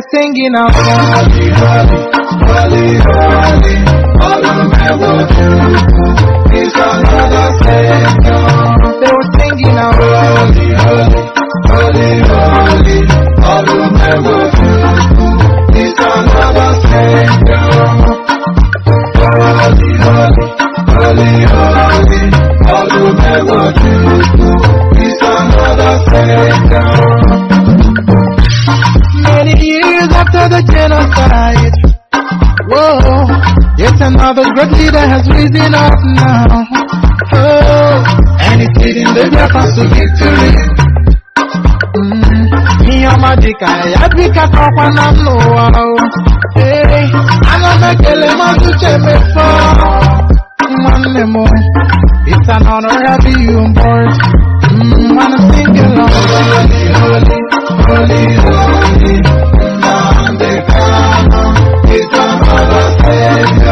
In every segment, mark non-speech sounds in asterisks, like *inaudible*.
we're singing out. Holy, holy, holy, holy, all is our Lord our Savior. They were singing out. Holy, holy, holy, holy, all is our Lord our Savior. Holy, holy, holy, holy, all is our Lord our Savior. another great leader has risen up now. Oh, and it's leading the Japanese to victory. Me I had a cup and I'm low. Hey, I'm a make to check me for. Man, lemon, it's an honor to be you on board. man, sing Holy, holy, holy, holy, holy, holy, holy, holy, holy, holy, holy,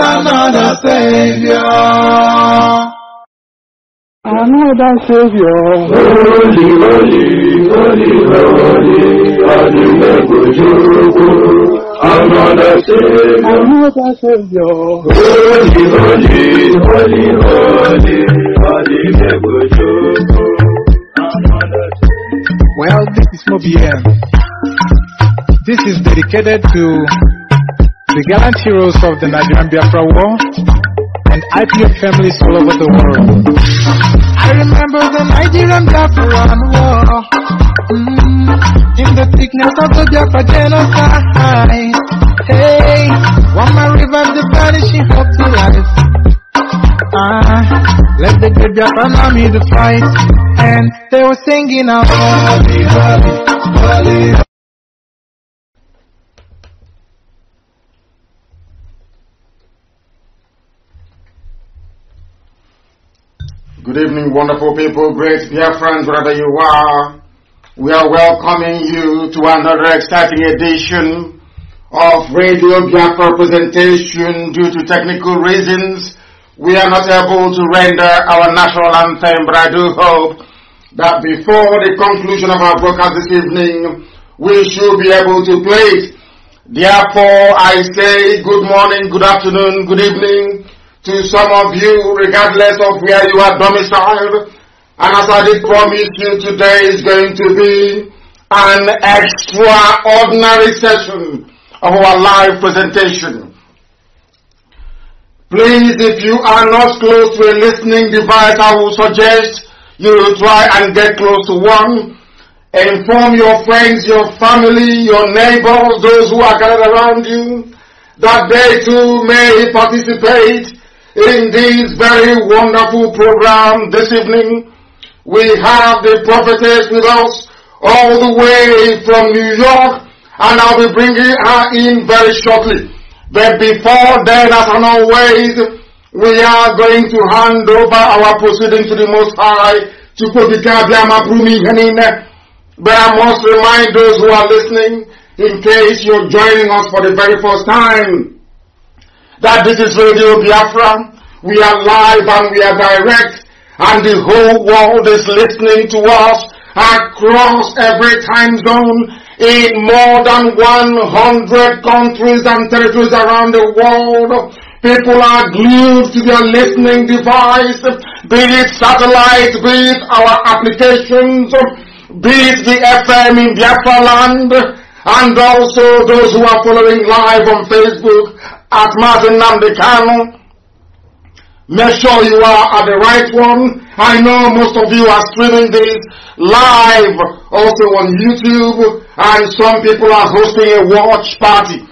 another Savior. Another Savior. Holy, holy, holy, holy, holy, Another Savior. Another Savior. Holy, holy, holy, holy, holy, Well, this is Mobiel. This is dedicated to the gallant heroes of the Nigerian Biafra War, and IPF families all over the world. I remember the Nigerian Biafra War, mm, in the thickness of the Biafra genocide. Hey, one man revived the vanishing hope to life. Ah, let the great Biafran army the fight, and they were singing out. Good evening, wonderful people, great dear friends, wherever you are. We are welcoming you to another exciting edition of Radio Biafra presentation. Due to technical reasons, we are not able to render our national anthem, but I do hope that before the conclusion of our broadcast this evening, we should be able to play it. Therefore, I say good morning, good afternoon, good evening to some of you, regardless of where you are domiciled. And as I did promise you, today is going to be an extraordinary session of our live presentation. Please, if you are not close to a listening device, I would suggest you try and get close to one. Inform your friends, your family, your neighbors, those who are gathered around you, that they too may participate in this very wonderful program this evening, we have the prophetess with us all the way from New York, and I'll be bringing her in very shortly. But before then, as always, we are going to hand over our proceedings to the Most High. to But I must remind those who are listening, in case you're joining us for the very first time, that this is Radio Biafra. We are live and we are direct and the whole world is listening to us across every time zone in more than 100 countries and territories around the world. People are glued to their listening device, be it satellite, be it our applications, be it the FM in Biafra land, and also those who are following live on Facebook Asma's Nnamdi Kanu. Make sure you are at the right one. I know most of you are streaming this live also on YouTube and some people are hosting a watch party.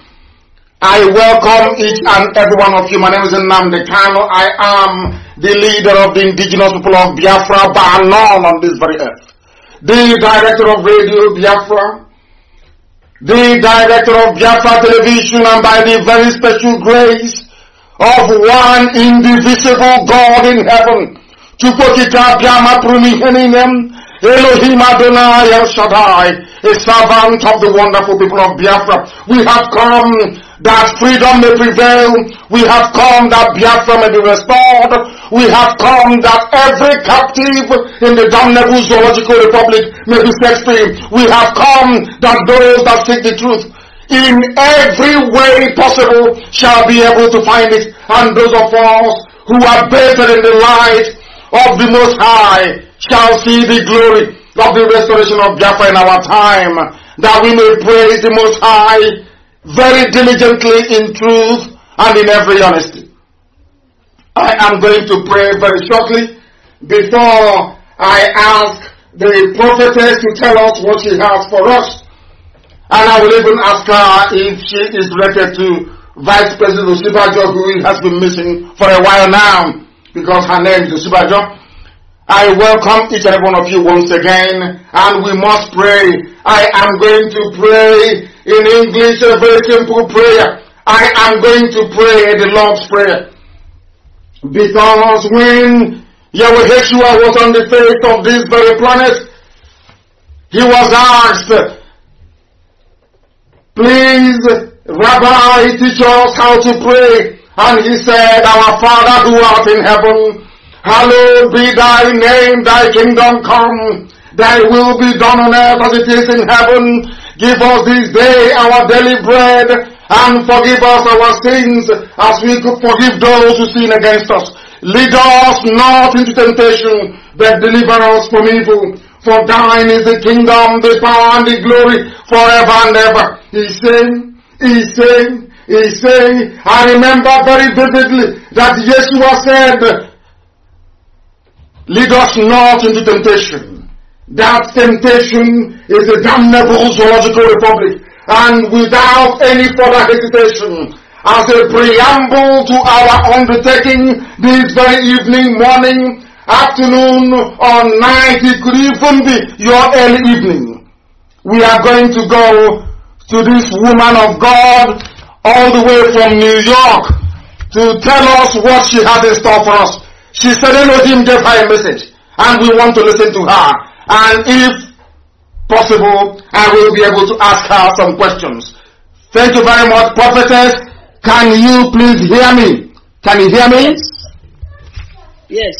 I welcome each and every one of you. My name is Nnamdi Kano. I am the leader of the indigenous people of Biafra, Baanon on this very earth. The director of Radio Biafra, the director of Biafra Television and by the very special grace of one indivisible God in heaven. Chukwokika Biama Pruniheninem, Elohim Adonai El Shaddai, a servant of the wonderful people of Biafra. We have come that freedom may prevail. We have come that Biafra may be restored. We have come that every captive in the Damnebu Zoological Republic may be set free. We have come that those that seek the truth in every way possible shall be able to find it. And those of us who are better in the light of the Most High shall see the glory of the restoration of Biafra in our time, that we may praise the Most High very diligently in truth and in every honesty. I am going to pray very shortly before I ask the prophetess to tell us what she has for us. And I will even ask her if she is related to Vice President Osibajo, who has been missing for a while now because her name is Osibajo. I welcome each and every one of you once again, and we must pray. I am going to pray in English, a very simple prayer. I am going to pray the Lord's Prayer. Because when Yahweh Yeshua was on the face of this very planet, he was asked, please, Rabbi, teach us how to pray. And he said, our Father who art in heaven, hallowed be thy name, thy kingdom come, thy will be done on earth as it is in heaven. Give us this day our daily bread and forgive us our sins as we forgive those who sin against us. Lead us not into temptation, but deliver us from evil. For thine is the kingdom, the power and the glory forever and ever. He saying, he saying, he saying, I remember very vividly that Yeshua said, lead us not into temptation that temptation is a damnable zoological republic. And without any further hesitation, as a preamble to our undertaking this very evening, morning, afternoon, or night, it could even be your early evening. We are going to go to this woman of God all the way from New York to tell us what she has in store for us. She said Elohim gave her a message and we want to listen to her. And if possible, I will be able to ask her some questions. Thank you very much, prophetess. Can you please hear me? Can you hear me? Yes. yes.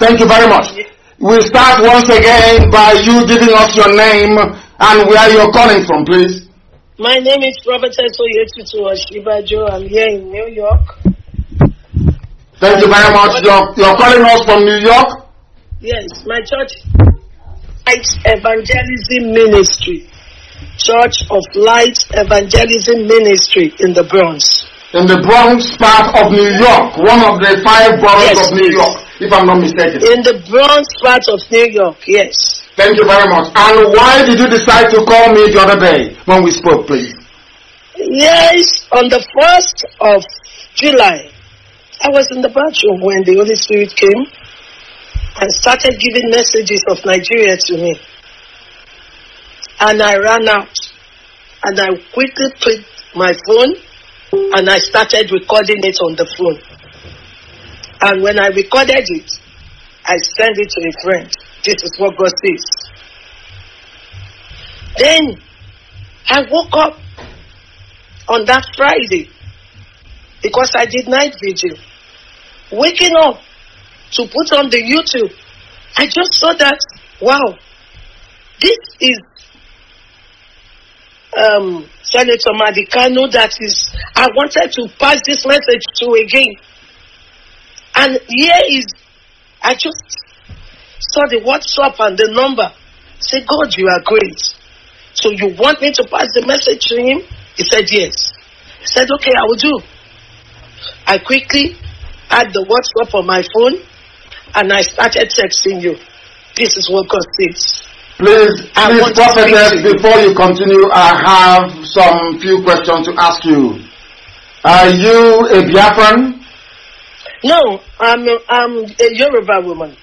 Thank you very much. We start once again by you giving us your name and where you're calling from, please. My name is Prophetess Oyetutu Oshibajo. I'm here in New York. Thank you very much. You're, you're calling us from New York? Yes, my church Light Evangelism Ministry, Church of Light Evangelism Ministry in the Bronx. In the Bronx part of New York, one of the five boroughs yes, of New York, if I'm not mistaken. In the Bronx part of New York, yes. Thank you very much. And why did you decide to call me the other day when we spoke, please? Yes, on the 1st of July, I was in the bathroom when the Holy Spirit came and started giving messages of Nigeria to me. And I ran out and I quickly put my phone and I started recording it on the phone. And when I recorded it, I sent it to a friend. This is what God says. Then I woke up on that Friday because I did night vigil. Waking up to put on the YouTube. I just saw that, wow, this is um, Senator Madikano that is, I wanted to pass this message to again. And here is, I just saw the WhatsApp and the number. Say, God, you are great. So you want me to pass the message to him? He said, yes. He said, okay, I will do. I quickly add the WhatsApp on my phone and I started texting you. This is what God says. Please, I please, prophetess, you. before you continue, I have some few questions to ask you. Are you a Biafran? No, I'm a, I'm a Yoruba woman.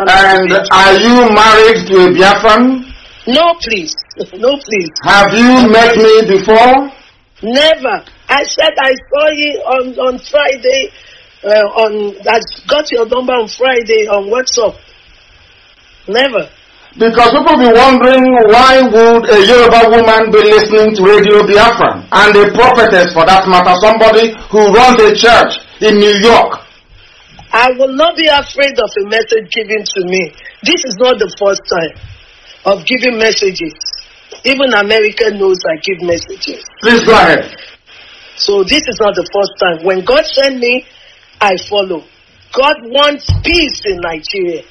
I'm and are you married to a Biafran? No, please. *laughs* no, please. Have you met me before? Never. I said I saw you on, on Friday uh, on that got your number on Friday on WhatsApp. Never. Because people be wondering why would a Yoruba woman be listening to Radio Biafra and a prophetess for that matter, somebody who runs a church in New York. I will not be afraid of a message given to me. This is not the first time of giving messages. Even America knows I give messages. Please go ahead. So this is not the first time. When God sent me I follow. God wants peace in Nigeria.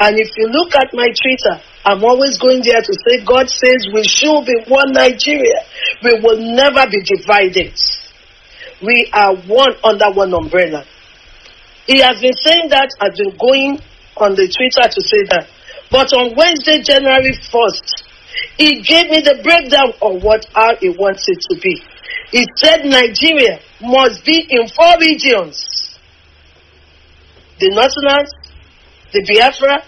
And if you look at my Twitter, I'm always going there to say, God says we should be one Nigeria. We will never be divided. We are one under one umbrella. He has been saying that. I've been going on the Twitter to say that. But on Wednesday, January 1st, he gave me the breakdown of what how he wants it to be. He said Nigeria must be in four regions the Northerners, the Biafra,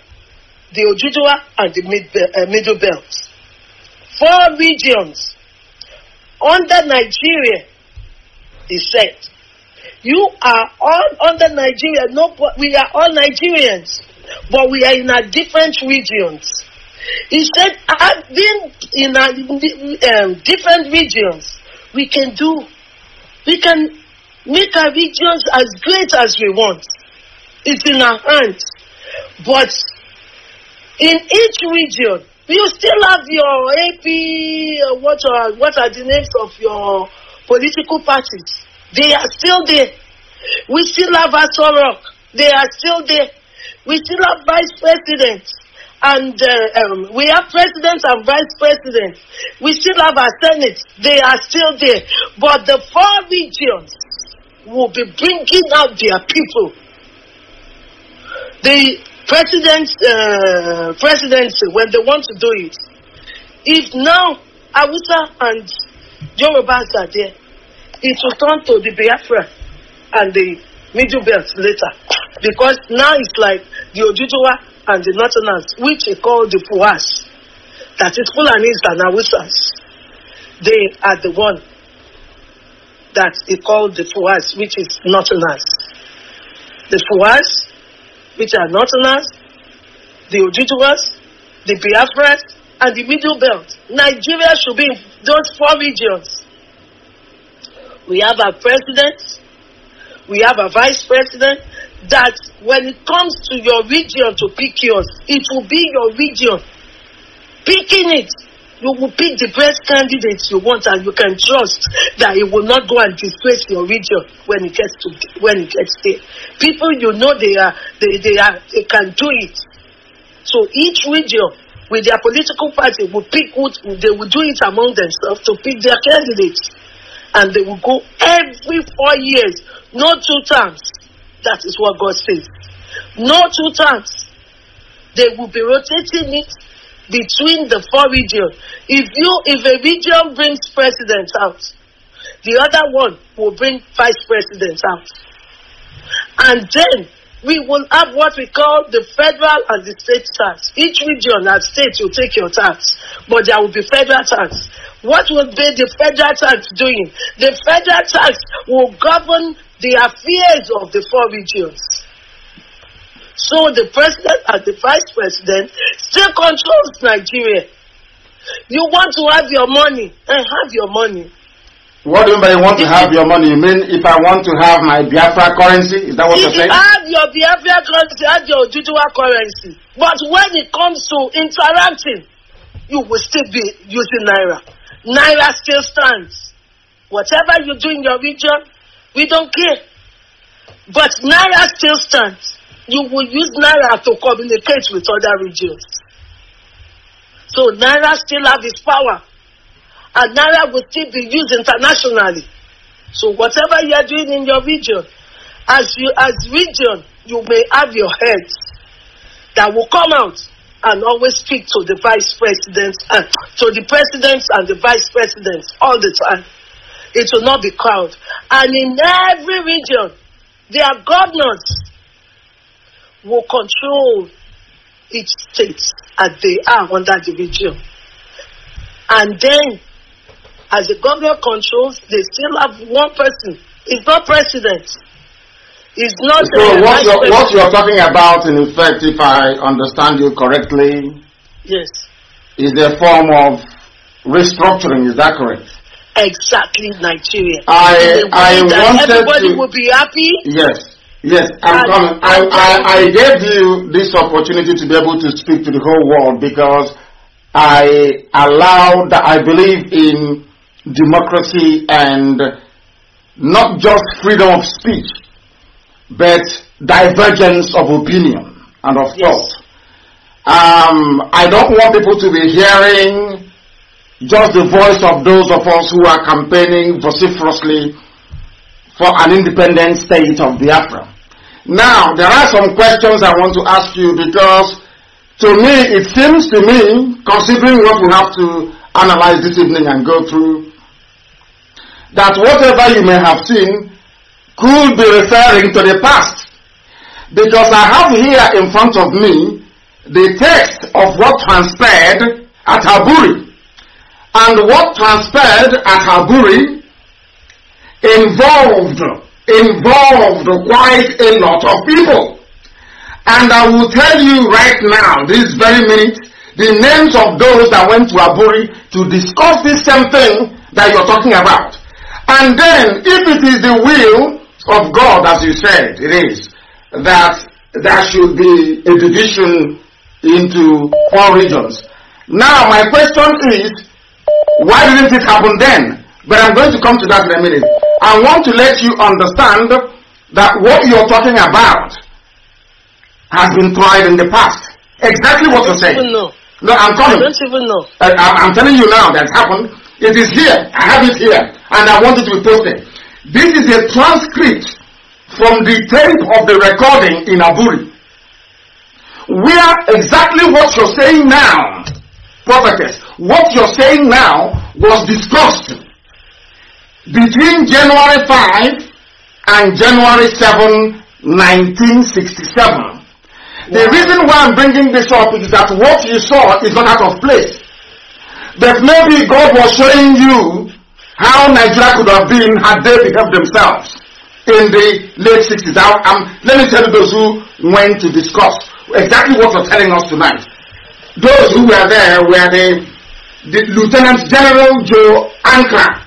the Ojibwa, and the mid, uh, uh, Middle Belt. Four regions under Nigeria, he said. You are all under Nigeria. No, we are all Nigerians, but we are in our different regions. He said, I've been in our, um, different regions. We can do. We can make our regions as great as we want. It's in our hands. But in each region, you still have your AP, uh, what are, what are the names of your political parties? They are still there. We still have Asorok. They are still there. We still have vice presidents. And uh, um, we have presidents and vice presidents. We still have our senate. They are still there. But the four regions will be bringing out their people The president, uh, presidency, when they want to do it, if now Awusa and Yorubas are there, it will turn to the Biafra and the Middle Belt later. Because now it's like the Ojujuwa and the Northerners, which they call the Fuas, that is Fulanis and Awusas. They are the one that they call the Fuas, which is Northerners. The Fuas which are Northerners, the Ojibwas, the Biafras, and the Middle Belt. Nigeria should be in those four regions. We have our president, we have a vice president, that when it comes to your region to pick yours, it will be your region picking it. You will pick the best candidates you want and you can trust that he will not go and disgrace your region when it gets to when it gets there. People you know they are they, they are they can do it. So each region with their political party will pick who they will do it among themselves to pick their candidates. And they will go every four years, not two times. That is what God says. No two times. They will be rotating it between the four regions. If you, if a region brings president out, the other one will bring vice president out. And then we will have what we call the federal and the state tax. Each region and state will take your tax, but there will be federal tax. What will be the federal tax doing? The federal tax will govern the affairs of the four regions. So the president and the vice president still controls Nigeria. You want to have your money, and eh, have your money. What do you mean by want to have your money? You mean if I want to have my Biafra currency? Is that what you're saying? If you have your Biafra currency, have your Jujua currency. But when it comes to interacting, you will still be using Naira. Naira still stands. Whatever you do in your region, we don't care. But Naira still stands. you will use Naira to communicate with other regions. So Naira still has its power. And Naira will still be used internationally. So whatever you are doing in your region, as you as region, you may have your heads that will come out and always speak to the vice president and to the presidents and the vice presidents all the time. It will not be crowded. And in every region, there are governors will control each state as they are under the region. And then, as the governor controls, they still have one person. It's not president. It's not. So what you're, what you're talking about, in effect, if I understand you correctly, yes, is a form of restructuring. Is that correct? Exactly, Nigeria. I I wanted everybody to, will be happy. Yes. Yes, I'm coming. I, I, I gave you this opportunity to be able to speak to the whole world because I allow that I believe in democracy and not just freedom of speech, but divergence of opinion and of yes. thought. Um, I don't want people to be hearing just the voice of those of us who are campaigning vociferously for an independent state of Biafra. Now, there are some questions I want to ask you because to me, it seems to me, considering what we have to analyze this evening and go through, that whatever you may have seen could be referring to the past. Because I have here in front of me the text of what transpired at Haburi. And what transpired at Haburi involved, involved quite a lot of people. And I will tell you right now, this very minute, the names of those that went to Aburi to discuss this same thing that you're talking about. And then, if it is the will of God, as you said, it is, that there should be a division into four regions. Now, my question is, why didn't it happen then? But I'm going to come to that in a minute. I want to let you understand that what you're talking about has been tried in the past. Exactly what you're saying. No, I'm coming. I don't even know. Uh, I, I'm telling you now that's happened. It is here. I have it here. And I want it to be posted. This is a transcript from the tape of the recording in Aburi. Where exactly what you're saying now, prophetess, what you're saying now was discussed between January 5 and January 7, 1967. The reason why I'm bringing this up is that what you saw is not out of place. That maybe God was showing you how Nigeria could have been had they behaved themselves in the late 60s. Now, um, let me tell you those who went to discuss exactly what you're telling us tonight. Those who were there were the, the Lieutenant General Joe Ankra,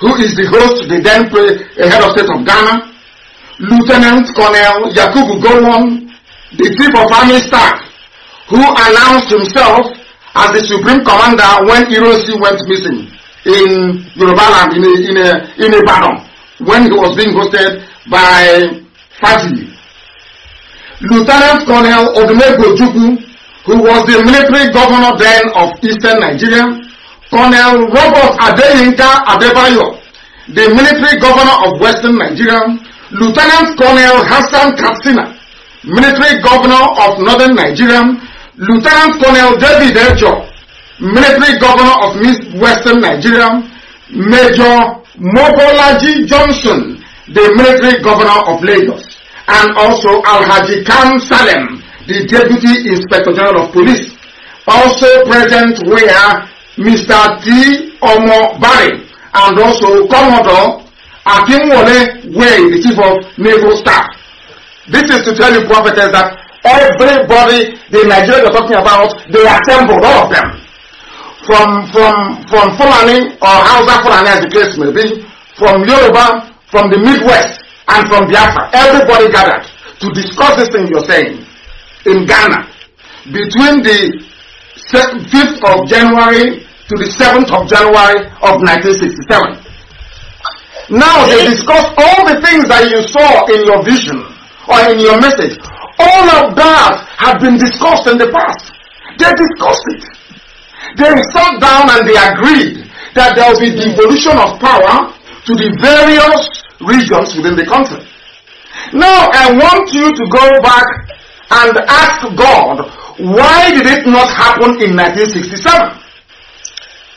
who is the host, the then eh, head of state of Ghana, Lieutenant Colonel Yakubu Gowon, the chief of army staff, who announced himself as the supreme commander when Hiroshi went missing in Yorubaland, in, a, in, a, in battle when he was being hosted by Fati. Lieutenant Colonel Odumego Juku, who was the military governor then of eastern Nigeria, Colonel Robert Adeyinka Adebayo, the military governor of Western Nigeria, Lieutenant Colonel Hassan Katsina, military governor of Northern Nigeria, Lieutenant Colonel David Ejo, military governor of Western Nigeria, Major Mobolaji Johnson, the military governor of Lagos, and also Alhaji Khan Salem, the deputy inspector general of police. Also present were Mr. T. Omo Barry, and also Commodore Akinwole Wei, the chief of naval staff. This is to tell you, prophetess, that everybody the Nigerians are talking about, they assembled, all of them. From, from, from Fulani or Hausa Fulani as the case may be, from Yoruba, from the Midwest, and from Biafra. Everybody gathered to discuss this thing you are saying in Ghana between the 5th of January to the 7th of January of 1967. Now they discuss all the things that you saw in your vision or in your message. All of that had been discussed in the past. They discussed it. They sat down and they agreed that there will be devolution of power to the various regions within the country. Now I want you to go back and ask God, why did it not happen in 1967?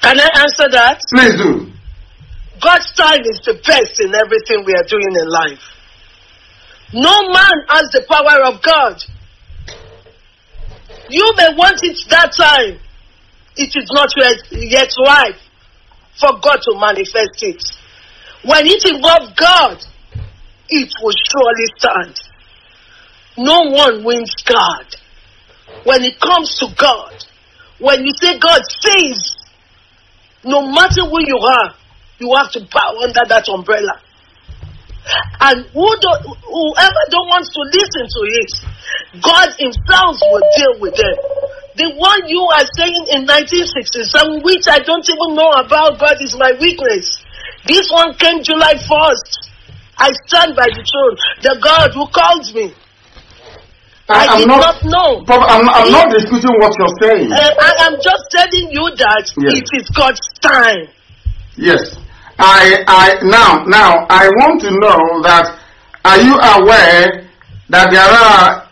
Can I answer that? Please do. God's time is the best in everything we are doing in life. No man has the power of God. You may want it that time. It is not yet right for God to manifest it. When it involves God, it will surely stand. No one wins God. When it comes to God, when you say God says, no matter who you are, you have to bow under that umbrella. And who don't, whoever don't want to listen to it, God Himself will deal with them. The one you are saying in 1967, which I don't even know about, but is my weakness. This one came July 1st. I stand by the throne, the God who called me. I, I am did not, not know. But I'm, I'm it, not disputing what you're saying. Uh, I am just telling you that yes. it is God's time. Yes. I, I, now, now, I want to know that are you aware that there are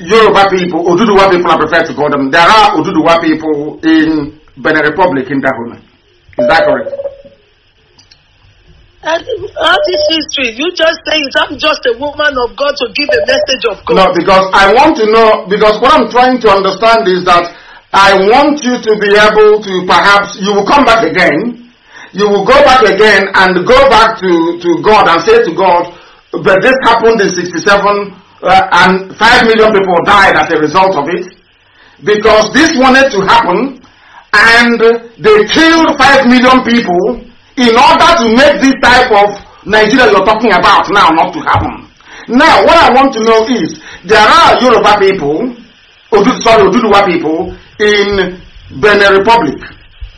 Yoruba people, Oduduwa people, I prefer to call them, there are Oduduwa people in Benin Republic, in Dahomey. Is that correct? And all history, you just saying I'm just a woman of God to give a message of God. No, because I want to know, because what I'm trying to understand is that I want you to be able to perhaps, you will come back again, you will go back again and go back to, to God and say to God, but this happened in 67 uh, and 5 million people died as a result of it. Because this wanted to happen and they killed 5 million people in order to make this type of Nigeria you're talking about now not to happen. Now, what I want to know is there are Yoruba people, Odu, sorry, Oduduwa people in Benin Republic,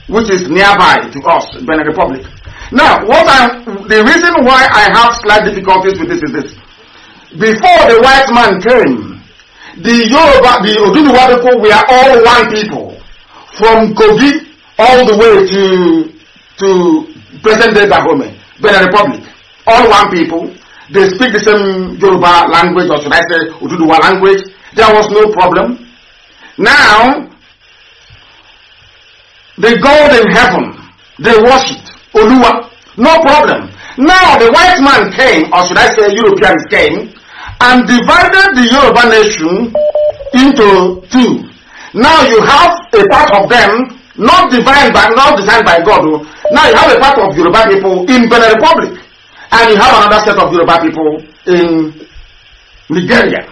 which is nearby to us, Benin Republic. Now, what I, the reason why I have slight difficulties with this is this. Before the white man came, the Yoruba, the Oduduwa people we are all one people, from Kogi all the way to to present day Dahomey, Benin Republic, all one people, they speak the same Yoruba language, or should I say Ududuwa language. There was no problem. Now, the God in heaven, they worship Oluwa, no problem. Now the white man came, or should I say Europeans came, and divided the Yoruba nation into two. Now you have a part of them not divined by not designed by God. Oh. Now you have a part of Yoruba people in Benin Republic, and you have another set of Yoruba people in Nigeria.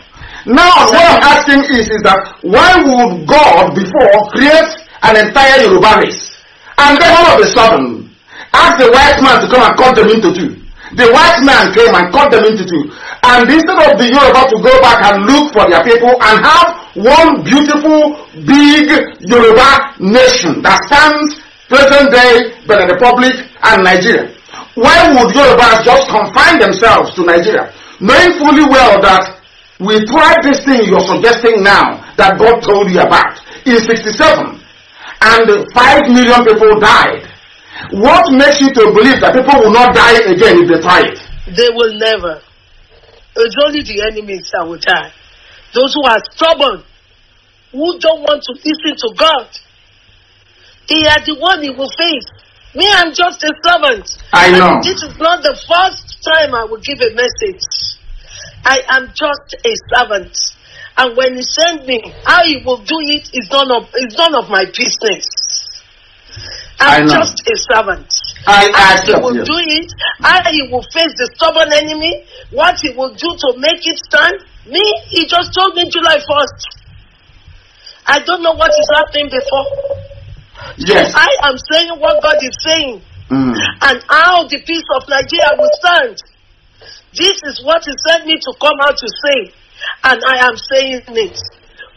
Now what I'm asking is, is that why would God before create an entire Yoruba race, and then all of a sudden ask the white man to come and cut them into two? The white man came and cut them into two. And instead of the Yoruba to go back and look for their people and have one beautiful, big Yoruba nation that stands present day the Republic and Nigeria. Why would Yorubas just confine themselves to Nigeria? Knowing fully well that we tried this thing you're suggesting now that God told you about in 67 and 5 million people died what makes you to believe that people will not die again if they try it? They will never. It's only the enemies that will die. Those who are stubborn, who don't want to listen to God, they are the one he will face. Me, I'm just a servant. I know. And this is not the first time I will give a message. I am just a servant. And when he send me, how he will do it is none of, is none of my business. I'm just a servant. I, and he will do it, and he will face the stubborn enemy, what he will do to make it stand. Me, he just told me July 1st. I don't know what is happening before. Yes. So I am saying what God is saying, mm. and how the peace of Nigeria will stand. This is what he sent me to come out to say, and I am saying it.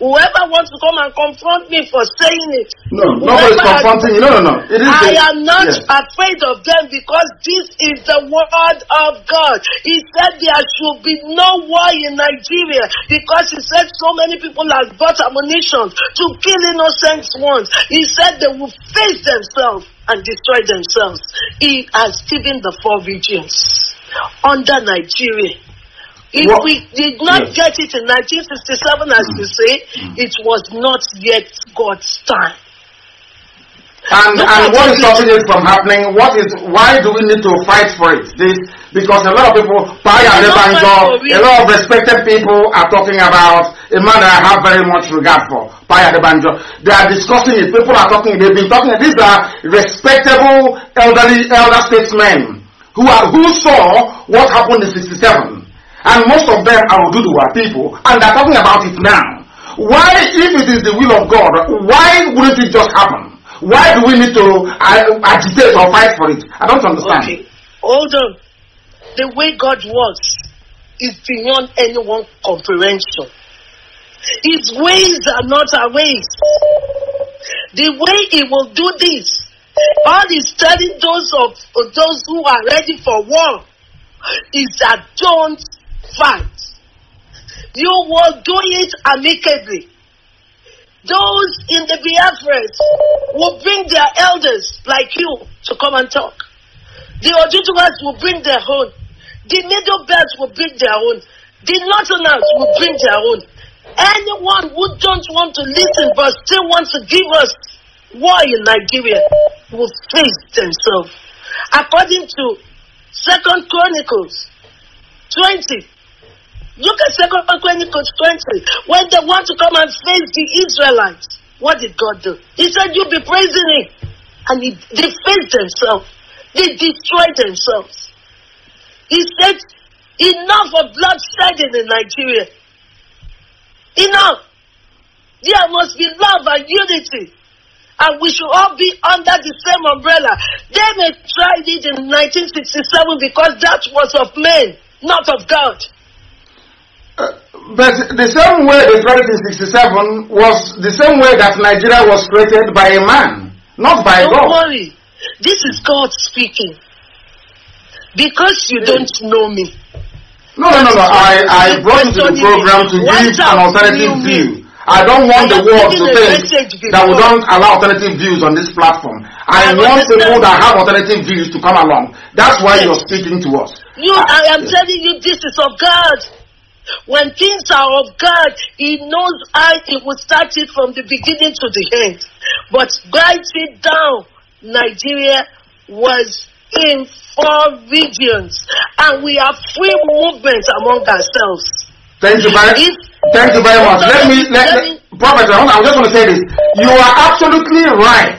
Whoever wants to come and confront me for saying it. No, nobody is confronting you. No, no, no. It is I a, am not yes. afraid of them because this is the word of God. He said there should be no war in Nigeria because he said so many people have bought ammunition to kill innocent ones. He said they will face themselves and destroy themselves. He has given the four regions under Nigeria. If we did not yes. get it in 1967, as mm. you say, mm. it was not yet God's time. And, and what is stopping it from happening? What is why do we need to fight for it? This because a lot of people, a lot of respected people are talking about a man that I have very much regard for, Pai Adebanjo. They are discussing it. People are talking. They've been talking. These are respectable elderly elder statesmen who are who saw what happened in '67 and most of them are Ududua people, and they're talking about it now. Why, if it is the will of God, why wouldn't it just happen? Why do we need to uh, agitate or fight for it? I don't understand. Okay. Hold on. The way God works is beyond anyone's comprehension. His ways are not our ways. The way He will do this, God is telling those of those who are ready for war is that don't fact, you will do it amicably. Those in the Biafras will bring their elders like you to come and talk. The Ojutuas will bring their own. The Middle belts will bring their own. The Northerners will bring their own. Anyone who don't want to listen but still wants to give us war in Nigeria will face themselves. According to Second Chronicles 20, Look at Second Chronicles 20. When they want to come and face the Israelites, what did God do? He said, You'll be praising Him. And he, defaced themselves, they destroyed themselves. He said, Enough of bloodshedding in Nigeria. Enough. There must be love and unity. And we should all be under the same umbrella. They may tried it in 1967 because that was of men, not of God. But the same way they created in 67 was the same way that Nigeria was created by a man, not by don't God. Don't worry. This is God speaking. Because you don't know me. No, no, no, no. I, I brought to the program to give an alternative view. I don't want the world to think that we don't allow alternative views on this platform. I, I want people that have alternative views to come along. That's why you're speaking to us. You, I am telling you, this is of God. When things are of God, He knows how He will start it from the beginning to the end. But write it down. Nigeria was in four regions, and we have free movement among ourselves. Thank you very, thank you very much. Let me, let, let, me, Prophet, I'm just going to say this. You are absolutely right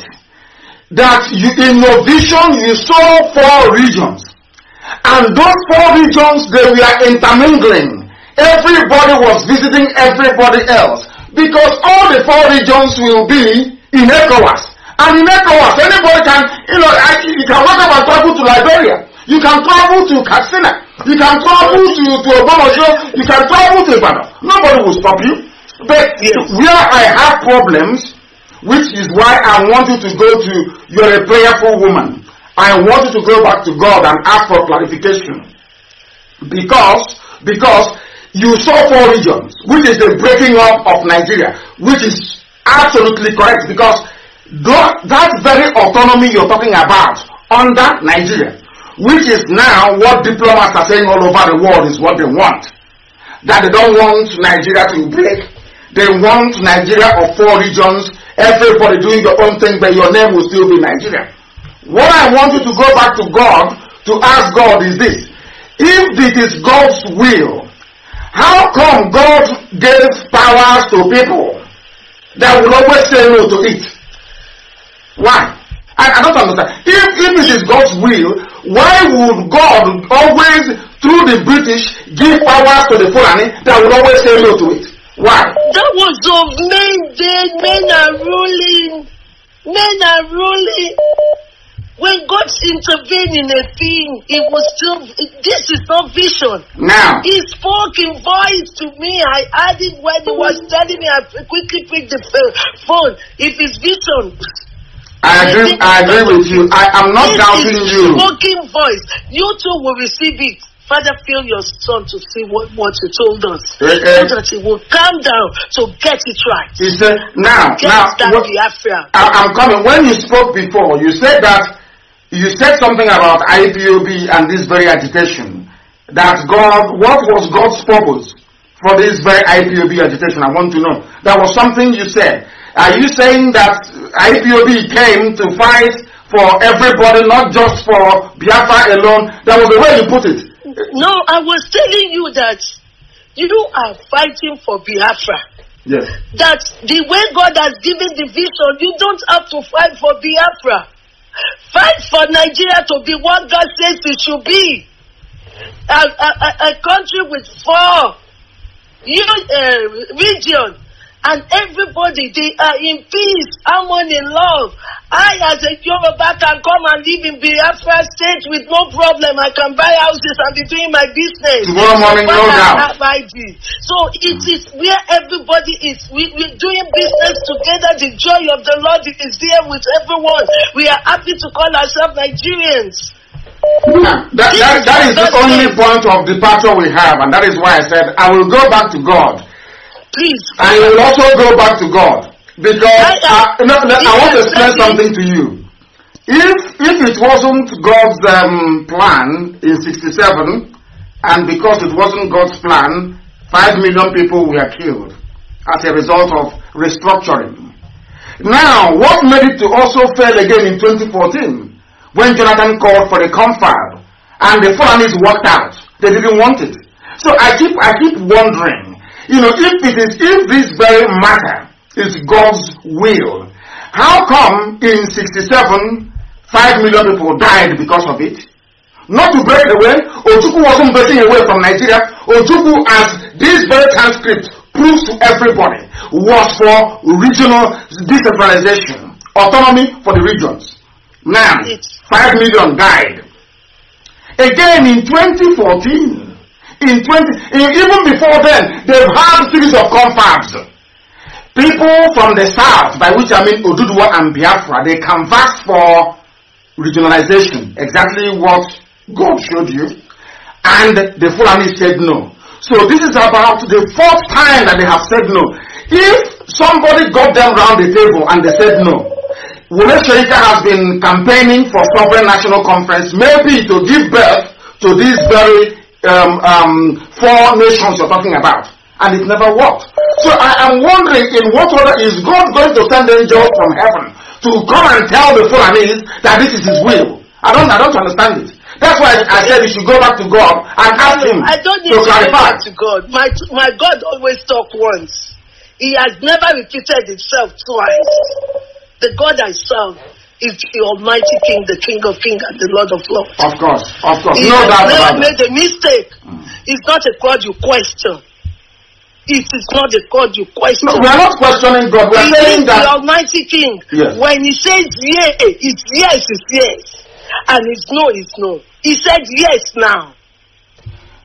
that you, in your vision you saw four regions, and those four regions they were intermingling. Everybody was visiting everybody else because all the four regions will be in ECOWAS. And in ECOWAS, anybody can, you know, you can walk up and travel to Liberia. You can travel to Katsina. You can travel to, to Obamasho. You can travel to Ibadan. Nobody will stop you. But yes. where I have problems, which is why I want you to go to, you're a prayerful woman. I want you to go back to God and ask for clarification. Because, because you saw four regions, which is the breaking up of Nigeria, which is absolutely correct because that, very autonomy you're talking about under Nigeria, which is now what diplomats are saying all over the world is what they want. That they don't want Nigeria to break. They want Nigeria of four regions, everybody doing your own thing, but your name will still be Nigeria. What I want you to go back to God to ask God is this. If it is God's will How come God gave powers to people that will always say no to it? Why? I, I don't understand. If, if it is God's will, why would God always, through the British, give powers to the foreigner that will always say no to it? Why? That was of men dead, men are ruling. Men are ruling. When God intervened in a thing, it was still, this is not vision. Now. He spoke in voice to me. I added when he was telling me, I quickly picked the phone. It is vision. I agree, I, I agree with you. I am not doubting you. Spoken voice. You too will receive it. Father, fill your son to see what, what you told us. Uh, uh, so that he will calm down to get it right. He said, now, get now, what, I, I'm coming. When you spoke before, you said that you said something about IPOB and this very agitation. That God, what was God's purpose for this very IPOB agitation? I want to know. That was something you said. Are you saying that IPOB came to fight for everybody, not just for Biafra alone? That was the way you put it. No, I was telling you that you are fighting for Biafra. Yes. That the way God has given the vision, you don't have to fight for Biafra. Fight for Nigeria to be what God says it should be. A, a, a country with four huge uh, regions and everybody they are in peace, harmony, love. I, as a Yoruba, can come and live in Biafra state with no problem. I can buy houses and be doing my business. Tomorrow morning, no doubt. So it is where everybody is. We, we're doing business together. The joy of the Lord is there with everyone. We are happy to call ourselves Nigerians. Yeah, that, that, that is the only point of departure we have, and that is why I said I will go back to God. Please. And you will also go back to God. Because I, I, no, no, I want to explain something to you. If, if it wasn't God's um, plan in 67, and because it wasn't God's plan, 5 million people were killed as a result of restructuring. Now, what made it to also fail again in 2014 when Jonathan called for the confab and the Fulanis walked out? They didn't want it. So I keep, I keep wondering you know, if it is, if this very matter is God's will, how come in 67, 5 million people died because of it? Not to break away, Ojuku wasn't breaking away from Nigeria. Ojuku, as this very transcript proves to everybody, was for regional decentralization, autonomy for the regions. Now, 5 million died. Again, in 2014, in 20, in, even before then, they've had series of confabs. People from the south, by which I mean Oduduwa and Biafra, they canvassed for regionalization, exactly what God showed you, and the Fulani said no. So this is about the fourth time that they have said no. If somebody got them round the table and they said no, Wule Sherika has been campaigning for Sovereign National Conference, maybe to give birth to this very um, um, four nations you're talking about. And it never worked. So I am wondering in what order is God going to send angels from heaven to come and tell the Fulanese that this is his will? I don't, I don't understand it. That's why I said you should go back to God and ask Him I don't need to, to go back to God. My, my God always talk once. He has never repeated itself twice. The God I serve is the Almighty King, the King of Kings, and the Lord of Lords. Of course, of course. He no never made a mistake. Mm. It's not a God you question. It is not a God you question. No, we are not questioning God. We are it saying that the Almighty King. Yes. When He says yes, it's yes, it's yes, and it's no, it's no. He said yes now.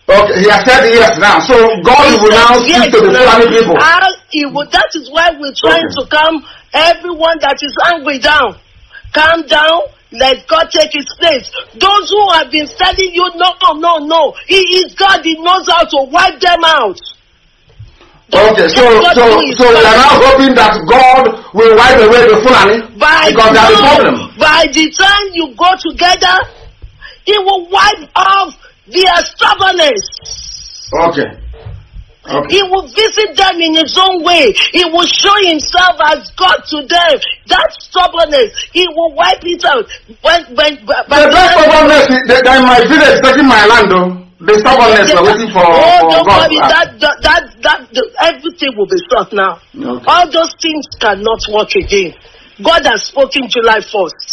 Okay, he has said yes now. So God he will now yes speak to the Fulani people. I, will, that is why we're trying okay. to calm everyone that is angry down. Calm down. Let God take his place. Those who have been telling you, no, no, no, he is God. He knows how to wipe them out. Okay, so so so we are now hoping that God will wipe away the Fulani because the, that is problem. By the time you go together, He will wipe off their stubbornness. Okay. Okay. He will visit them in his own way. He will show himself as God to them. That stubbornness, he will wipe it out. When, when, by the that stubbornness, they, they might be expecting my land though. The stubbornness are waiting for. Oh, for don't God. worry. That, that, that, that, everything will be stopped now. Okay. All those things cannot work again. God has spoken July 1st.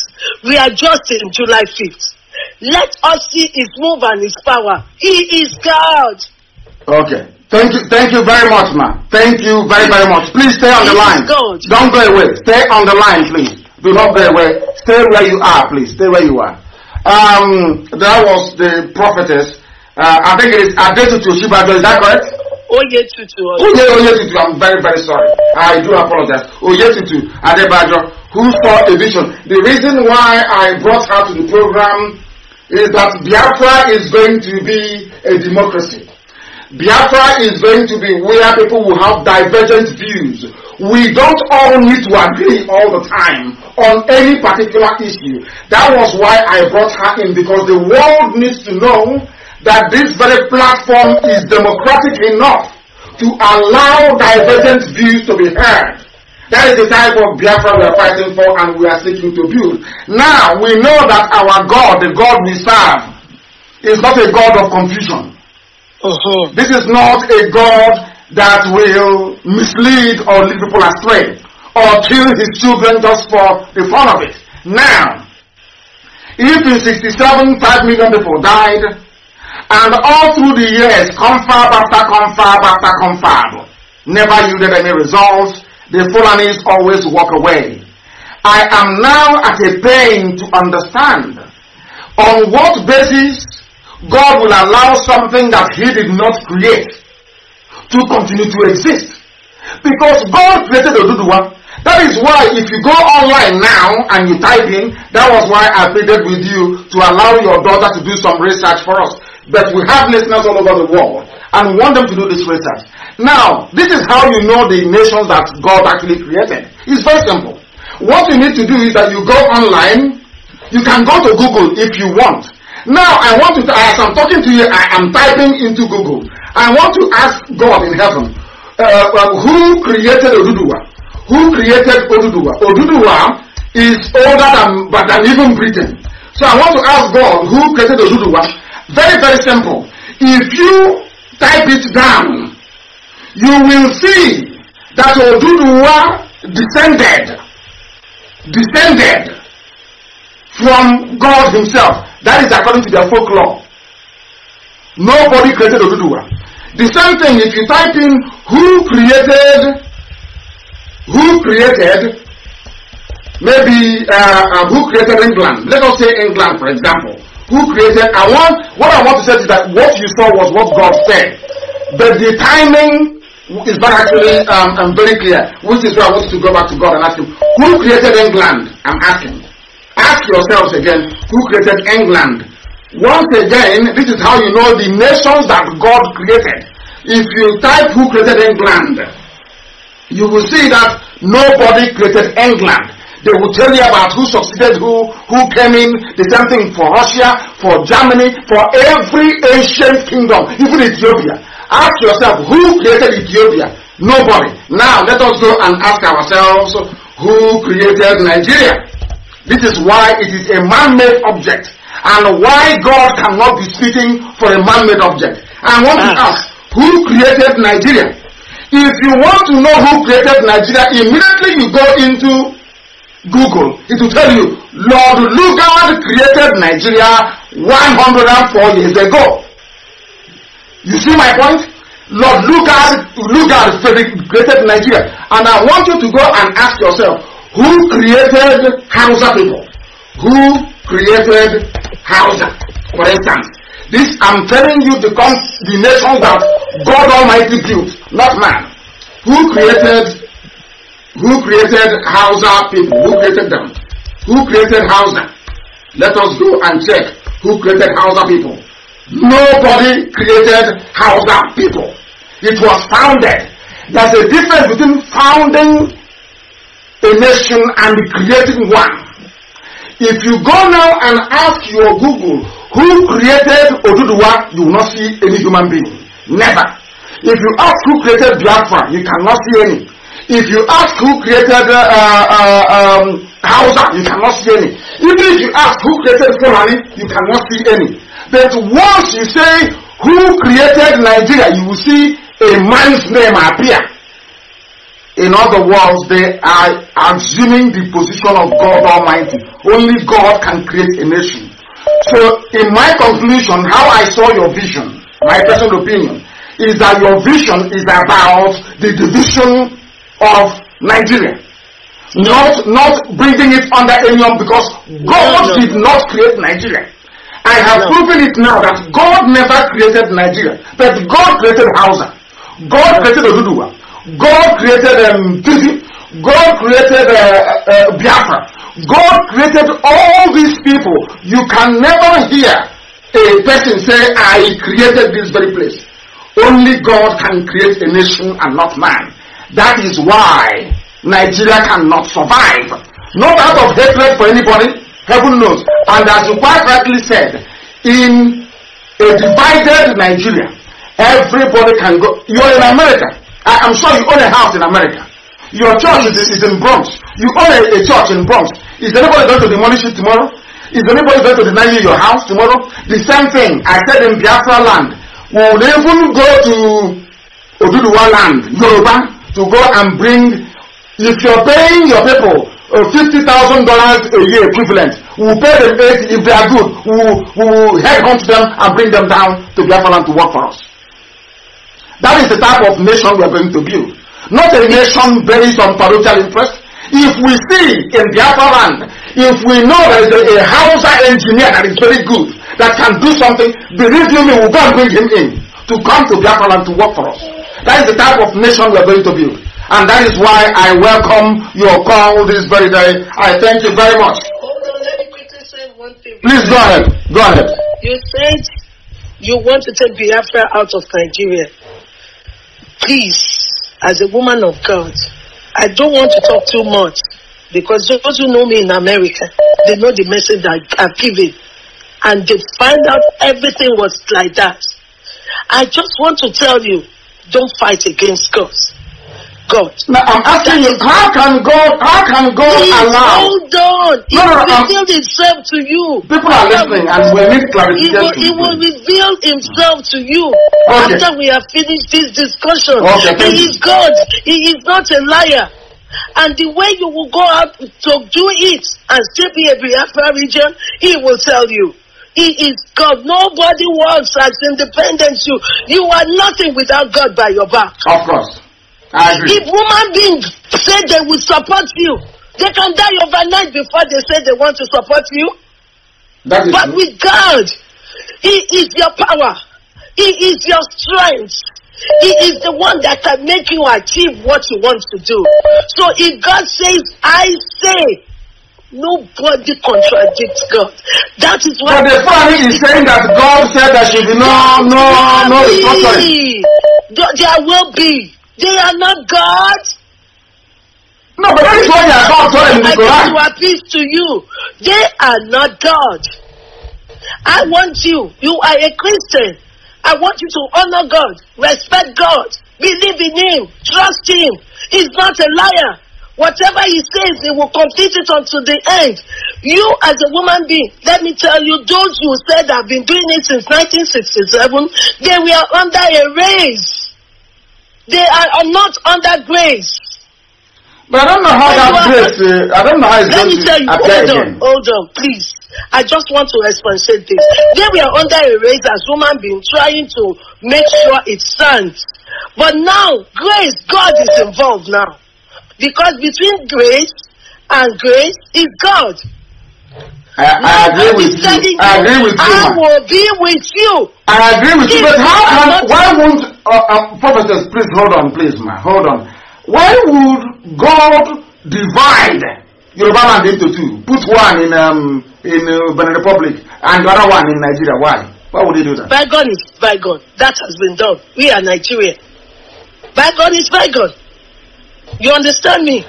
We are just in July 5th. Let us see his move and his power. He is God. Okay. Thank you, thank you very much, ma'am. Thank you very, very much. Please stay on the line. Don't go away. Stay on the line, please. Do not go away. Stay where you are, please. Stay where you are. Um, that was the prophetess. Uh, I think it is Adetutu Shibajo, is that correct? Oyetutu. Oye, Oyetutu, I'm very, very sorry. I do apologize. Oyetutu Adebajo, who saw a vision. The reason why I brought her to the program is that Biafra is going to be a democracy. Biafra is going to be where people will have divergent views. We don't all need to agree all the time on any particular issue. That was why I brought her in because the world needs to know that this very platform is democratic enough to allow divergent views to be heard. That is the type of Biafra we are fighting for and we are seeking to build. Now, we know that our God, the God we serve, is not a God of confusion. huh This is not a God that will mislead or lead people astray or kill his children just for the fun of it. Now, if in 67, 5 million people died, and all through the years, confab after confab after confab, never yielded any results, the Fulanis always walk away. I am now at a pain to understand on what basis God will allow something that He did not create to continue to exist. Because God created Oduduwa. That is why if you go online now and you type in, that was why I pleaded with you to allow your daughter to do some research for us. But we have listeners all over the world and we want them to do this research. Now, this is how you know the nations that God actually created. It's very simple. What you need to do is that you go online. You can go to Google if you want. Now I want to, as I'm talking to you, I am typing into Google. I want to ask God in heaven, uh, um, who created Oduduwa? Who created Oduduwa? Oduduwa is older than, but than even Britain. So I want to ask God, who created Oduduwa? Very, very simple. If you type it down, you will see that Oduduwa descended, descended from God Himself. That is according to their folklore. Nobody created Oduduwa. The same thing if you type in who created, who created, maybe uh, um, who created England. Let us say England, for example. Who created? I want what I want to say is that what you saw was what God said, but the timing is not actually um, um very clear. Which is why I want to go back to God and ask Him, who created England? I'm asking. Ask yourselves again, who created England? Once again, this is how you know the nations that God created. If you type who created England, you will see that nobody created England. They will tell you about who succeeded who, who came in, the same thing for Russia, for Germany, for every ancient kingdom, even Ethiopia. Ask yourself, who created Ethiopia? Nobody. Now let us go and ask ourselves, who created Nigeria? This is why it is a man-made object and why God cannot be speaking for a man-made object. I want to ah. ask, who created Nigeria? If you want to know who created Nigeria, immediately you go into Google. It will tell you, Lord Lugard created Nigeria 104 years ago. You see my point? Lord Lugard, Lugard created Nigeria. And I want you to go and ask yourself, Who created Hausa people? Who created Hausa? For instance, this I'm telling you becomes the nation that God Almighty built, not man. Who created who created Hausa people? Who created them? Who created Hausa? Let us go and check who created Hausa people. Nobody created Hausa people. It was founded. There's a difference between founding a nation and the created one. If you go now and ask your Google who created Oduduwa, you will not see any human being. Never. If you ask who created Biafra, you cannot see any. If you ask who created uh, uh, um, Hausa, you cannot see any. Even if you ask who created Fulani, you cannot see any. But once you say who created Nigeria, you will see a man's name appear. In other words, they are assuming the position of God Almighty. Only God can create a nation. So, in my conclusion, how I saw your vision, my personal opinion, is that your vision is about the division of Nigeria. Not, not bringing it under anyone because God no, no, did not create Nigeria. I have no. proven it now that God never created Nigeria, but God created Hausa. God created Oduduwa. God created um, Tizi. God created uh, uh, Biafra. God created all these people. You can never hear a person say, I created this very place. Only God can create a nation and not man. That is why Nigeria cannot survive. Not out of hatred for anybody, heaven knows. And as you quite rightly said, in a divided Nigeria, everybody can go. You're in America. I am sure you own a house in America. Your church is, is in Bronx. You own a, a church in Bronx. Is anybody going to demolish it tomorrow? Is anybody going to deny you your house tomorrow? The same thing I said in Biafra land. Will they even go to Oduduwa land, Yoruba, to go and bring, if you're paying your people uh, $50,000 a year equivalent, we'll pay them eight if they are good. We we head home to them and bring them down to Biafra land to work for us. That is the type of nation we are going to build. Not a nation based on parochial interest. If we see in the upper land, if we know there is a, a Hausa engineer that is very good, that can do something, believe you me, we'll go and bring him in to come to Biafra land to work for us. That is the type of nation we are going to build. And that is why I welcome your call this very day. I thank you very much. Please go ahead. Go ahead. You said you want to take Biafra out of Nigeria. Please, as a woman of God, I don't want to talk too much because those who know me in America, they know the message that I'm giving. And they find out everything was like that. I just want to tell you, don't fight against God. God. Now I'm asking you, how can God, how can God Please, allow? Hold on. He no, no, will no, reveal himself to you. People are listening and we need clarification. He will, he will reveal himself to you okay. after we have finished this discussion. Okay, he is God. He is not a liar. And the way you will go out to do it and still be a Biafra region, he will tell you. He is God. Nobody works as independent you. You are nothing without God by your back. Of course. If human beings say they will support you, they can die overnight before they say they want to support you. That is but with God, He is your power, He is your strength. He is the one that can make you achieve what you want to do. So if God says, I say, nobody contradicts God. That is why. But the family is saying that God said there should be no, no, no, no, no, no, no, no, they are not God. No, but that is why they are God telling in the Quran. I to you. They are not God. I want you. You are a Christian. I want you to honor God, respect God, believe in Him, trust Him. He's not a liar. Whatever He says, He will complete it unto the end. You, as a woman being, let me tell you, those who said I've been doing it since 1967, they were under a race. They are not under grace. But I don't know how that grace. Uh, I don't know how it's Let me tell you. Hold on, hold on, please. I just want to explicate this. Then we are under a race as human beings, trying to make sure it stands. But now, grace, God is involved now, because between grace and grace is God. I, I agree with you. I agree with you. I will be with you. I agree with if you. But how can, why won't, uh, um, prophetess, please hold on, please, ma, hold on. Why would God divide Yoruba land into two? Put one in, um, in uh, Benin Republic and the other one in Nigeria. Why? Why would he do that? By God, is by God. That has been done. We are Nigerian. God, is by God. You understand me?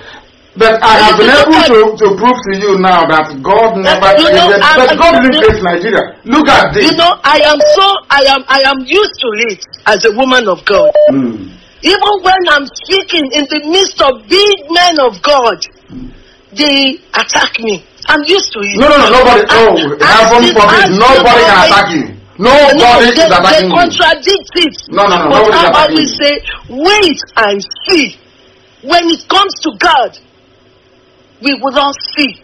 But I have been able to, to prove to you now that God never you know, but God didn't Nigeria. Look at this. You know, I am so, I am, I am used to it as a woman of God. Mm. Even when I'm speaking in the midst of big men of God, they attack me. I'm used to it. No, no, no, nobody, no, oh, heaven forbid, nobody can attack you. Nobody no, they, is attacking they contradict it. No, no, no, but nobody I always say, wait and see. When it comes to God, we will all see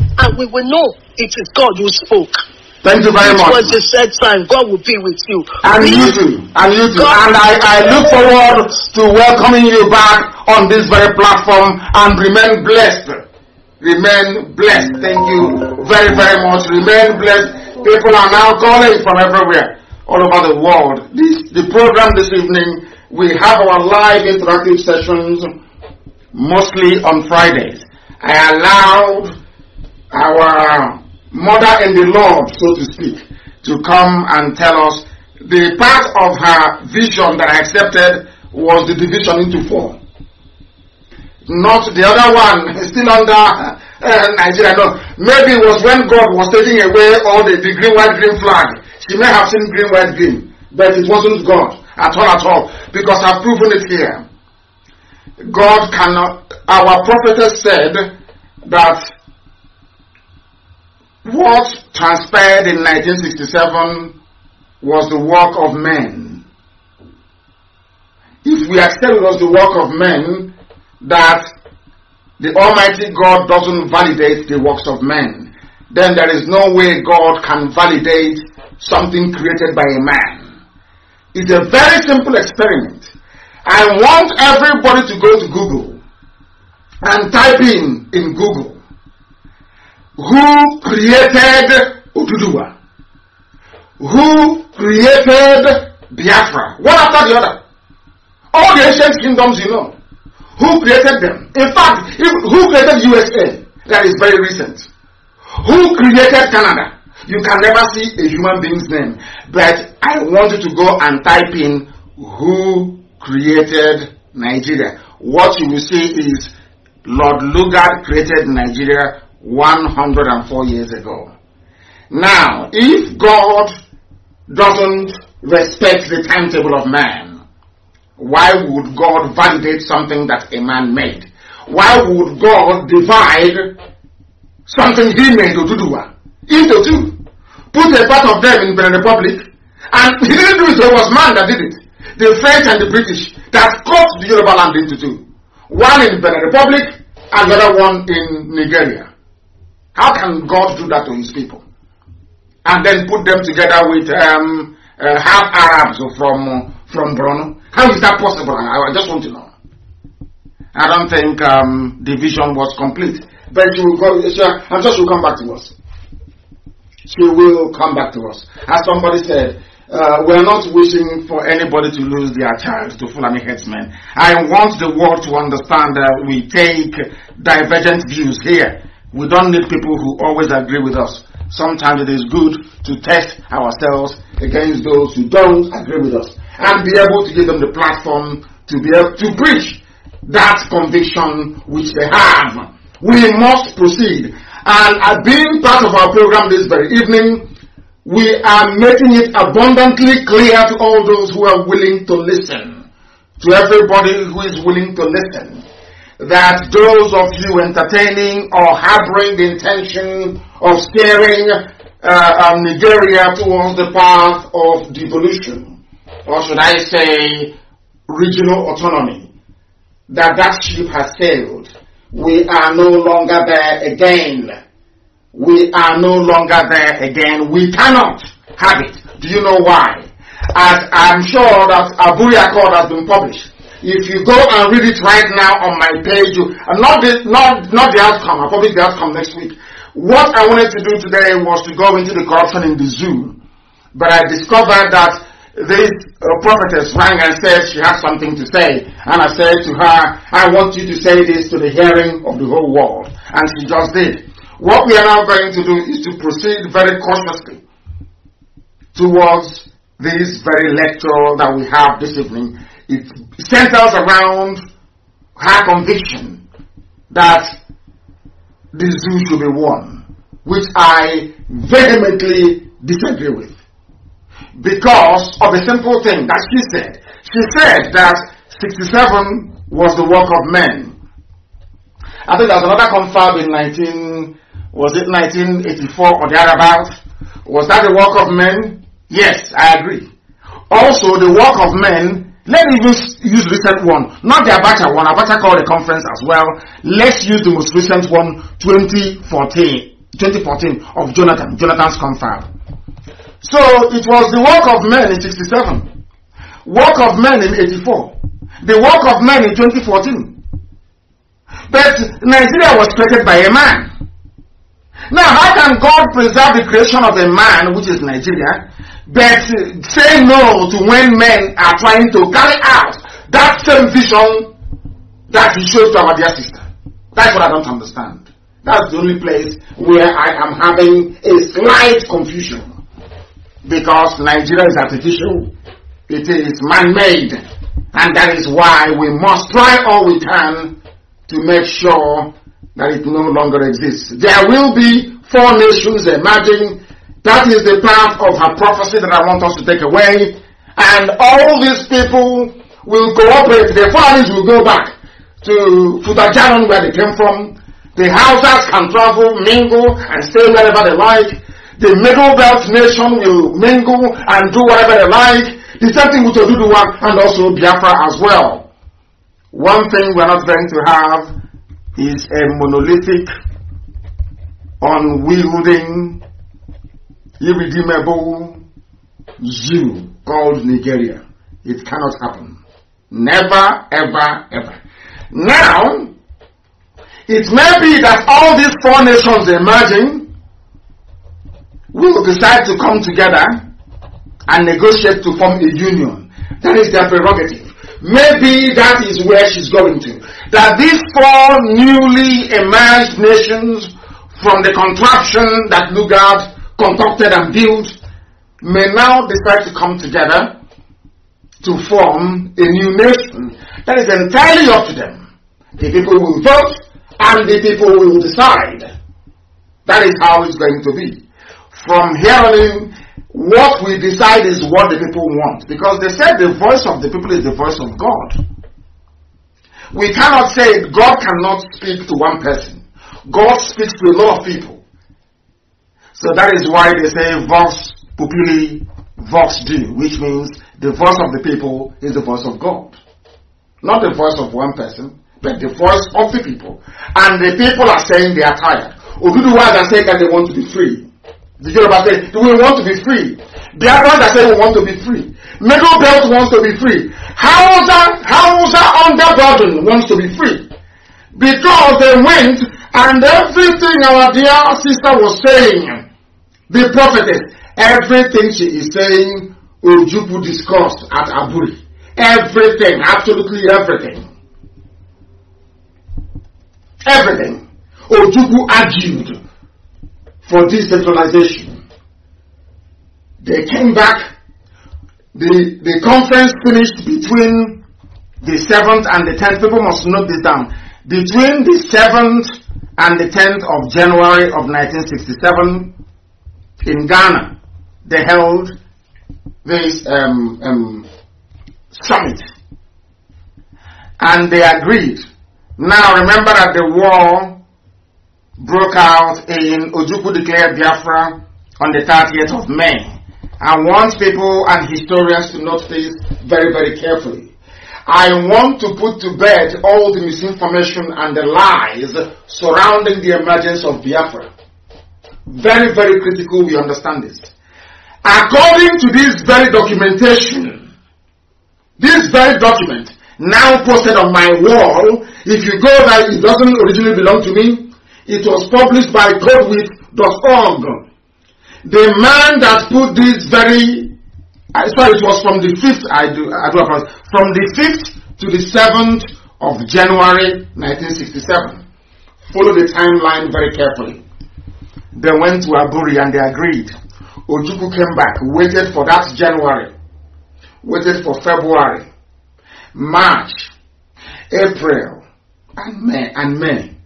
and we will know it is God who spoke. Thank you very it much. It was the said time. God will be with you. And we, you too. And you too. God and I, I look forward to welcoming you back on this very platform and remain blessed. Remain blessed. Thank you very, very much. Remain blessed. People are now calling from everywhere, all over the world. This, the program this evening, we have our live interactive sessions mostly on Fridays. I allowed our mother in the Lord, so to speak, to come and tell us the part of her vision that I accepted was the division into four. Not the other one, *laughs* still under uh, Nigeria. No, maybe it was when God was taking away all the, the green, white, green flag. She may have seen green, white, green, but it wasn't God at all, at all, because I've proven it here. God cannot our prophetess said that what transpired in 1967 was the work of men. If we accept it was the work of men, that the Almighty God doesn't validate the works of men, then there is no way God can validate something created by a man. It's a very simple experiment. I want everybody to go to Google and type in in Google who created Oduduwa? Who created Biafra? One after the other. All the ancient kingdoms you know. Who created them? In fact, if, who created USA? That is very recent. Who created Canada? You can never see a human being's name. But I want you to go and type in who created Nigeria. What you will see is Lord Lugard created Nigeria 104 years ago. Now, if God doesn't respect the timetable of man, why would God validate something that a man made? Why would God divide something he made into two? Into two. Put a part of them in the Republic, and he didn't do it, so it was man that did it. The French and the British that cut the Yoruba land into two one in Benin Republic another one in Nigeria. How can God do that to his people? And then put them together with um, uh, half Arabs from, from Bruno? How is that possible? I, I just want to know. I don't think um, was complete. But she will go, I'm sure she will come back to us. She will come back to us. As somebody said, uh, we're not wishing for anybody to lose their child to Fulani headsmen. I want the world to understand that we take divergent views here. We don't need people who always agree with us. Sometimes it is good to test ourselves against those who don't agree with us and be able to give them the platform to be able to preach that conviction which they have. We must proceed. And uh, being part of our program this very evening, we are making it abundantly clear to all those who are willing to listen, to everybody who is willing to listen, that those of you entertaining or harboring the intention of steering uh, um, Nigeria towards the path of devolution, or should I say, regional autonomy, that that ship has sailed. We are no longer there again we are no longer there again. We cannot have it. Do you know why? As I'm sure that a Abuya Accord has been published. If you go and read it right now on my page, you, not the, not, not the outcome, I'll publish the outcome next week. What I wanted to do today was to go into the corruption in the zoo, but I discovered that this uh, prophetess rang and said she had something to say. And I said to her, I want you to say this to the hearing of the whole world. And she just did. What we are now going to do is to proceed very cautiously towards this very lecture that we have this evening. It centers around her conviction that the zoo should be won, which I vehemently disagree with because of a simple thing that she said. She said that 67 was the work of men. I think there was another confab in 19. Was it 1984 or thereabouts? Was that the work of men? Yes, I agree. Also, the work of men, let's even use recent one, not the Abacha one, Abacha called the conference as well. Let's use the most recent one, 2014, 2014 of Jonathan, Jonathan's confab. So it was the work of men in 67, work of men in 84, the work of men in 2014. But Nigeria was created by a man. Now, how can God preserve the creation of a man, which is Nigeria, but say no to when men are trying to carry out that same vision that he shows to our dear sister? That's what I don't understand. That's the only place where I am having a slight confusion. Because Nigeria is artificial, it is man made, and that is why we must try all we can to make sure that it no longer exists. There will be four nations emerging. That is the part of her prophecy that I want us to take away. And all these people will cooperate. The foreigners will go back to Futajaran where they came from. The houses can travel, mingle, and stay wherever they like. The Middle Belt nation will mingle and do whatever they like. The same thing with Oduduwa and also Biafra as well. One thing we're not going to have is a monolithic, unwielding, irredeemable zoo called Nigeria. It cannot happen. Never, ever, ever. Now, it may be that all these four nations emerging will decide to come together and negotiate to form a union. That is their prerogative. Maybe that is where she's going to. That these four newly emerged nations from the contraption that Lugard concocted and built may now decide to come together to form a new nation. That is entirely up to them. The people will vote and the people will decide. That is how it's going to be. From here on in, what we decide is what the people want. Because they said the voice of the people is the voice of God. We cannot say God cannot speak to one person. God speaks to a lot of people. So that is why they say vox populi, vox dei, which means the voice of the people is the voice of God. Not the voice of one person, but the voice of the people. And the people are saying they are tired. Oduduwa has said that they want to be free. The Yoruba say, we want to be free. The Abraham say we want to be free. Middle belt wants to be free. Hausa, Hausa underburden wants to be free. Because they went and everything our dear sister was saying, the prophetess, everything she is saying, Ojubu discussed at Aburi. Everything, absolutely everything. Everything. Ojubu argued. for decentralization. They came back, the, the conference finished between the 7th and the 10th. People must note this down. Between the 7th and the 10th of January of 1967 in Ghana, they held this um, um, summit. And they agreed. Now remember that the war broke out in Ojukwu declared Biafra on the 30th of May. I want people and historians to note this very, very carefully. I want to put to bed all the misinformation and the lies surrounding the emergence of Biafra. Very, very critical we understand this. According to this very documentation, this very document now posted on my wall, if you go there, it doesn't originally belong to me, it was published by Godwith.org. The man that put this very, I sorry, it was from the 5th, I do, I do apologize, from the 5th to the 7th of January 1967. Follow the timeline very carefully. They went to Aburi and they agreed. Ojuku came back, waited for that January, waited for February, March, April, and May, and May.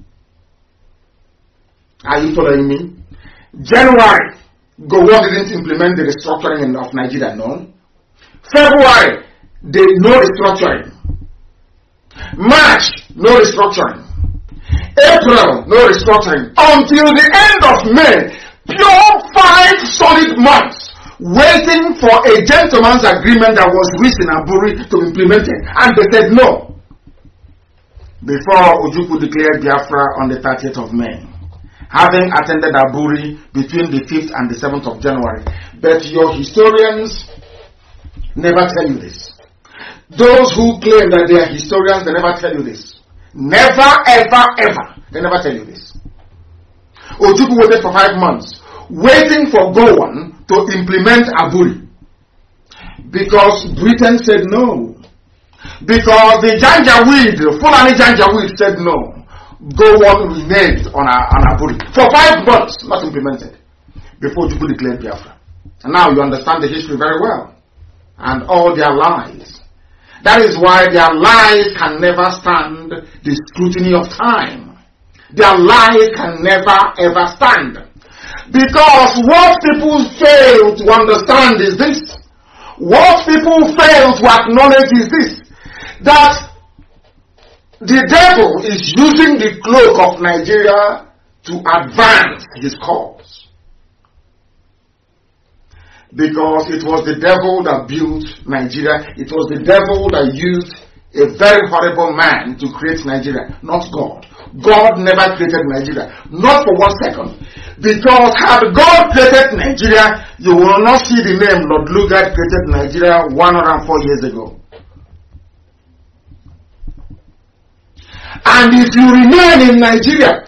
Are you following me? January, Gowon didn't implement the restructuring of Nigeria, no. February, they no restructuring. March, no restructuring. April, no restructuring. Until the end of May, pure five solid months waiting for a gentleman's agreement that was reached in Aburi to implement it, And they said no. Before Ojukwu declared Biafra on the 30th of May. having attended Aburi between the 5th and the 7th of January. But your historians never tell you this. Those who claim that they are historians, they never tell you this. Never, ever, ever. They never tell you this. Ojuku waited for five months, waiting for Gowan to implement Aburi. Because Britain said no. Because the Janjaweed, Fulani Janjaweed said no go on reneged on our, on our body. For five months, not implemented, before Jubu declared Biafra. And now you understand the history very well. And all their lies. That is why their lies can never stand the scrutiny of time. Their lies can never ever stand. Because what people fail to understand is this. What people fail to acknowledge is this. That the devil is using the cloak of Nigeria to advance his cause. Because it was the devil that built Nigeria. It was the devil that used a very horrible man to create Nigeria, not God. God never created Nigeria, not for one second. Because had God created Nigeria, you will not see the name Lord Lugard created Nigeria 104 years ago. And if you remain in Nigeria,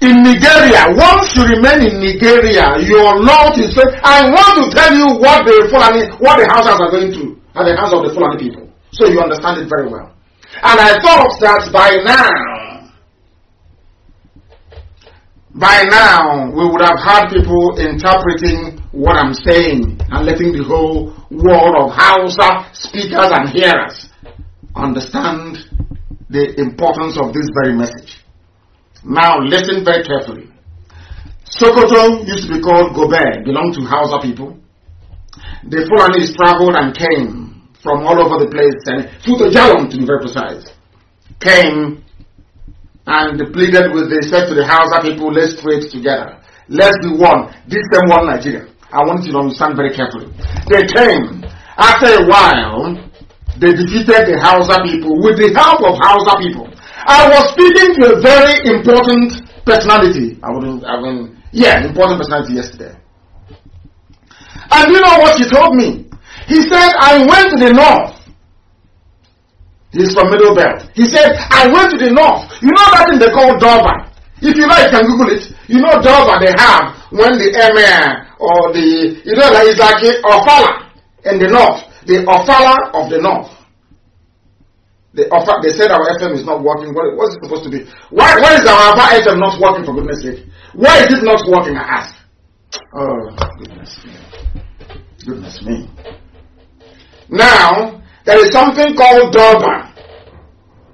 in Nigeria, once you remain in Nigeria, your Lord is saying, I want to tell you what the Fulani, what the houses are going through at the hands of the Fulani people. So you understand it very well. And I thought that by now, by now, we would have had people interpreting what I'm saying and letting the whole world of Hausa speakers and hearers understand the importance of this very message. Now, listen very carefully. Sokoto used to be called Gobert, belonged to Hausa people. The Fulanis traveled and came from all over the place, and Futojalom, to be very precise, came and pleaded with, they said to the Hausa people, let's trade together. Let's be one. This them one Nigeria. I want you to understand very carefully. They came. After a while, they defeated the Hausa people with the help of Hausa people. I was speaking to a very important personality. I wouldn't, I yeah, important personality yesterday. And you know what he told me? He said, I went to the north. He's from Middle Belt. He said, I went to the north. You know that thing they call Dover? If you like, you can Google it. You know Dover they have when the emir or the, you know, like, it's like Fala in the north. The Ofala of the North. They offer, they said our FM is not working. What, what is it supposed to be? Why, why is our FM not working for goodness sake? Why is it not working? I ask. Oh, goodness me. Goodness me. Now, there is something called Durban.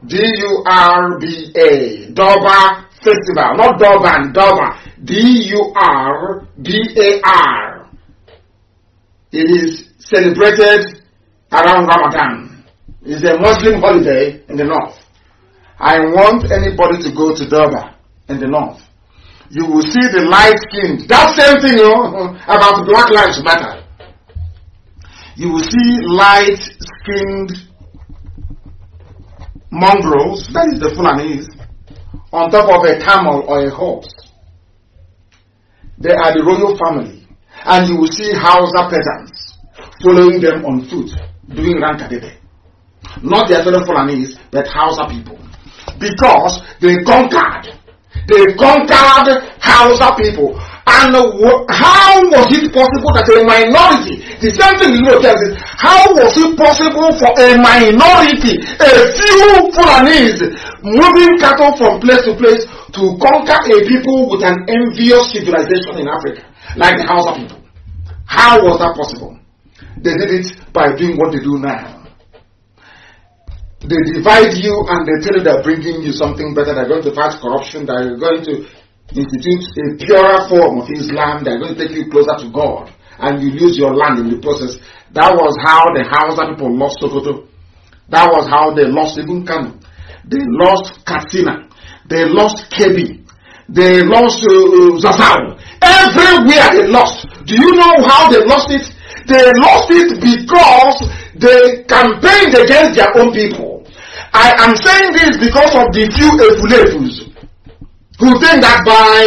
D-U-R-B-A. Durban Festival. Not Durban, Durban. D-U-R-B-A-R. It is celebrated around Ramadan. It's a Muslim holiday in the north. I want anybody to go to Durban in the north. You will see the light skin. That same thing, you know, *laughs* about Black Lives Matter. You will see light skinned mongrels, that is the Fulanese, on top of a camel or a horse. They are the royal family. And you will see Hausa peasants following them on foot, doing rankadede. Not the ethnic Fulanese, but Hausa people. Because they conquered. They conquered Hausa people. And how was it possible that a minority, the same thing in tells is, how was it possible for a minority, a few Fulanese, moving cattle from place to place to conquer a people with an envious civilization in Africa, like the Hausa people? How was that possible? They did it by doing what they do now. They divide you and they tell you they're bringing you something better. They're going to fight corruption. They're going to institute a purer form of Islam. They're going to take you closer to God. And you lose your land in the process. That was how the Hausa people lost Sokoto. That was how they lost even Kano. They lost Katsina. They lost Kebi. They lost uh, uh Everywhere they lost. Do you know how they lost it? They lost it because they campaigned against their own people. I am saying this because of the few Efulefus who think that by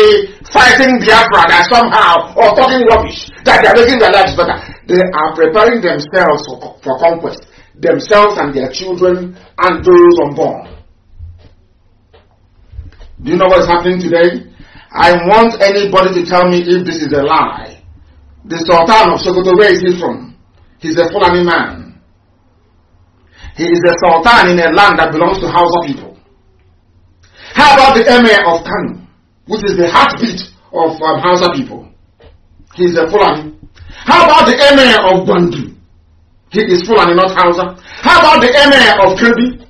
fighting Biafra that somehow, or talking rubbish, that they are making their lives better. They are preparing themselves for, for conquest, themselves and their children and those unborn. Do you know what's happening today? I want anybody to tell me if this is a lie. The Sultan of Sokoto, where is he from? He's a Fulani man. He is a Sultan in a land that belongs to Hausa people. How about the Emir of Kanu, which is the heartbeat of um, Hausa people? He is a Fulani. How about the Emir of Gwandu? He is Fulani, not Hausa. How about the Emir of Kirby?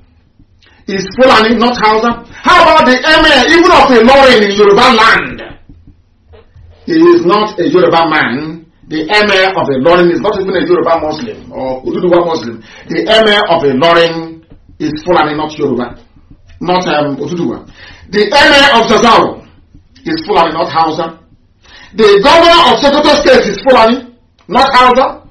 He is Fulani, not Hausa. How about the Emir even of a Lorin in Yoruba land? He is not a Yoruba man the emir of a lorin is not even a Yoruba Muslim or Ududuwa Muslim. The emir of a lorin is Fulani, not Yoruba, not um, Ududuwa. The emir of Zazzaro is Fulani, not Hausa. The governor of Sokoto State is Fulani, not Hausa.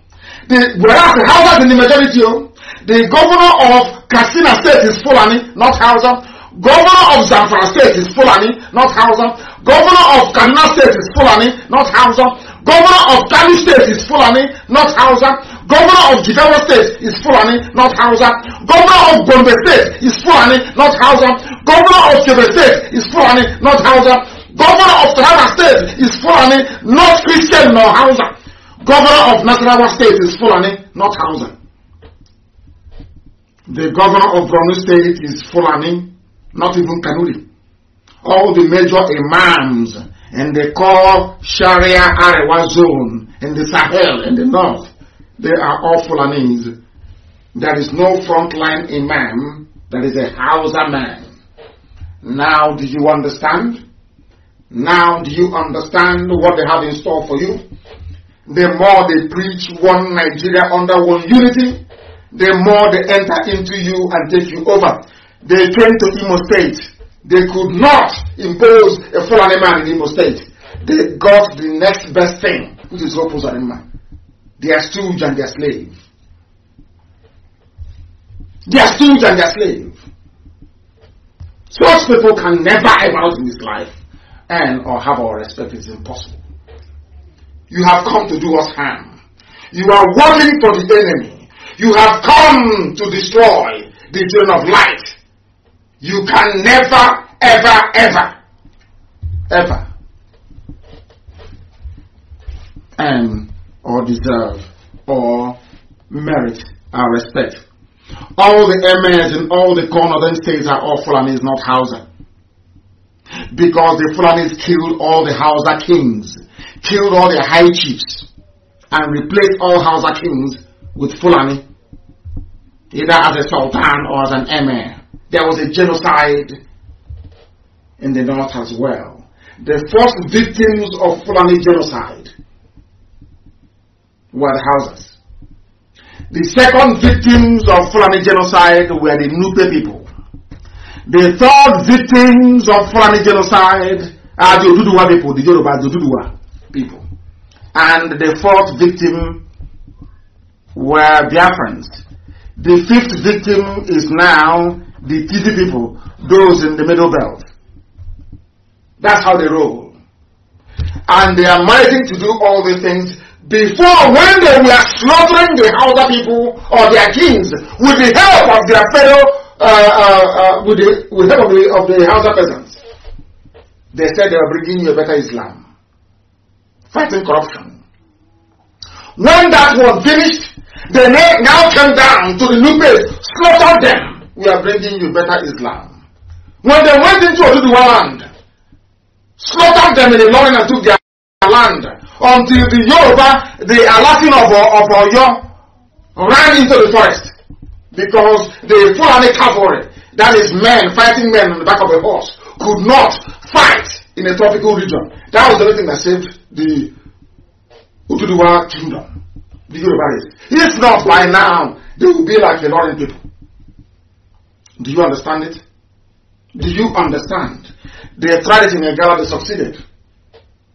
The, whereas the Hausa is in the majority, oh. the governor of Katsina State is Fulani, not Hausa. Governor of Zamfara State is Fulani, not Hausa. Governor of Kaduna State is Fulani, not Hausa. Governor of Kano State is Fulani, not Hausa. Governor of Jigawa State is Fulani, not Hausa. Governor of Gombe State is Fulani, not Hausa. Governor of Kebe State is Fulani, not Hausa. Governor of Taraba State is Fulani, not Christian nor Hausa. Governor of Nasarawa State is Fulani, not Hausa. The governor of Borno State is Fulani, not even Kanuri. All the major imams in the core Sharia Arewa zone, in the Sahel, in the north, they are all Fulanese. There is no frontline imam that is a Hausa man. Now, do you understand? Now, do you understand what they have in store for you? The more they preach one Nigeria under one unity, the more they enter into you and take you over. They came to Imo State. They could not impose a foreigner man in Imo State. They got the next best thing, which is Ropo Zarima. They are stooge and they are slave. They are stooge and they are slave. Such people can never evolve in this life and or have our respect. It's impossible. You have come to do us harm. You are working for the enemy. You have come to destroy the children of light. You can never, ever, ever, ever earn or deserve or merit our respect. All the Emirs in all the northern states are all Fulanis, not Hausa. Because the Fulanis killed all the Hausa kings, killed all the high chiefs, and replaced all Hausa kings with Fulani, either as a sultan or as an emir there was a genocide in the north as well. The first victims of Fulani genocide were the Hausas. The second victims of Fulani genocide were the Nupe people. The third victims of Fulani genocide are the Oduduwa people, the Yoruba, the Oduduwa people. And the fourth victim were Biafrans. The fifth victim is now the TD people, those in the middle belt. That's how they roll. And they are managing to do all these things before when they were slaughtering the Hausa people or their kings with the help of their fellow, uh, uh, uh, with, the, with help of the, of the Hausa peasants. They said they were bringing you a better Islam. Fighting corruption. When that was finished, they now came down to the Nupes, slaughtered them. we are bringing you better Islam. When they went into Oduduwa land, slaughtered them in the Lorraine and took their land until the Yoruba, the Alatin of, of Oyo, ran into the forest because the Fulani cavalry, that is men fighting men on the back of a horse, could not fight in a tropical region. That was the only thing that saved the Utuduwa kingdom, the Yoruba race. If not, by now, they will be like the Lorraine people. Do you understand it? Do you understand? They tried it in a gala, they succeeded.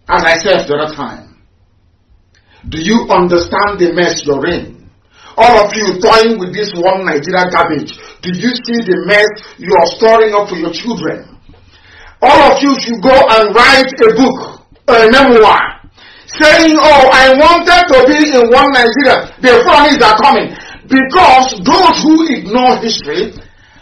As I said the other time. Do you understand the mess you're in? All of you toying with this one Nigeria garbage. Do you see the mess you are storing up for your children? All of you should go and write a book, a memoir, saying, Oh, I wanted to be in one Nigeria. The foreigners are coming. Because those who ignore history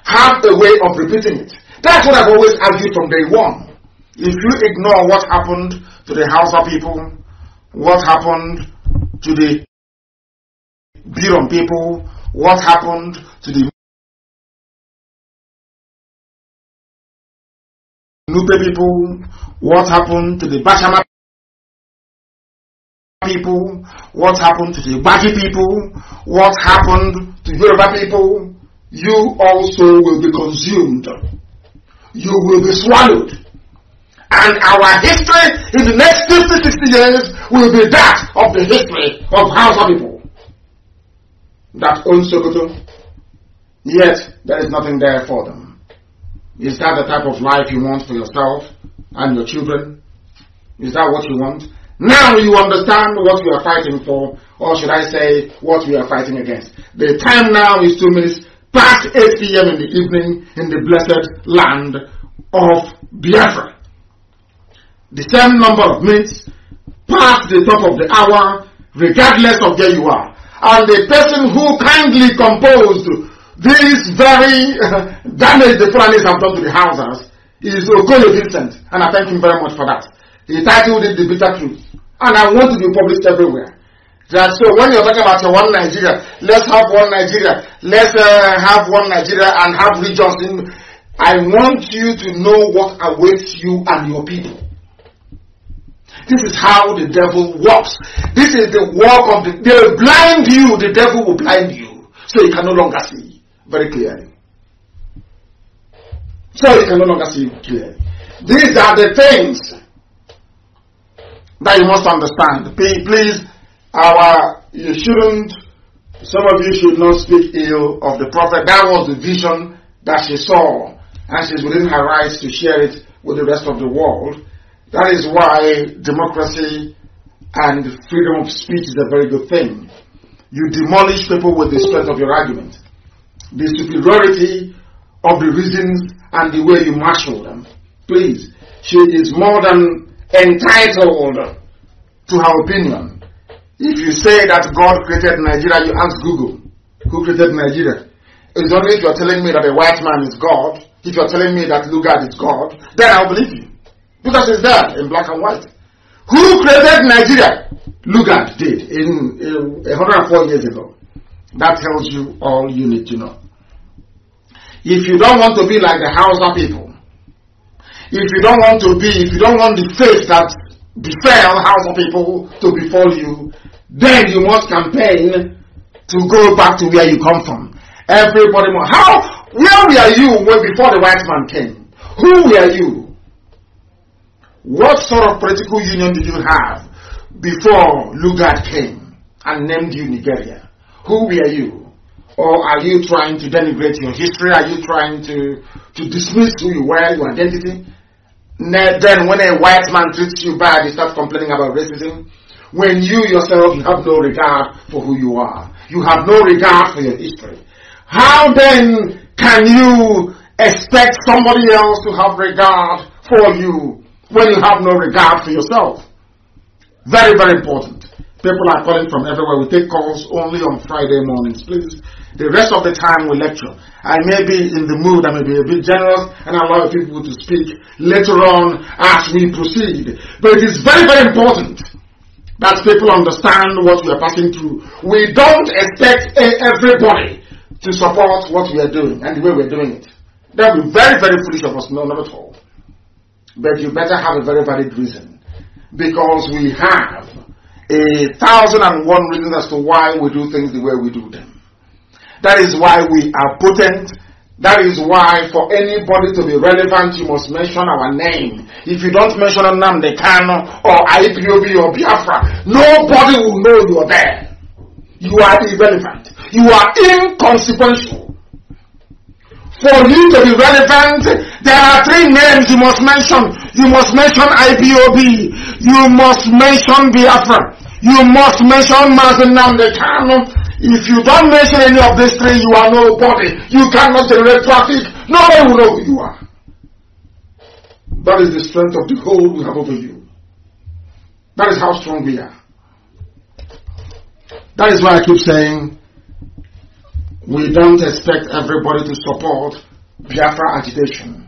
have a way of repeating it. That's what I've always argued from day one. If you ignore what happened to the Hausa people, what happened to the Biron people, what happened to the Nupe people, what happened to the Bashama people, what happened to the Baji people, what happened to Yoruba people, you also will be consumed. You will be swallowed. And our history in the next 50, 60 years will be that of the history of Hausa people that own Sokoto. Yet, there is nothing there for them. Is that the type of life you want for yourself and your children? Is that what you want? Now you understand what we are fighting for, or should I say, what we are fighting against. The time now is two minutes past 8 p.m. in the evening in the blessed land of Biafra. The same number of minutes past the top of the hour, regardless of where you are. And the person who kindly composed this very uh, *laughs* damage the Fulanis have done to the houses is Okoye Vincent, and I thank him very much for that. He titled it The Bitter Truth, and I want to be published everywhere. That so when you're talking about one Nigeria, let's have one Nigeria, let's uh, have one Nigeria and have regions. In, I want you to know what awaits you and your people. This is how the devil works. This is the work of the. They will blind you. The devil will blind you, so you can no longer see very clearly. So you can no longer see clearly. These are the things that you must understand. Please our, you shouldn't, some of you should not speak ill of the prophet. That was the vision that she saw, and she's within her rights to share it with the rest of the world. That is why democracy and freedom of speech is a very good thing. You demolish people with the strength of your argument, the superiority of the reasons and the way you marshal them. Please, she is more than entitled to her opinion. If you say that God created Nigeria, you ask Google, who created Nigeria? It's only if you're telling me that a white man is God, if you're telling me that Lugard is God, then I'll believe you. Because it's there in black and white. Who created Nigeria? Lugard did in, in uh, 104 years ago. That tells you all you need to know. If you don't want to be like the Hausa people, if you don't want to be, if you don't want the fate that befell Hausa people to befall you, then you must campaign to go back to where you come from. Everybody must. How? Where were you when before the white man came? Who were you? What sort of political union did you have before Lugard came and named you Nigeria? Who were you? Or are you trying to denigrate your history? Are you trying to, to dismiss who you were, your identity? Then, when a white man treats you bad, you start complaining about racism when you yourself have no regard for who you are. You have no regard for your history. How then can you expect somebody else to have regard for you when you have no regard for yourself? Very, very important. People are calling from everywhere. We take calls only on Friday mornings, please. The rest of the time we lecture. I may be in the mood, I may be a bit generous, and allow people to speak later on as we proceed. But it is very, very important that people understand what we are passing through. We don't expect everybody to support what we are doing and the way we're doing it. That would be very, very foolish of us. No, not at all. But you better have a very valid reason. Because we have a thousand and one reasons as to why we do things the way we do them. That is why we are potent That is why for anybody to be relevant, you must mention our name. If you don't mention Namde Kano or IPOB or Biafra, nobody will know you are there. You are irrelevant. You are inconsequential. For you to be relevant, there are three names you must mention. You must mention IPOB. You must mention Biafra. You must mention Mazen Namde Kano If you don't mention any of these three, you are nobody. You cannot generate traffic. Nobody will know who you are. That is the strength of the hold we have over you. That is how strong we are. That is why I keep saying we don't expect everybody to support Biafra agitation.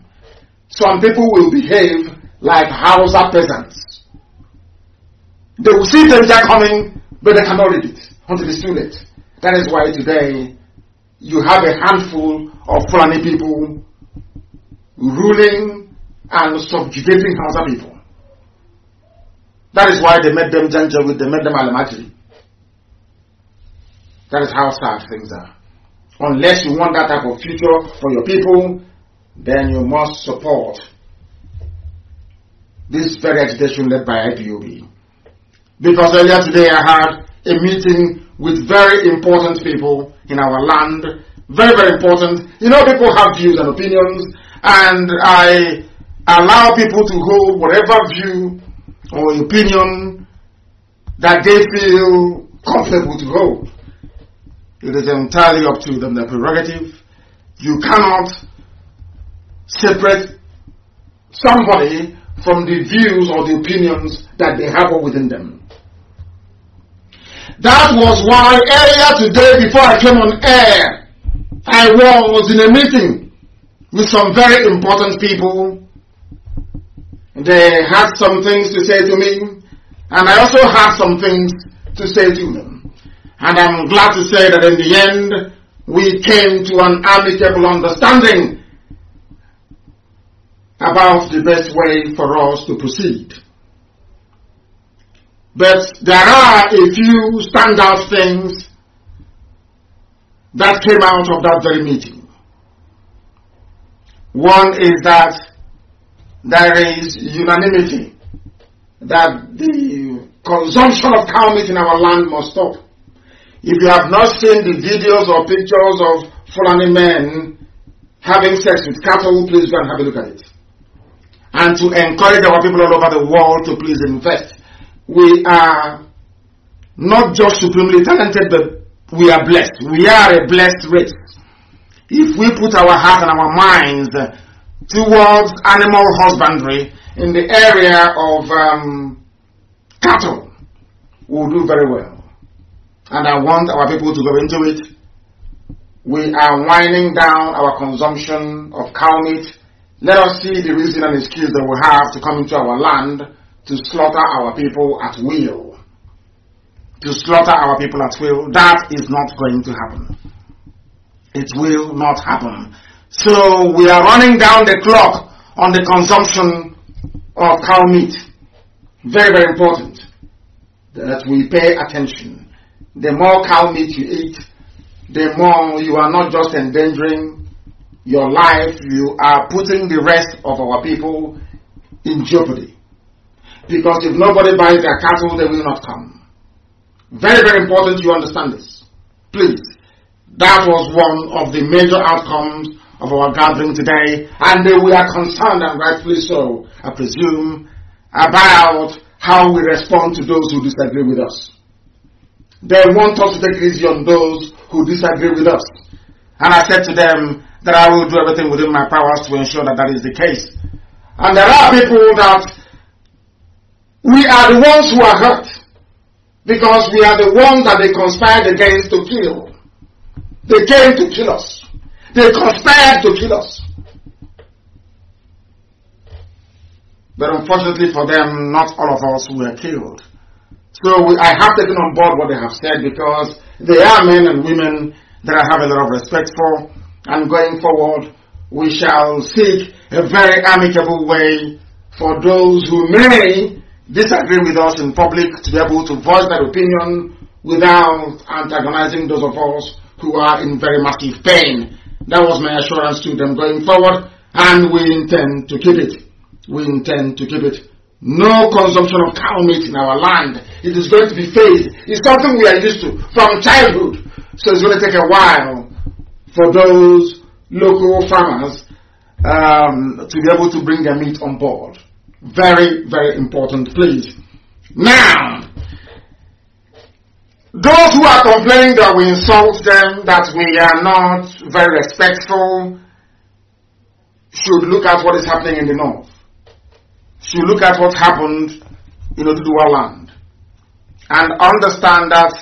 Some people will behave like Hausa peasants. They will see danger coming, but they cannot read it until it's too late. That is why today you have a handful of Fulani people ruling and subjugating Hausa people. That is why they made them Janjaweed, they made them Alamajiri. That is how sad things are. Unless you want that type of future for your people, then you must support this very agitation led by IPOB. Because earlier today I had a meeting with very important people in our land. Very, very important. You know, people have views and opinions, and I allow people to hold whatever view or opinion that they feel comfortable to hold. It is entirely up to them, their prerogative. You cannot separate somebody from the views or the opinions that they have within them. That was why earlier today, before I came on air, I was in a meeting with some very important people. They had some things to say to me, and I also had some things to say to them. And I'm glad to say that in the end, we came to an amicable understanding about the best way for us to proceed. But there are a few standout things that came out of that very meeting. One is that there is unanimity that the consumption of cow meat in our land must stop. If you have not seen the videos or pictures of Fulani men having sex with cattle, please go and have a look at it. And to encourage our people all over the world to please invest we are not just supremely talented, but we are blessed. We are a blessed race. If we put our heart and our minds towards animal husbandry in the area of um, cattle, we'll do very well. And I want our people to go into it. We are winding down our consumption of cow meat. Let us see the reason and excuse that we have to come into our land to slaughter our people at will. To slaughter our people at will. That is not going to happen. It will not happen. So we are running down the clock on the consumption of cow meat. Very, very important that we pay attention. The more cow meat you eat, the more you are not just endangering your life, you are putting the rest of our people in jeopardy. Because if nobody buys their cattle, they will not come. Very, very important you understand this. Please. That was one of the major outcomes of our gathering today, and we are concerned, and rightfully so, I presume, about how we respond to those who disagree with us. They want us to take easy on those who disagree with us. And I said to them that I will do everything within my powers to ensure that that is the case. And there are people that we are the ones who are hurt because we are the ones that they conspired against to kill. They came to kill us. They conspired to kill us. But unfortunately for them, not all of us were killed. So we, I have taken on board what they have said because they are men and women that I have a lot of respect for. And going forward, we shall seek a very amicable way for those who may disagree with us in public to be able to voice their opinion without antagonizing those of us who are in very massive pain. That was my assurance to them going forward, and we intend to keep it. We intend to keep it. No consumption of cow meat in our land. It is going to be phased. It's something we are used to from childhood. So it's going to take a while for those local farmers um, to be able to bring their meat on board. Very, very important, please. Now, those who are complaining that we insult them, that we are not very respectful, should look at what is happening in the north. Should look at what happened in Oduduwa land. And understand that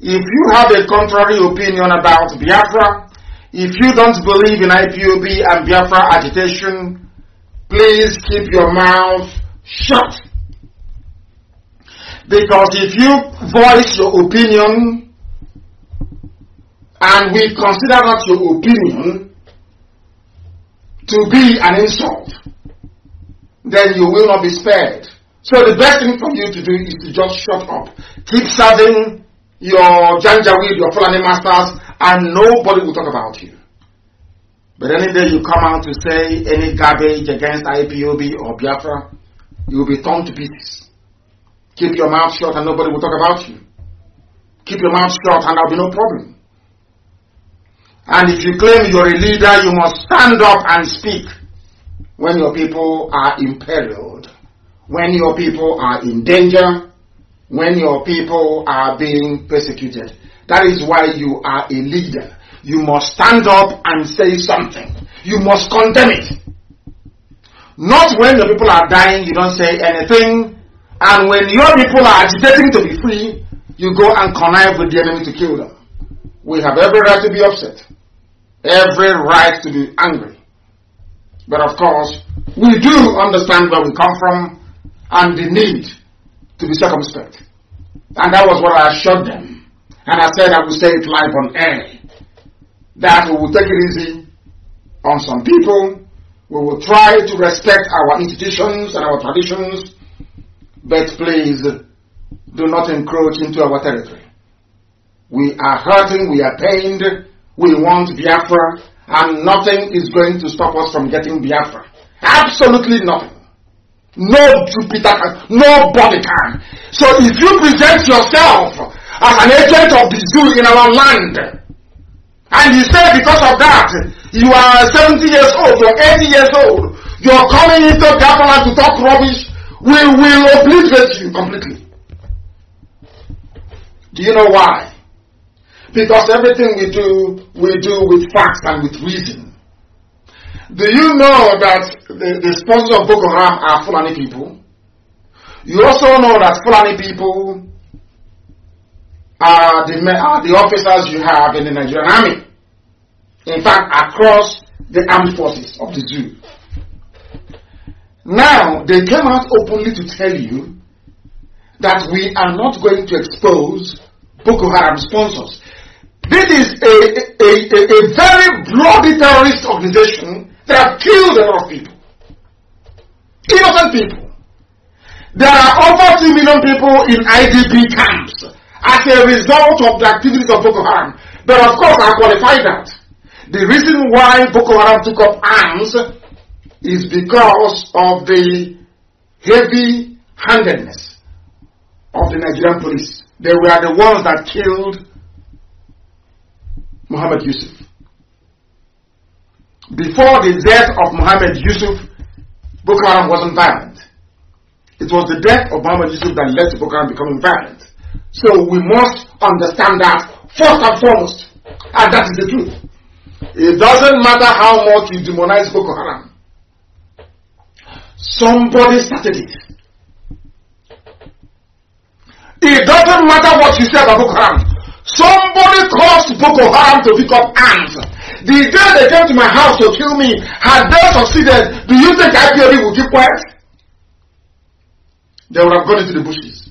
if you have a contrary opinion about Biafra, if you don't believe in IPOB and Biafra agitation, please keep your mouth shut. Because if you voice your opinion and we consider that your opinion to be an insult, then you will not be spared. So the best thing for you to do is to just shut up. Keep serving your janjaweed, your Fulani masters, and nobody will talk about you. But any day you come out to say any garbage against IPOB or Biafra, you will be torn to pieces. Keep your mouth shut and nobody will talk about you. Keep your mouth shut and there'll be no problem. And if you claim you're a leader, you must stand up and speak when your people are imperiled, when your people are in danger, when your people are being persecuted. That is why you are a leader you must stand up and say something. You must condemn it. Not when the people are dying, you don't say anything. And when your people are agitating to be free, you go and connive with the enemy to kill them. We have every right to be upset, every right to be angry. But of course, we do understand where we come from and the need to be circumspect. And that was what I assured them. And I said I would say it live on air that we will take it easy on some people. We will try to respect our institutions and our traditions, but please do not encroach into our territory. We are hurting, we are pained, we want Biafra, and nothing is going to stop us from getting Biafra. Absolutely nothing. No Jupiter can, nobody can. So if you present yourself as an agent of the Jew in our land, and he said, because of that, you are 70 years old, you're 80 years old, you're coming into government to talk rubbish, we will obliterate you completely. Do you know why? Because everything we do, we do with facts and with reason. Do you know that the, the sponsors of Boko Haram are Fulani people? You also know that Fulani people are the, are the officers you have in the Nigerian army in fact, across the armed forces of the Jew. Now, they came out openly to tell you that we are not going to expose Boko Haram sponsors. This is a, a, a, a very bloody terrorist organization that have killed a lot of people. Innocent people. There are over 2 million people in IDP camps as a result of the activities of Boko Haram. But of course, I qualify that. The reason why Boko Haram took up arms is because of the heavy handedness of the Nigerian police. They were the ones that killed Muhammad Yusuf. Before the death of Muhammad Yusuf, Boko Haram wasn't violent. It was the death of Muhammad Yusuf that led to Boko Haram becoming violent. So we must understand that first and foremost, and that is the truth. It doesn't matter how much you demonize Boko Haram. Somebody started it. It doesn't matter what you say about Boko Haram. Somebody caused Boko Haram to pick up arms. The day they came to my house to kill me, had they succeeded, do you think IPOB will keep quiet? They would have gone into the bushes.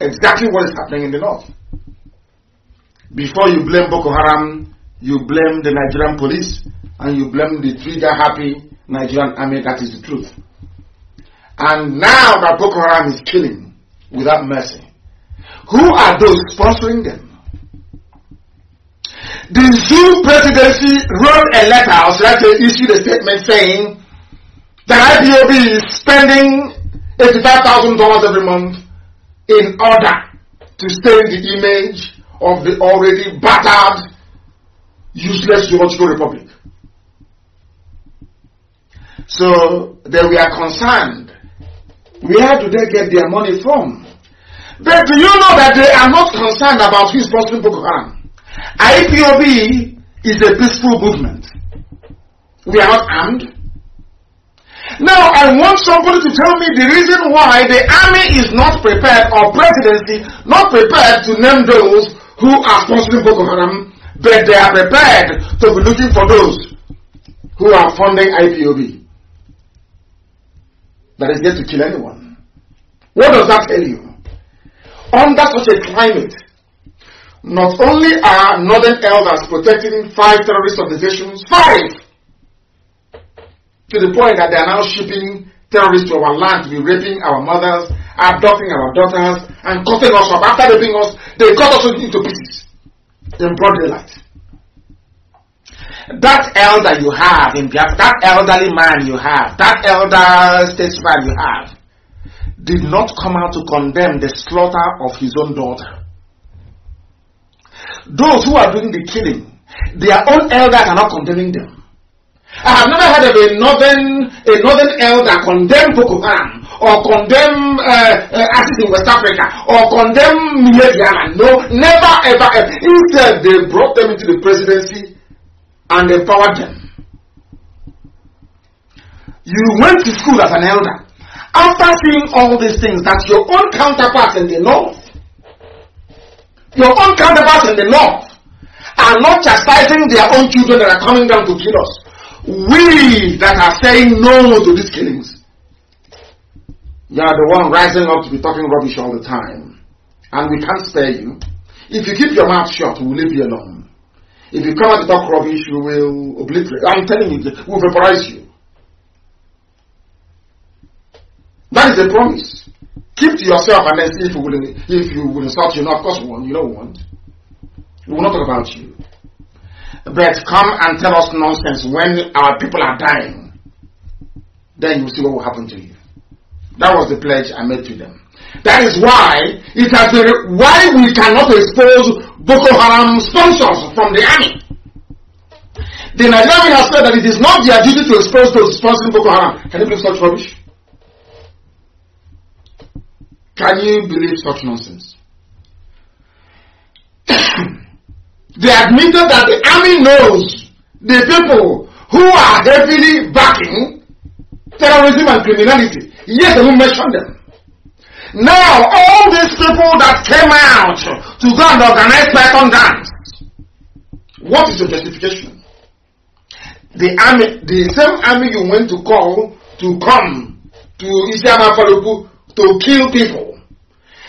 Exactly what is happening in the north. Before you blame Boko Haram, You blame the Nigerian police and you blame the trigger happy Nigerian army. That is the truth. And now that Boko Haram is killing without mercy, who are those sponsoring them? The Zoom presidency wrote a letter, or should they issued a statement saying that IPOB is spending $85,000 every month in order to stain the image of the already battered useless theological republic. So then we are concerned. Where do they get their money from? But do you know that they are not concerned about who is sponsoring Boko Haram? IPOB is a peaceful movement. We are not armed. Now, I want somebody to tell me the reason why the army is not prepared or presidency not prepared to name those who are sponsoring Boko Haram but they are prepared to be looking for those who are funding IPOB that is yet to kill anyone. What does that tell you? Under such a climate, not only are northern elders protecting five terrorist organizations, five, to the point that they are now shipping terrorists to our land to be raping our mothers, abducting our daughters, and cutting us up. After raping us, they cut us into pieces in broad That elder you have in Biafra, that elderly man you have, that elder statesman you have, did not come out to condemn the slaughter of his own daughter. Those who are doing the killing, their own elder are not condemning them. I have never heard of a northern, a northern elder condemn Boko Haram or condemn uh, uh, in West Africa or condemn Miladiana. No, never ever, ever. Instead, they brought them into the presidency and empowered them. You went to school as an elder. After seeing all these things that your own counterparts in the north, your own counterparts in the north, are not chastising their own children that are coming down to kill us we that are saying no to these killings, you are the one rising up to be talking rubbish all the time. And we can't spare you. If you keep your mouth shut, we'll leave you alone. If you come out to talk rubbish, we will obliterate. I'm telling you, we'll vaporize you. That is a promise. Keep to yourself and then see if you will, if you will insult you. No, of course we won't. You don't want. We will not talk about you. But come and tell us nonsense when our people are dying. Then you see what will happen to you. That was the pledge I made to them. That is why it has been why we cannot expose Boko Haram sponsors from the army. The Nigerian has said that it is not their duty to expose those sponsoring Boko Haram. Can you believe such rubbish? Can you believe such nonsense? *coughs* They admitted that the army knows the people who are heavily backing terrorism and criminality. Yes, they will mention them. Now, all these people that came out to go and organize Python dance, what is your justification? The army, the same army you went to call to come to Isiama Faluku to kill people,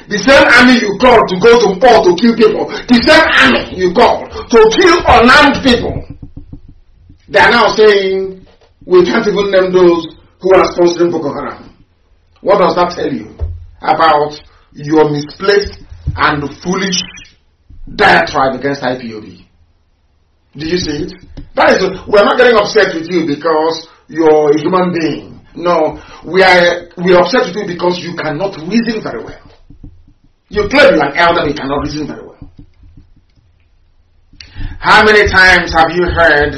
The same army you called to go to war to kill people, the same army you called to kill unarmed people, they are now saying, we can't even name those who are sponsoring Boko Haram. What does that tell you about your misplaced and foolish diatribe against IPOB? Do you see it? That is, we're not getting upset with you because you're a human being. No, we are, we are upset with you because you cannot reason very well. You claim you're an elder, but you cannot reason very well. How many times have you heard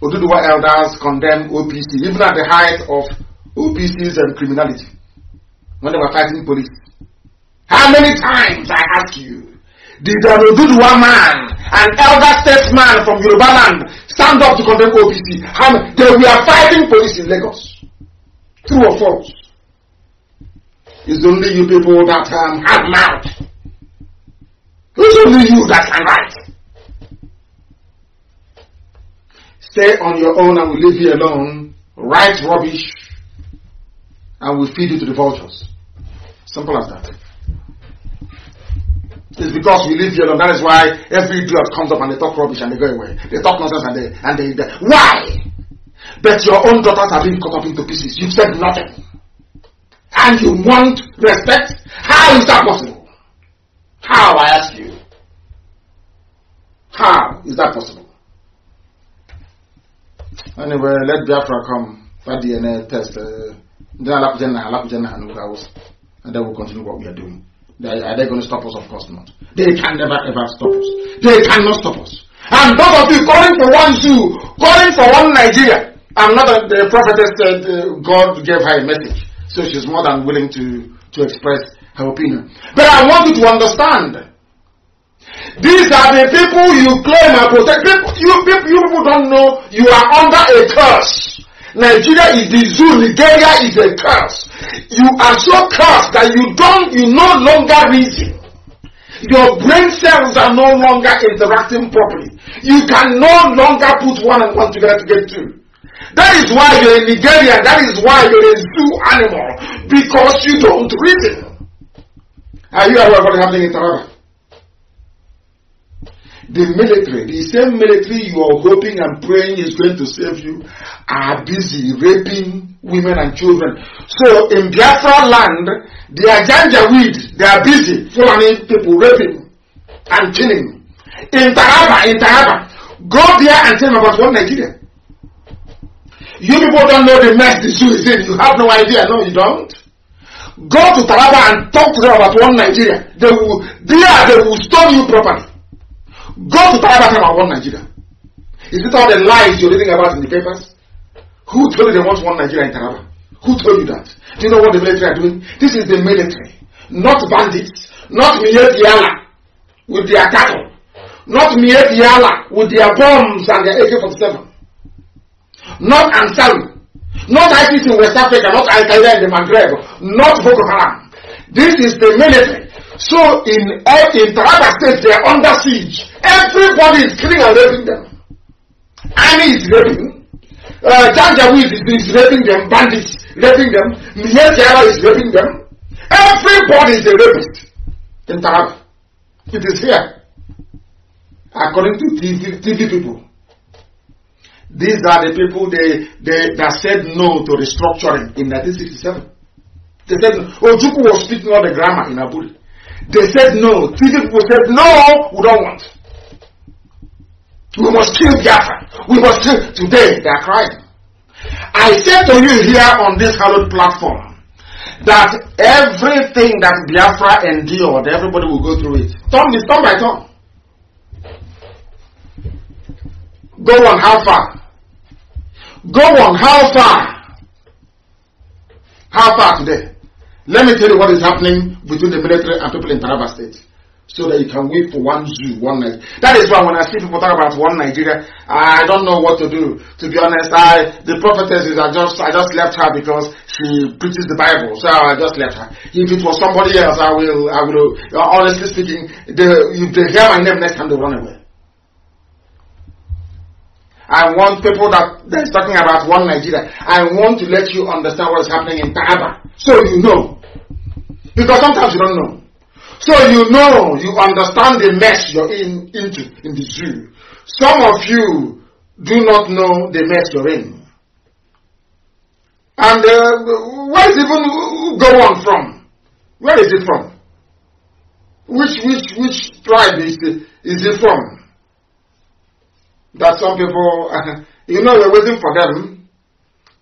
Oduduwa elders condemn OPC, even at the height of OPCs and um, criminality, when they were fighting police? How many times, I ask you, did an Oduduwa man, an elder statesman from Yoruba land, stand up to condemn OPC? How many, they were fighting police in Lagos. True or false? It's only you people that um, have mouth. It's only you that can write. Stay on your own and we'll leave you alone. Write rubbish and we'll feed you to the vultures. Simple as that. It's because we live here alone. That is why every idiot comes up and they talk rubbish and they go away. They talk nonsense and they and they, they. why? But your own daughters have been cut up into pieces. You've said nothing and you want respect? How is that possible? How, I ask you? How is that possible? Anyway, let Biafra come for DNA test. Uh, then I'll I'll and and then we'll continue what we are doing. They, are they going to stop us? Of course not. They can never ever stop us. They cannot stop us. And both of you calling for one zoo, calling for one Nigeria. I'm not a, the prophetess said uh, God gave her a message. So she's more than willing to, to express her opinion. But I want you to understand. These are the people you claim are protected. You, you people don't know you are under a curse. Nigeria is the zoo, Nigeria is a curse. You are so cursed that you don't, you no longer reason. Your brain cells are no longer interacting properly. You can no longer put one and one together to get two. That is why you're in Nigeria. That is why you're a zoo animal. Because you don't reason. Are you aware of what happening in Taraba? The military, the same military you are hoping and praying is going to save you, are busy raping women and children. So in Biafra land, they are janjaweed. They are busy following people, raping and killing. In Taraba, in Taraba, go there and tell them about one Nigeria. You people don't know the mess the zoo is in. You have no idea. No, you don't. Go to Taraba and talk to them about one Nigeria. They will, there they will stone you properly. Go to Taraba and about one Nigeria. Is it all the lies you're reading about in the papers? Who told you they want one Nigeria in Taraba? Who told you that? Do you know what the military are doing? This is the military, not bandits, not Mietiala with their cattle, not Mietiala with their bombs and their AK 47 not Ansari, not ISIS in West Africa, not Al Qaeda in the Maghreb, not Boko Haram. This is the military. So in eh, in Taraba State, they are under siege. Everybody is killing and raping them. Army is raping. Uh, Janjaweed is, raping them. Bandits raping them. Miyeziara is raping them. Everybody is a rapist in Taraba. It is here. According to TV, TV people. These are the people they, they, that said no to restructuring in 1967. They said, Ojuku was speaking all the grammar in Aburi. They said no. Three people said, no, we don't want. We must kill Biafra. We must kill. Today, they are crying. I said to you here on this hallowed platform that everything that Biafra endured, everybody will go through it. Turn this, turn by turn. Go on, how far? Go on, how far? How far today? Let me tell you what is happening between the military and people in Taraba State. So that you can wait for one zoo, one night. That is why when I see people talk about one Nigeria, I don't know what to do. To be honest, I the prophetess is I just I just left her because she preaches the Bible, so I just left her. If it was somebody else, I will I will uh, honestly speaking, the, if they hear my name next time, they run away. I want people that that is talking about one Nigeria. I want to let you understand what is happening in Taba, so you know. Because sometimes you don't know, so you know you understand the mess you're in into in the zoo. Some of you do not know the mess you're in, and uh, where is even go on from? Where is it from? Which which which tribe is it, is it from? that some people, *laughs* you know, we're waiting for them.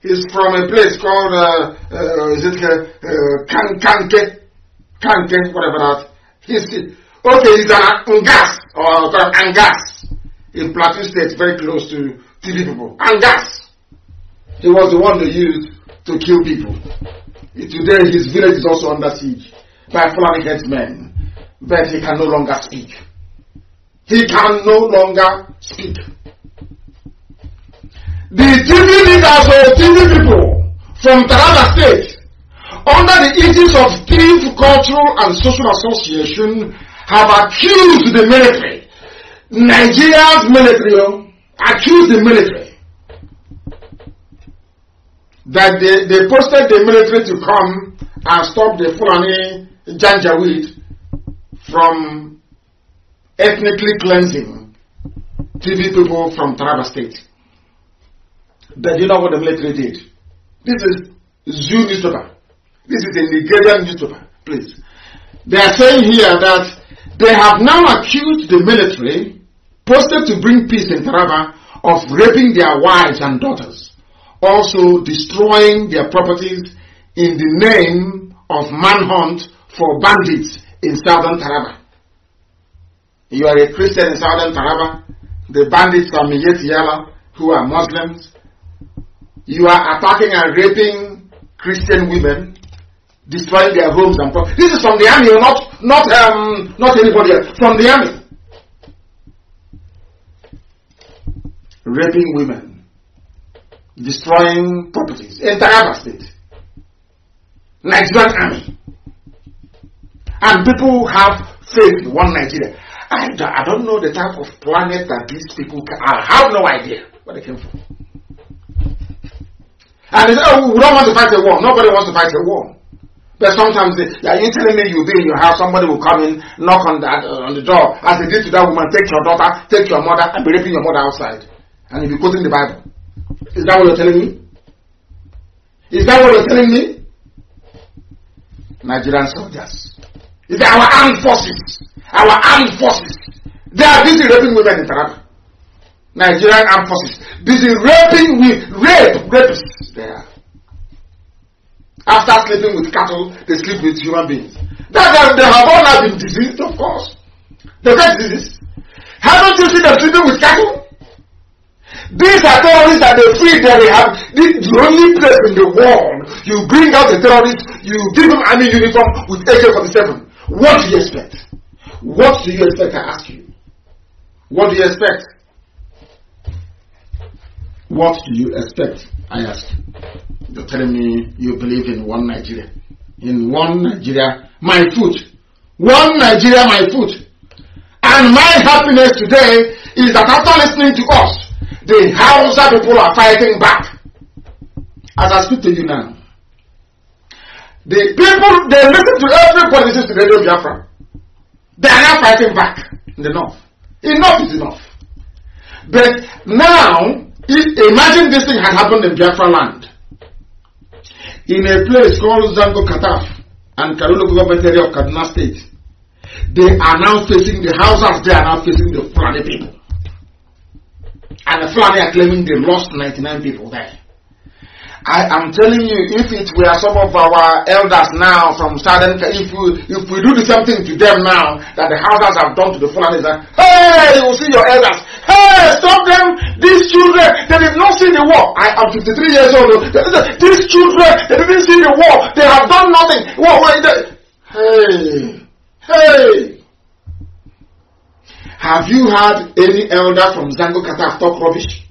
He's from a place called, uh, uh, is it uh, uh Kanke? Kanke, whatever that. He's, okay, he's an Angas, or called Angas, in Plateau State, very close to TV people. Angas! He was the one they used to kill people. Today, his village is also under siege by Fulani headsmen, but he can no longer speak. He can no longer speak. the TV leaders or TV people from Taraba State, under the aegis of Steve Cultural and Social Association, have accused the military, Nigeria's military, oh, accused the military that they, they posted the military to come and stop the Fulani Janjaweed from ethnically cleansing TV people from Taraba State. But you know what the military did? This is Zoo newspaper. This is a Nigerian newspaper, please. They are saying here that they have now accused the military posted to bring peace in Taraba of raping their wives and daughters, also destroying their properties in the name of manhunt for bandits in southern Taraba. You are a Christian in southern Taraba. The bandits from Yala, who are Muslims, you are attacking and raping Christian women, destroying their homes and property. This is from the army, not not um, not anybody else. From the army. Raping women, destroying properties, entire state. Nigerian army. And people have faith in one Nigeria. I, I don't know the type of planet that these people I have no idea where they came from. And they say, oh, we don't want to fight a war. Nobody wants to fight a war. But sometimes, they, like you telling me you'll be in your house, somebody will come in, knock on that uh, on the door, as they did to that woman, take your daughter, take your mother, and be raping your mother outside. And you'll be quoting the Bible. Is that what you're telling me? Is that what you're telling me? Nigerian soldiers. It's our armed forces? Our armed forces. They are busy raping women in Taraba. Nigerian armed forces busy raping with rape rapists there. After sleeping with cattle, they sleep with human beings. That's why they have all been diseased, of course. The get disease. Haven't you seen them sleeping with cattle? These are terrorists that they feed. that they have the only place in the world. You bring out the terrorists, you give them army uniform with AK-47. What do you expect? What do you expect, I ask you? What do you expect? What do you expect? I asked. You're telling me you believe in one Nigeria. In one Nigeria, my foot. One Nigeria, my foot. And my happiness today is that after listening to us, the Hausa people are fighting back. As I speak to you now, the people, they listen to every politician today in Biafra. They are now fighting back in the north. Enough is enough. But now, Imagine this thing had happened in Biafra land. In a place called Zango Kataf and Karulu government area of Kaduna state, they are now facing the houses. they are now facing the Fulani people. And the Fulani are claiming they lost 99 people there. I am telling you, if it were some of our elders now from Southern, if we if we do the same thing to them now that the houses have done to the Fulanis, that hey, you will see your elders, hey, stop them, these children, they did not see the war. I am 53 years old. These children, they didn't see the war. They have done nothing. What were they? Hey, hey. Have you had any elders from Zango Qatar talk rubbish?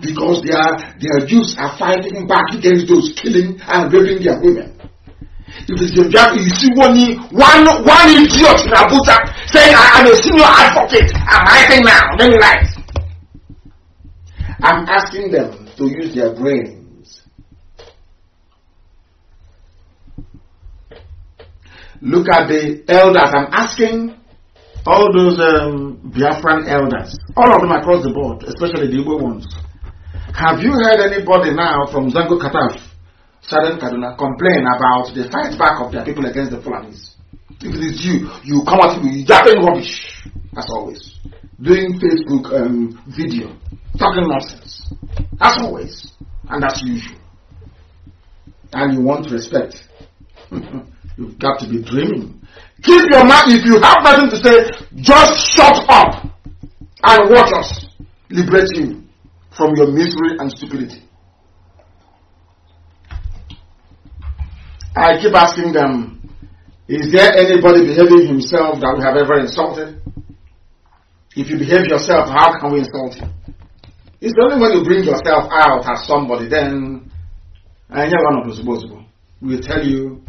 because their, their Jews are fighting back against those killing and raping their women. If it's your job, you see one, one, one idiot in Abuja saying, I am a senior advocate, I'm writing now, many lies. I'm asking them to use their brains. Look at the elders. I'm asking all those um, Biafran elders, all of them across the board, especially the Igbo ones. Have you heard anybody now from Zango Kataf, Southern Kaduna, complain about the fight back of their people against the Fulanis? If it is you, you come at me yapping rubbish, as always, doing Facebook um, video, talking nonsense, as always, and as usual. And you want respect. *laughs* You've got to be dreaming. Keep your mouth, if you have nothing to say, just shut up and watch us liberate you from your misery and stupidity. I keep asking them, is there anybody behaving himself that we have ever insulted? If you behave yourself, how can we insult you? It's only when you bring yourself out as somebody, then I hear one of those possible. We'll tell you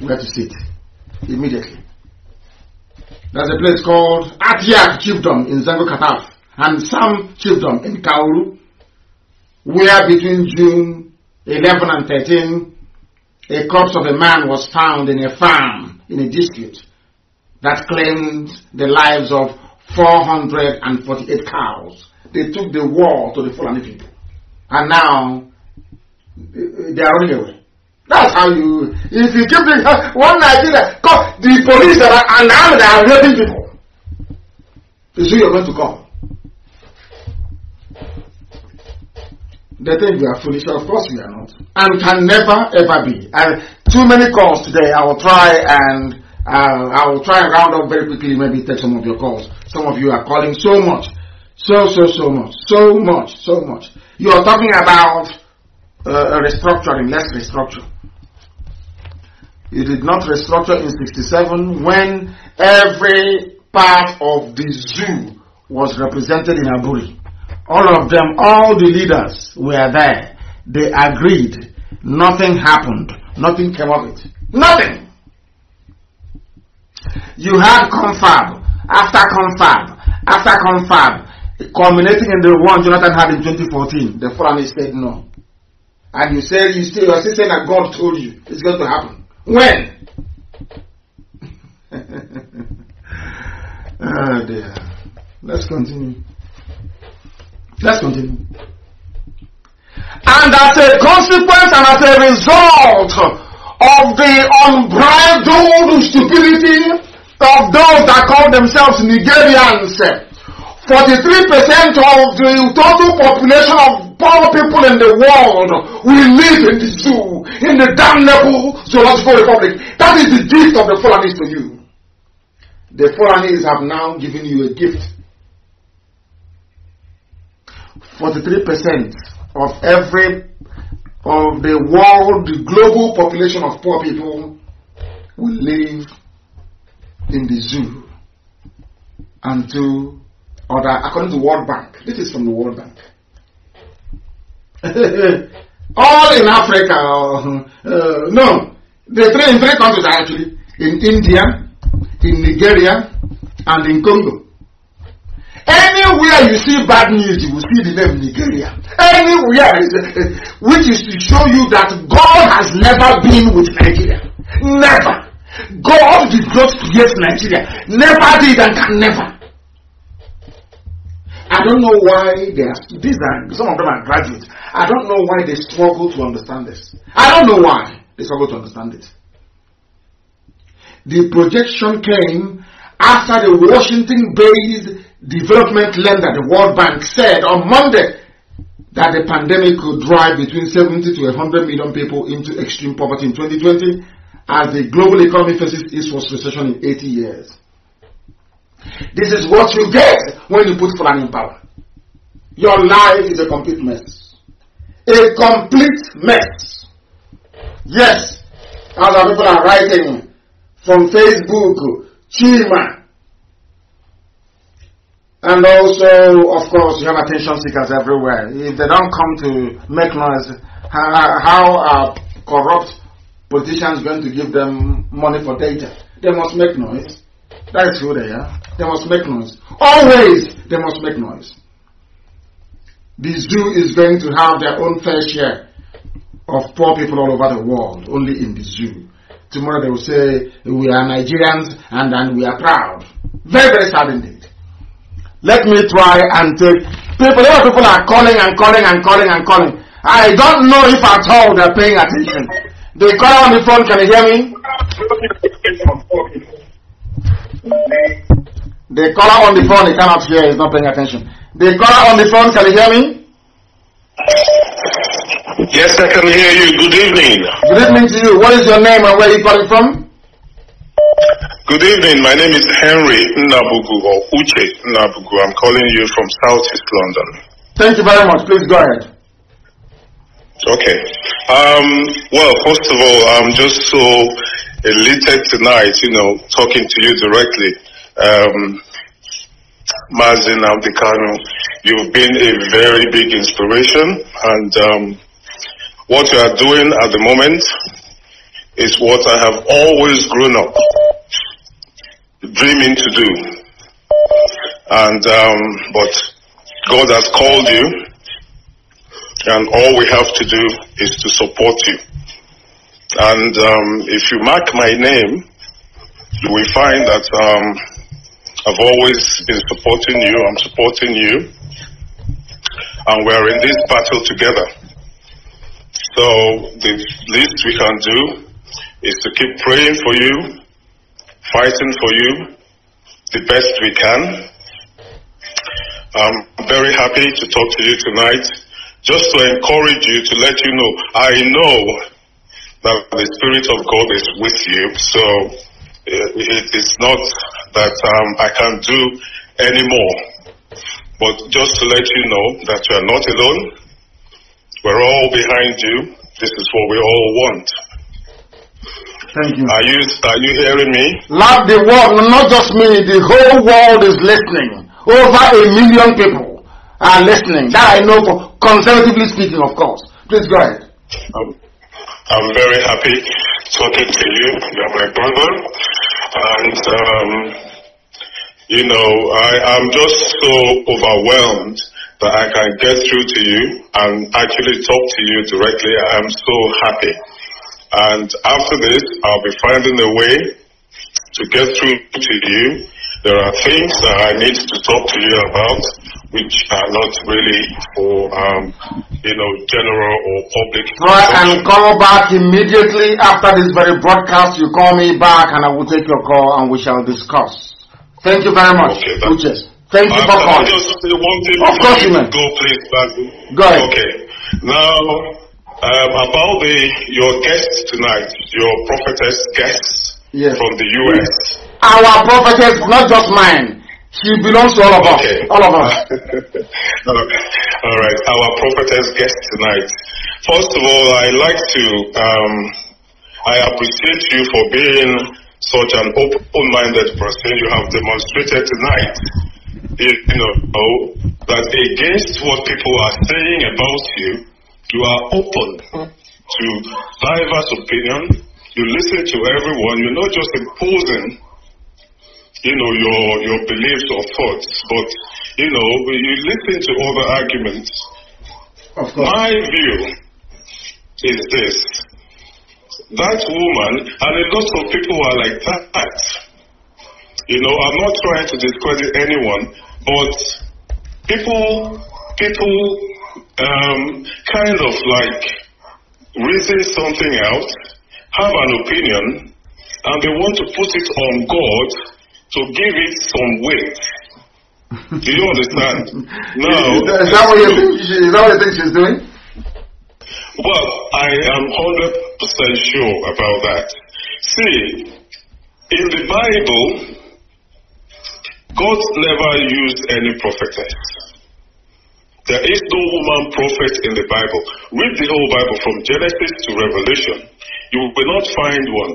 where to sit immediately. There's a place called Atiak Chiefdom in Zango Kataf and some children in Kauru where between June 11 and 13 a corpse of a man was found in a farm in a dispute that claimed the lives of 448 cows. They took the war to the Fulani people. And now they are running away. That's how you, if you keep the, one Nigeria, the police are, and now they are raping people. Is you're going to call. They think we are foolish. Of course we are not. And can never ever be. And too many calls today. I will try and uh, I will try and round up very quickly. Maybe take some of your calls. Some of you are calling so much. So, so, so much. So much. So much. You are talking about uh, restructuring. Let's restructure. You did not restructure in 67 when every part of the zoo was represented in Aburi. All of them, all the leaders were there. They agreed. Nothing happened. Nothing came of it. Nothing. You had confab after confab after confab, culminating in the one Jonathan had in 2014. The foreigner said no. And you said you still you are still saying that God told you it's going to happen. When? *laughs* oh dear. Let's continue. Let's continue. And as a consequence and as a result of the unbridled stupidity of those that call themselves Nigerians, 43% of the total population of poor people in the world will live in the zoo, in the damnable zoological republic. That is the gift of the Fulanis to you. The Fulanis have now given you a gift 43% of every of the world, the global population of poor people will live in the zoo until, or according to World Bank, this is from the World Bank. *laughs* All in Africa, uh, uh, no, the three in three countries actually in India, in Nigeria, and in Congo. Anywhere you see bad news, you will see the name Nigeria. Anywhere, eh, which is to show you that God has never been with Nigeria. Never. God did not create Nigeria. Never did and can never. I don't know why they are, these are, some of them are graduates. I don't know why they struggle to understand this. I don't know why they struggle to understand it. The projection came after the Washington based development lender, the World Bank, said on Monday that the pandemic could drive between 70 to 100 million people into extreme poverty in 2020 as the global economy faces its worst recession in 80 years. This is what you get when you put Fulani in power. Your life is a complete mess. A complete mess. Yes, as our people are writing from Facebook, Chima, and also, of course, you have attention seekers everywhere. If they don't come to make noise, how are corrupt politicians going to give them money for data? They must make noise. That is who they are. They must make noise. Always, they must make noise. The zoo is going to have their own fair share of poor people all over the world, only in the zoo. Tomorrow they will say, We are Nigerians and, and we are proud. Very, very sad indeed. Let me try and take people. There are people are calling and calling and calling and calling. I don't know if at all they're paying attention. They call on the phone, can you hear me? They call on the phone, They cannot hear, he's not paying attention. They call on the phone, can you hear me? Yes, I can hear you. Good evening. Good evening to you. What is your name and where are you calling from? Good evening. My name is Henry Nabugu or Uche Nabugu. I'm calling you from Southeast London. Thank you very much. Please go ahead. Okay. Um, well, first of all, I'm just so elated tonight, you know, talking to you directly. Um, Mazin Abdikano, you've been a very big inspiration and um, what you are doing at the moment is what I have always grown up dreaming to do. And, um, but God has called you and all we have to do is to support you. And um, if you mark my name, you will find that um, I've always been supporting you. I'm supporting you, and we're in this battle together. So the least we can do is to keep praying for you, fighting for you the best we can. I'm very happy to talk to you tonight just to encourage you, to let you know, I know that the Spirit of God is with you. So eh, it's not that um, I can not do anymore. But just to let you know that you are not alone. We're all behind you. This is what we all want. Thank you. Are you are you hearing me? Love the world, not just me. The whole world is listening. Over a million people are listening. That I know for conservatively speaking, of course. Please go ahead. I'm very happy talking to you. You're my brother, and um, you know I am just so overwhelmed that I can get through to you and actually talk to you directly. I am so happy. And after this, I'll be finding a way to get through to you. There are things that I need to talk to you about, which are not really for, um, you know, general or public. Try and call back immediately after this very broadcast. You call me back and I will take your call and we shall discuss. Thank you very much. Okay, Thank you for calling. Of course you may. Go, please, Go ahead. Okay. Now, um, about the your guest tonight, your prophetess guest yes. from the U.S. Our prophetess, not just mine. She belongs to all of us. All of us. *laughs* all right. Our prophetess guest tonight. First of all, I like to. Um, I appreciate you for being such an open-minded person. You have demonstrated tonight. You know that against what people are saying about you, you are open to diverse opinion. You listen to everyone. You're not just imposing, you know, your your beliefs or thoughts, but you know, you listen to other arguments. My view is this: that woman, and a lot of people are like that. You know, I'm not trying to discredit anyone, but people people um, kind of like reason something out, have an opinion, and they want to put it on God to give it some weight. Do you understand? *laughs* now, is that, is that what you think, is that what you think she's doing? Well, I am 100% sure about that. See, in the Bible, God never used any prophetess. There is no woman prophet in the Bible. Read the whole Bible from Genesis to Revelation. You will not find one.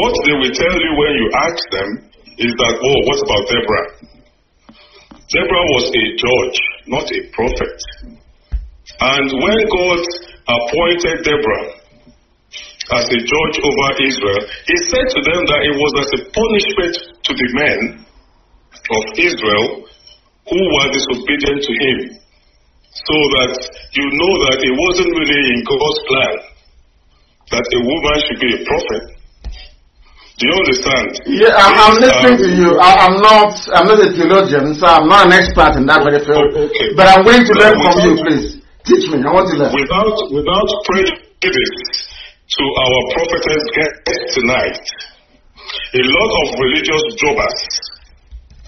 What they will tell you when you ask them is that, oh, what about Deborah? Deborah was a judge, not a prophet. And when God appointed Deborah as a judge over Israel, he said to them that it was as a punishment to the men of Israel who were disobedient to him so that you know that it wasn't really in God's plan that a woman should be a prophet. Do you understand? Yeah, I'm, I'm listening um, to you. I, am not. I'm not a theologian, so I'm not an expert in that very field. Oh, okay. But I'm going to learn without, from you, please. Teach me. I want to learn. Without without prejudice to our prophetess guest tonight, a lot of religious jobbers.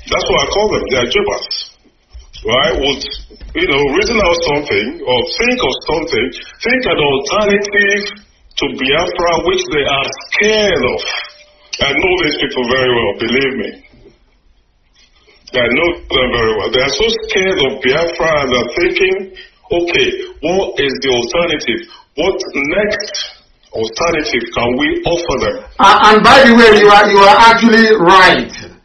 That's what I call them. They are jobbers right, would, you know, reason out something or think of something, think an alternative to Biafra which they are scared of. I know these people very well, believe me. I know them very well. They are so scared of Biafra and they're thinking, okay, what is the alternative? What next alternative can we offer them? Uh, and by the way, you are, you are actually right.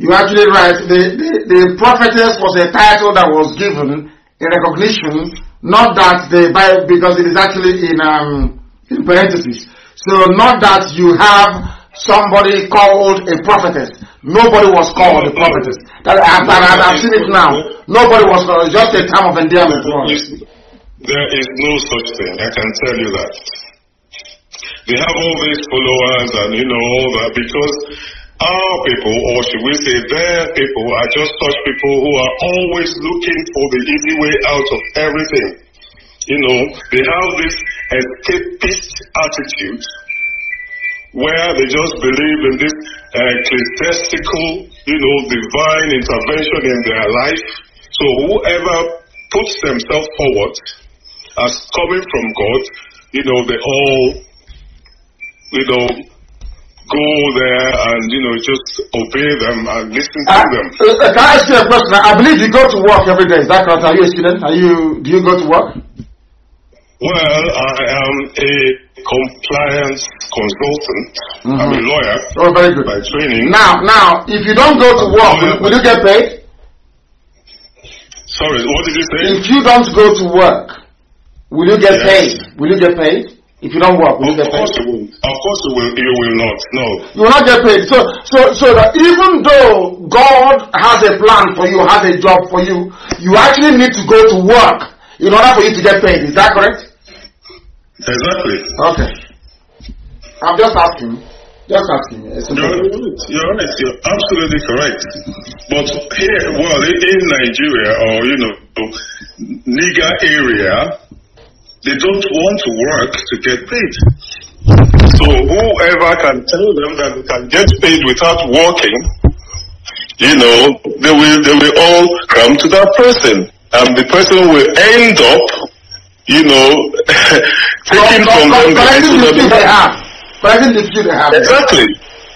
You are actually right. The, the, the prophetess was a title that was given in recognition, not that the Bible, because it is actually in, um, in parentheses. So not that you have somebody called a prophetess. Nobody was called a prophetess. That, I, have seen it now. Nobody was called, just a term of endearment. There is no such thing. I can tell you that. They have all these followers and you know all that because our people, or should we say their people, are just such people who are always looking for the easy way out of everything. You know, they have this escapist attitude where they just believe in this uh, ecclesiastical, you know, divine intervention in their life. So whoever puts themselves forward as coming from God, you know, they all, you know, go there and, you know, just obey them and listen to ah, uh, them. Uh, can I ask you a question? I believe you go to work every day. Is that correct? Are you a student? Are you, do you go to work? Well, I am a compliance consultant. Mm -hmm. I'm a mm-hmm. lawyer. Oh, very good. By training. Now, now, if you don't go to work, will, will you get paid? Sorry, what did you say? If you don't go to work, will you get yes. paid? Will you get paid? If you don't work, will of you get paid? Of course you will, you will not, no. You will not get paid. So, so, so that even though God has a plan for you, has a job for you, you actually need to go to work in order for you to get paid. Is that correct? Exactly. Okay. I'm just asking. Just asking. You're right. You're right. You're absolutely correct. But here, well, in Nigeria or, you know, Niger area, they don't want to work to get paid. So whoever can tell them that they can get paid without working, you know, they will, they will all come to that person. And the person will end up, you know, taking from them but, they have. Present issue they have. Exactly.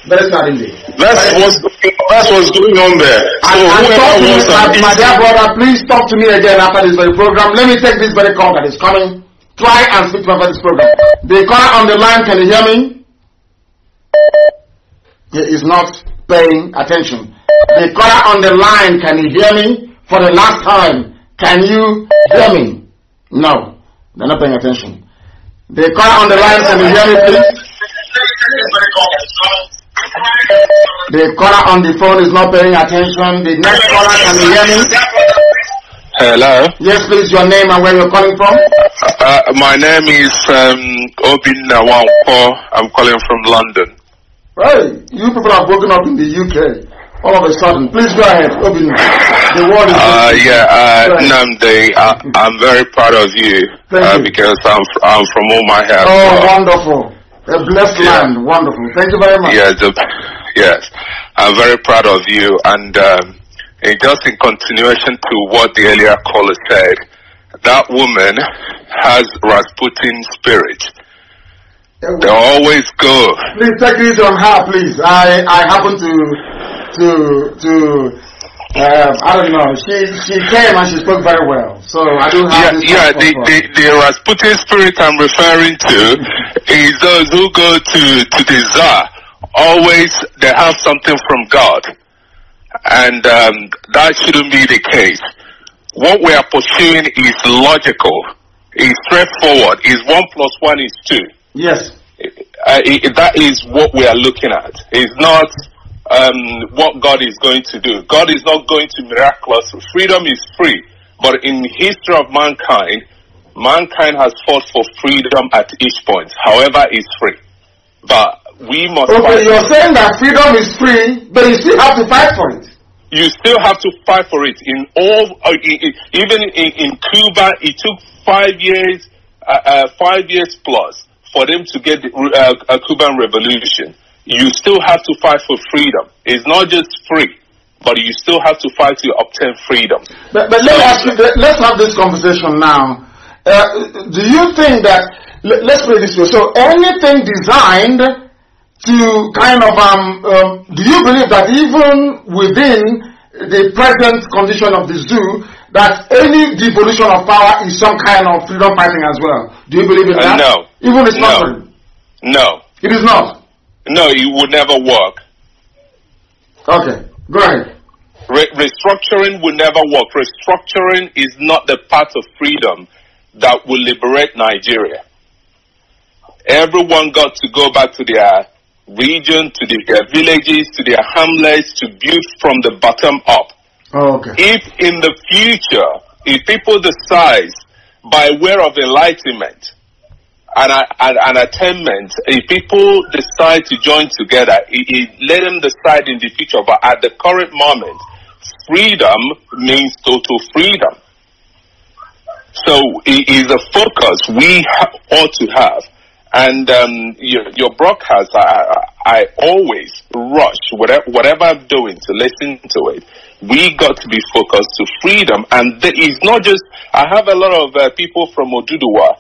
That's not in there. That's what's, that's what's going on there. So and, and whoever wants my, my dear brother, please talk to me again after this very program. Let me take this very call that is coming try and speak over this program. The caller on the line, can you hear me? He is not paying attention. The caller on the line, can you hear me? For the last time, can you hear me? No, they're not paying attention. The caller on the line, can you hear me, please? The caller on the phone is not paying attention. The next caller, can you hear me? Hello. Yes, please, your name and where you're calling from? Uh, my name is um, Obin Nawanko. I'm calling from London. Right. You people have woken up in the UK all of a sudden. Please go ahead, Obin. The world is. Uh, yeah, uh, Namde, I, I'm very proud of you, uh, you. because I'm, I'm from all my heart. Oh, uh, wonderful. A blessed yeah. land. Wonderful. Thank you very much. Yeah, the, yes. I'm very proud of you and. Um, and just in continuation to what the earlier caller said, that woman has Rasputin spirit. They always go. Please take it on her, please. I, I happen to, to, to, um, I don't know. She, she came and she spoke very well. So I do have Yeah, yeah the, the, the Rasputin spirit I'm referring to is those who go to, to the Tsar. Always they have something from God and um, that shouldn't be the case. What we are pursuing is logical, is straightforward, is one plus one is two. Yes. Uh, it, that is what we are looking at. It's not um, what God is going to do. God is not going to miraculous. Freedom is free, but in the history of mankind, mankind has fought for freedom at each point. However, it's free, but we must okay, fight. you're saying that freedom is free, but you still have to fight for it. You still have to fight for it. In all, uh, in, in, even in, in, Cuba, it took five years, uh, uh, five years plus for them to get the uh, uh, Cuban revolution. You still have to fight for freedom. It's not just free, but you still have to fight to obtain freedom. But, but let us let's have this conversation now. Uh, do you think that let's play this way. So anything designed to kind of, um, um, do you believe that even within the present condition of the zoo, that any devolution of power is some kind of freedom fighting as well? Do you believe in that? Uh, no. Even it's not. No. no. It is not. No, it would never work. Okay, go ahead. Re restructuring will never work. Restructuring is not the path of freedom that will liberate Nigeria. Everyone got to go back to their region to their villages, to their hamlets, to build from the bottom up. Oh, okay. If in the future, if people decide by way of enlightenment and, and, and attainment, if people decide to join together, it, it, let them decide in the future. But at the current moment, freedom means total freedom. So it is a focus we ought to have and um, your, your broadcast, I, I always rush whatever, whatever I'm doing to listen to it. We got to be focused to freedom, and there is it's not just. I have a lot of uh, people from Oduduwa,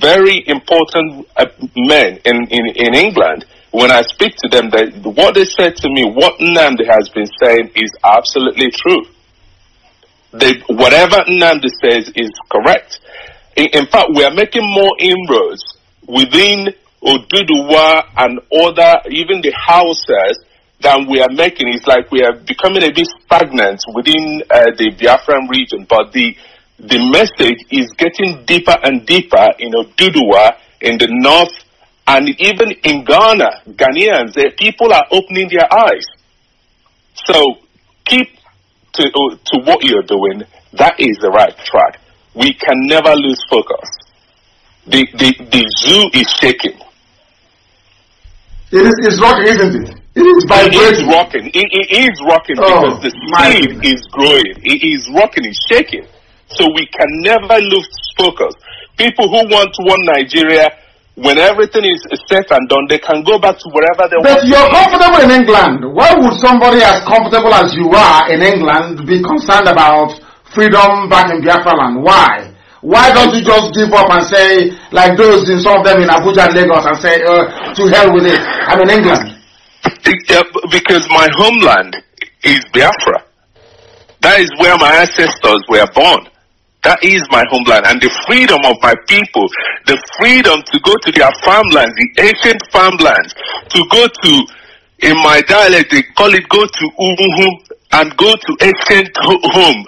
very important uh, men in, in, in England. When I speak to them, they, what they said to me, what Nandi has been saying, is absolutely true. They, whatever Nandi says is correct. In, in fact, we are making more inroads within Oduduwa and other, even the houses that we are making. It's like we are becoming a bit stagnant within uh, the Biafran region, but the the message is getting deeper and deeper in Oduduwa, in the north, and even in Ghana, Ghanaians, uh, people are opening their eyes. So keep to, to what you're doing. That is the right track. We can never lose focus the, the, the zoo is shaking. It is it's rocking, isn't it? It is vibrating. It its by its rocking. It, it is rocking oh, because the seed is growing. It is rocking. It's shaking. So we can never lose focus. People who want one Nigeria, when everything is set and done, they can go back to wherever they but want. But you're comfortable in England. Why would somebody as comfortable as you are in England be concerned about freedom back in Biafra land? Why? Why don't you just give up and say, like those in some of them in Abuja and Lagos, and say, uh, to hell with it, I'm in England? Yeah, because my homeland is Biafra. That is where my ancestors were born. That is my homeland. And the freedom of my people, the freedom to go to their farmlands, the ancient farmlands, to go to, in my dialect, they call it go to Umuhu and go to ancient home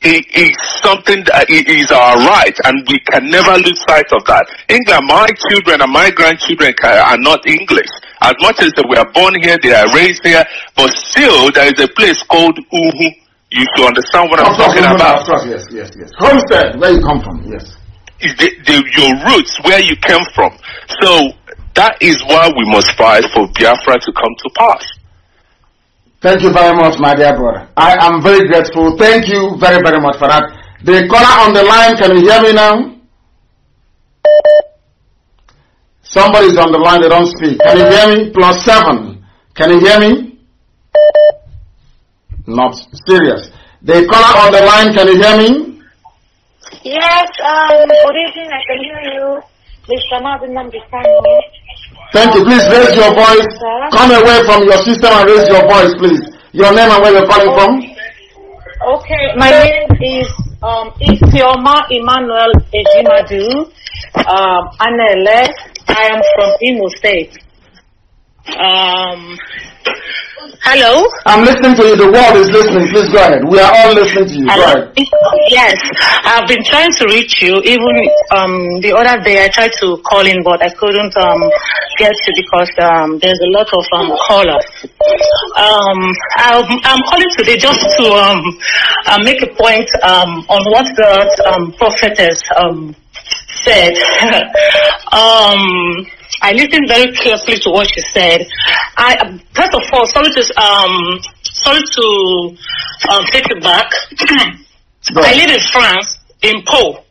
he is something that is our right, and we can never lose sight of that. England, my children and my grandchildren are not English. As much as we are born here, they are raised here, but still there is a place called Uhu. You should understand what I'm, I'm talking about. about. Yes, yes, yes. Homestead, where you come from, yes. The, the, your roots, where you came from. So that is why we must fight for Biafra to come to pass. Thank you very much, my dear brother. I am very grateful. Thank you very, very much for that. The caller on the line, can you hear me now? Somebody's on the line, they don't speak. Can you hear me? Plus seven. Can you hear me? Not serious. The caller on the line, can you hear me? Yes, um, good evening, I can hear you. Mr. Marvin, I'm Thank you. Please raise your voice. Come away from your system and raise your voice, please. Your name and where you're calling from. Okay, my name is um, Isioma Emmanuel Ejimadu um, Anele. I am from Imo State. Um, hello? I'm listening to you. The world is listening. Please go ahead. We are all listening to you. Hello? Yes. I've been trying to reach you. Even um, the other day I tried to call in, but I couldn't um, get you because um, there's a lot of um, callers. Um, I'm, I'm calling today just to um, uh, make a point um, on what the um, prophetess um, said. *laughs* um, I listened very carefully to what she said. I, first of all, sorry to, um, sorry to um, take it back. I live in France, in Po.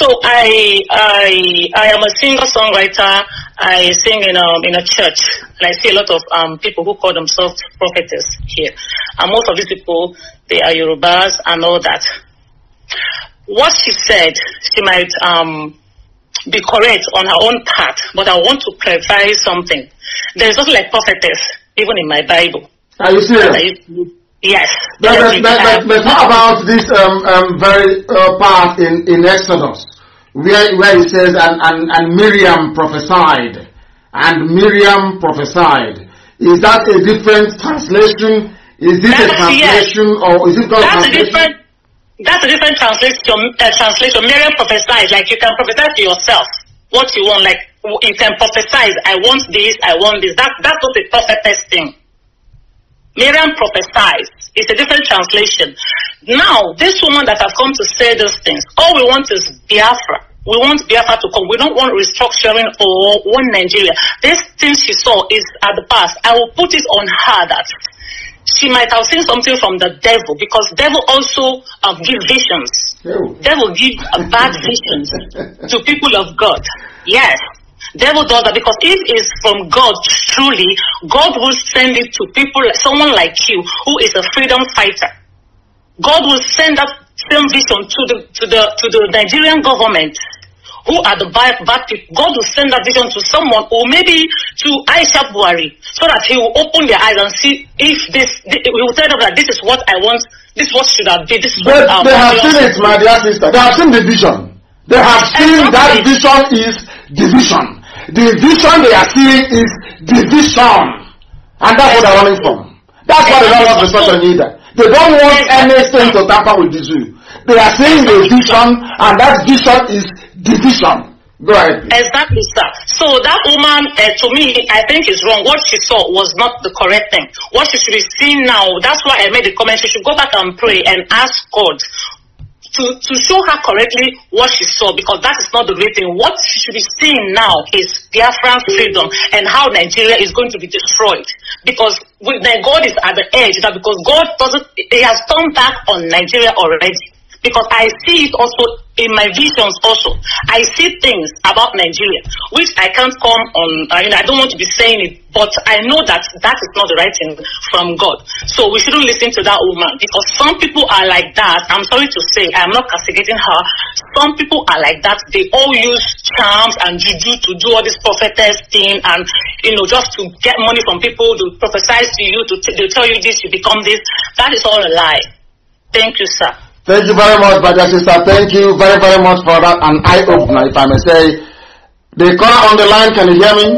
So I, I, I am a singer songwriter. I sing in, um, in a church, and I see a lot of um, people who call themselves prophetess here. And most of these people, they are Yorubas and all that. What she said, she might um, be correct on our own part, but I want to clarify something. There is nothing like prophetess, even in my Bible. Are you serious? Yes. But, but, but, but, what about this um, um, very uh, part in, in Exodus, where, where it says, and, and, and Miriam prophesied, and Miriam prophesied. Is that a different translation? Is this That's, a translation, yes. or is it not That's translation? that's a different translation, uh, translation. Miriam prophesies, like you can prophesy to yourself what you want. Like you can prophesy, I want this, I want this. That, that's not a prophetess thing. Miriam prophesies. It's a different translation. Now, this woman that has come to say those things, all we want is Biafra. We want Biafra to come. We don't want restructuring or one Nigeria. This thing she saw is at the past. I will put it on her that she might have seen something from the devil because devil also uh, give visions. Devil give uh, bad *laughs* visions to people of God. Yes. Devil does that because if it's from God truly, God will send it to people, someone like you who is a freedom fighter. God will send that same vision to the to the to the Nigerian government who are the bad, bad people. God will send that vision to someone or maybe to Aisha Buhari so that he will open their eyes and see if this, he will tell them that this is what I want, this what should have been. this is what um, They have seen it, my dear sister. They have seen the vision. They have seen exactly. that vision is division. The vision they are seeing is division. And that's what they're running from. That's why they don't want to such an either. They don't want anything to tamper with this. zoo. They are saying a vision, and that vision is division. Right. Exactly, sir. So that woman, uh, to me, I think is wrong. What she saw was not the correct thing. What she should be seeing now, that's why I made the comment. She should go back and pray and ask God to, to show her correctly what she saw because that is not the great thing. What she should be seeing now is Biafran freedom and how Nigeria is going to be destroyed because with, God is at the edge that because God doesn't, he has turned back on Nigeria already because I see it also in my visions also. I see things about Nigeria which I can't come on. Uh, I don't want to be saying it, but I know that that is not the right thing from God. So we shouldn't listen to that woman because some people are like that. I'm sorry to say, I'm not castigating her. Some people are like that. They all use charms and juju to do all this prophetess thing and you know just to get money from people to prophesy to you to they tell you this, you become this. That is all a lie. Thank you, sir. Thank you very much, brother sister. Thank you very, very much for that. An eye opener, if I may say. The caller on the line, can you hear me?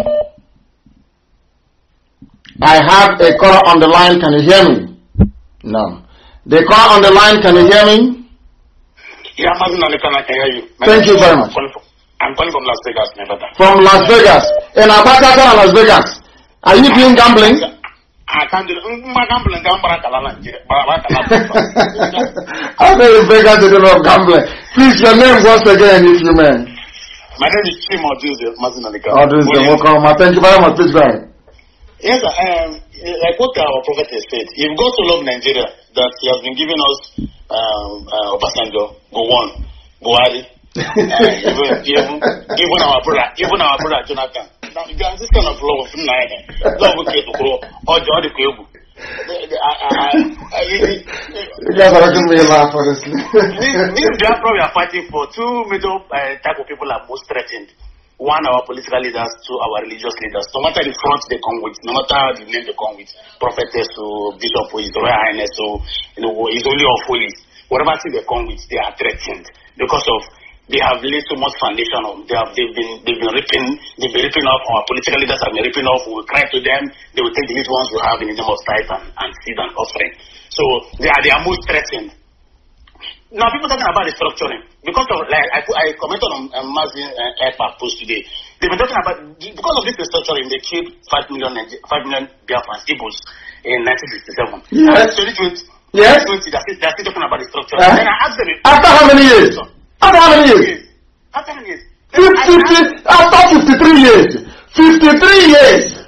I have a caller on the line, can you hear me? No. The caller on the line, can you hear me? Yeah, I'm not I can hear you. Thank you very much. I'm calling from Las Vegas, Nevada. From Las Vegas. In Abaca, Las Vegas. Are you doing gambling? a kan joli n ma kan filɛ n kan bara kala la n jɛ bara bara kala la. aw de ye bɛɛ ka joli please your name once again if you may. my name is Chima Odunze Masinalika. Odunze Mokoma thank you very much please go ahead. Yes, um, like what our prophet has said, if God to love Nigeria that he has been giving us um, uh, Obasanjo, go on, Buhari, *laughs* even, even our brother, even our brother Jonathan guys, this kind of love, flow from Nine. No, we can't go. Or Jordan Kubu. You guys are making me honestly. this, this diaspora we are fighting for, two middle uh, type of people are most threatened. One, our political leaders, two, our religious leaders. No matter the front they come with, no matter the name they come with, prophetess to oh, bishop to oh, his royal highness to, oh, you know, his only of holy, whatever thing they come with, they are threatened because of they have laid so much foundation on. They have they've been they've been ripping they've been ripping off our uh, political leaders have been ripping off. We cry to them. They will take the little ones we have in the name of tithe and, seed and offering. So they are they are most threatened. Now people talking about restructuring because of like I, I commented on um, Mazin uh, post today. They've been talking about because of this restructuring they killed five million five million Biafrans Igbos in 1967. Yes. 2020, yes. 2020 they're still, talking about restructuring. Uh-huh. And I asked them after how many years. After how many years? After how many years? 50, after 53 years. 53 years.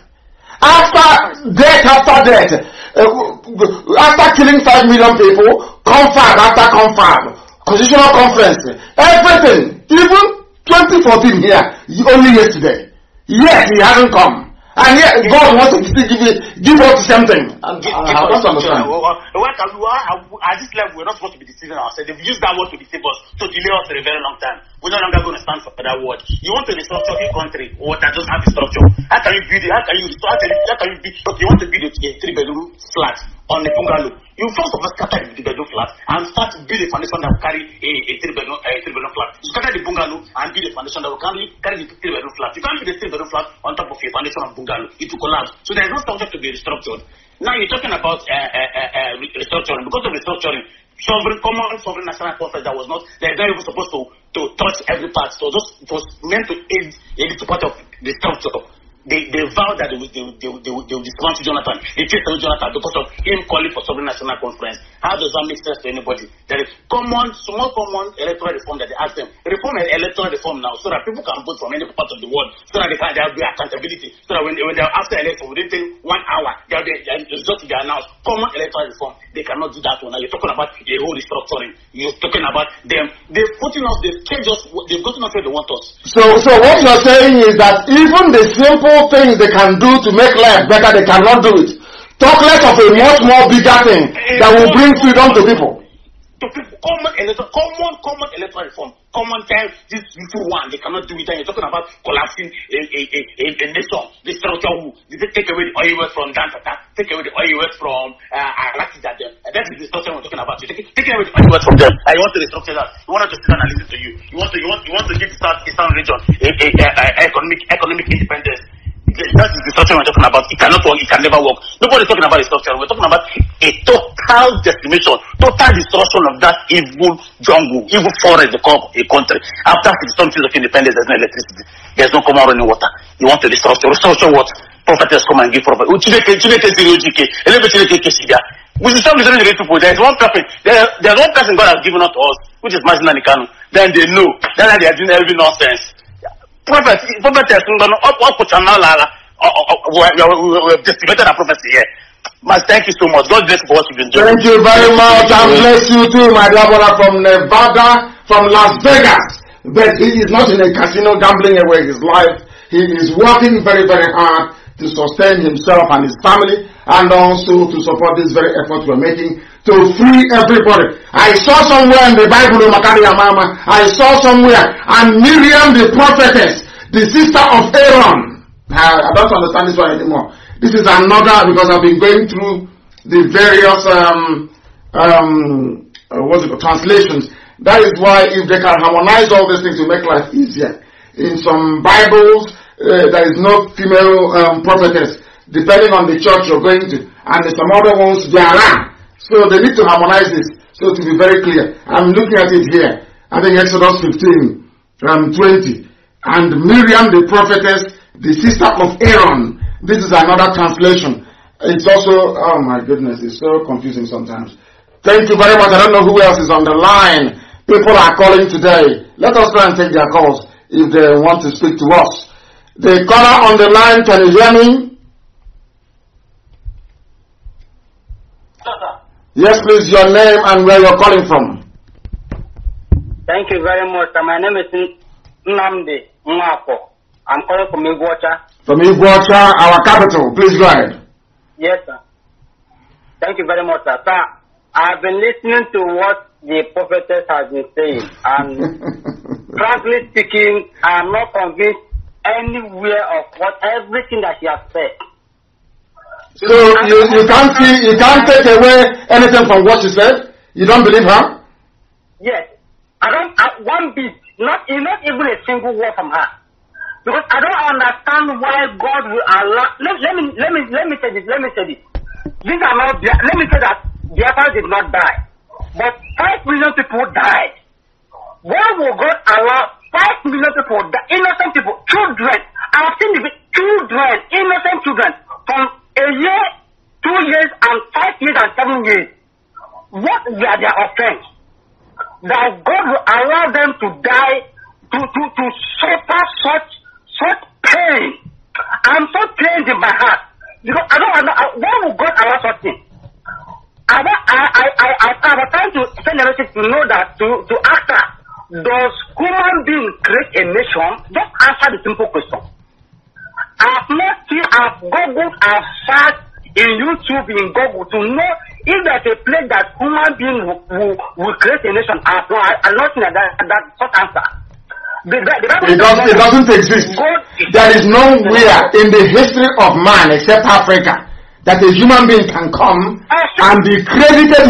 After death, after death. Uh, after killing 5 million people, confirm after confirm. Constitutional conference. Everything. Even 2014 here, only yesterday. Yet he hasn't come. And yet, God wants to give, it, give us the same thing. uh, give us something. What are we, at this level, we're not supposed to be deceiving ourselves. They've used that word to deceive us, to delay us for a very long time. We're no longer going to stand for that word. You want to restructure your country, or that just have a structure. How can you build it? How can you, how can you, how can you build, okay, you want to build a three bedroom flat. on the bungalow. You first of all scatter the bedroom flat and start build a foundation that will carry a, a three bedroom a three bedroom flat. You scatter the bungalow and build a foundation that will carry carry the three bedroom flat. You can't build a three bedroom flat on top of a foundation of bungalow. It will collapse. So there is no structure to be restructured. Now you're talking about uh, uh, uh, uh restructuring. Because of restructuring, sovereign common sovereign national conference that was not they were not even supposed to to touch every part. So just it was meant to aid a little part of the structure. they, they vowed that they would, they, would, they, would, they, would, they would dismantle Jonathan. They chased away Jonathan because of him calling for sovereign national conference. How does that make sense to anybody? There is common, small common electoral reform that they ask them. Reform electoral reform now so that people can vote from any part of the world, so that they can there will be accountability, so that when, when they are after election, within one hour, they are, they, they are, results they announce. Common electoral reform, they cannot do that one. Now you're talking about a whole restructuring. You're talking about them. They've putting us, they've changed us, they've gotten us where they want us. So, so what you're saying is that even the simple little things they can do to make life better, they cannot do it. Talk less of a much more bigger thing that will bring freedom to people. To people, common electoral, common, common electoral reform, common time, this little one, they cannot do it. And you're talking about collapsing a, a, a, a, a nation, the structure who, they take away the oil wealth from Dantata, take away the oil wealth from uh, Alakida, them. And that's the discussion we're talking about. You take, take away the oil wealth from them. And want to restructure that. You want to sit down and listen to you. You want to, you want, you want to give South Eastern region a, a, a, a, economic, economic independence that is the structure we're talking about. It cannot work. It can never work. Nobody's talking about a structure. We're talking about a total decimation, total destruction of that evil jungle, evil forest the call a country. After the centuries of independence, there's no electricity. There's no common running water. You want to restructure. Restructure what? Prophet has come and give prophet. We should stop listening to these people. There is one person, there is one person God has given unto us, which is Masina Kanu. Then they know. Then they are doing every nonsense. prophecy prophetess ngɔnɔ ɔkuta n'ala we have decimated our prophecy here. Mas, thank you so much. God bless you for what you've been doing. Thank you very much. And bless you too, my dear from Nevada, from Las Vegas. But he is not in a casino gambling away his life. He is working very, very hard to sustain himself and his family and also to support this very effort we're making to free everybody. I saw somewhere in the Bible, Mama, I saw somewhere, and Miriam the prophetess, the sister of Aaron. I don't understand this one anymore. This is another because I've been going through the various um, um, uh, what's it called, translations. That is why if they can harmonize all these things, to make life easier. In some Bibles, uh, there is no female um, prophetess, depending on the church you're going to, and some other ones they are So they need to harmonize this. So to be very clear, I'm looking at it here. I think Exodus 15, um, 20. And Miriam the prophetess, the sister of Aaron. This is another translation. It's also, oh my goodness, it's so confusing sometimes. Thank you very much. I don't know who else is on the line. People are calling today. Let us go and take their calls if they want to speak to us. The caller on the line, can you hear me? Yes, please, your name and where you're calling from. Thank you very much. My name is Nnamdi Mwapo. I'm calling from Iguacha. From Iguacha, our capital. Please go ahead. Yes, sir. Thank you very much, sir. Sir, I've been listening to what the prophetess has been saying, and *laughs* frankly speaking, I'm not convinced anywhere of what everything that he has said. So you, you can't see, you can't take away anything from what she said. You don't believe her? Yes, I don't. I, one bit, not not even a single word from her, because I don't understand why God will allow. Let, let me let me let me say this. Let me say this. These are not. Let me say that the Biafra did not die, but five million people died. Why will God allow Five million people, the innocent people, children. I have seen the children, innocent children, from a year, two years, and five years and seven years. What are their offense? That God will allow them to die, to, to, to suffer such, such pain. I'm so pained in my heart. Because I don't know, why would God allow such thing? I, I, I, I, I was trying to send a message to know that, to, to ask Does human being create a nation? Just answer the simple question. I've not seen, I've googled, I've searched in YouTube, in Google to know if there's a place that human being will, will, will create a nation. I've not, I'm not seen that, that short answer. The, the, the it, does, it doesn't exist. God there is nowhere in the history of man except Africa that a human being can come ah, and be credited.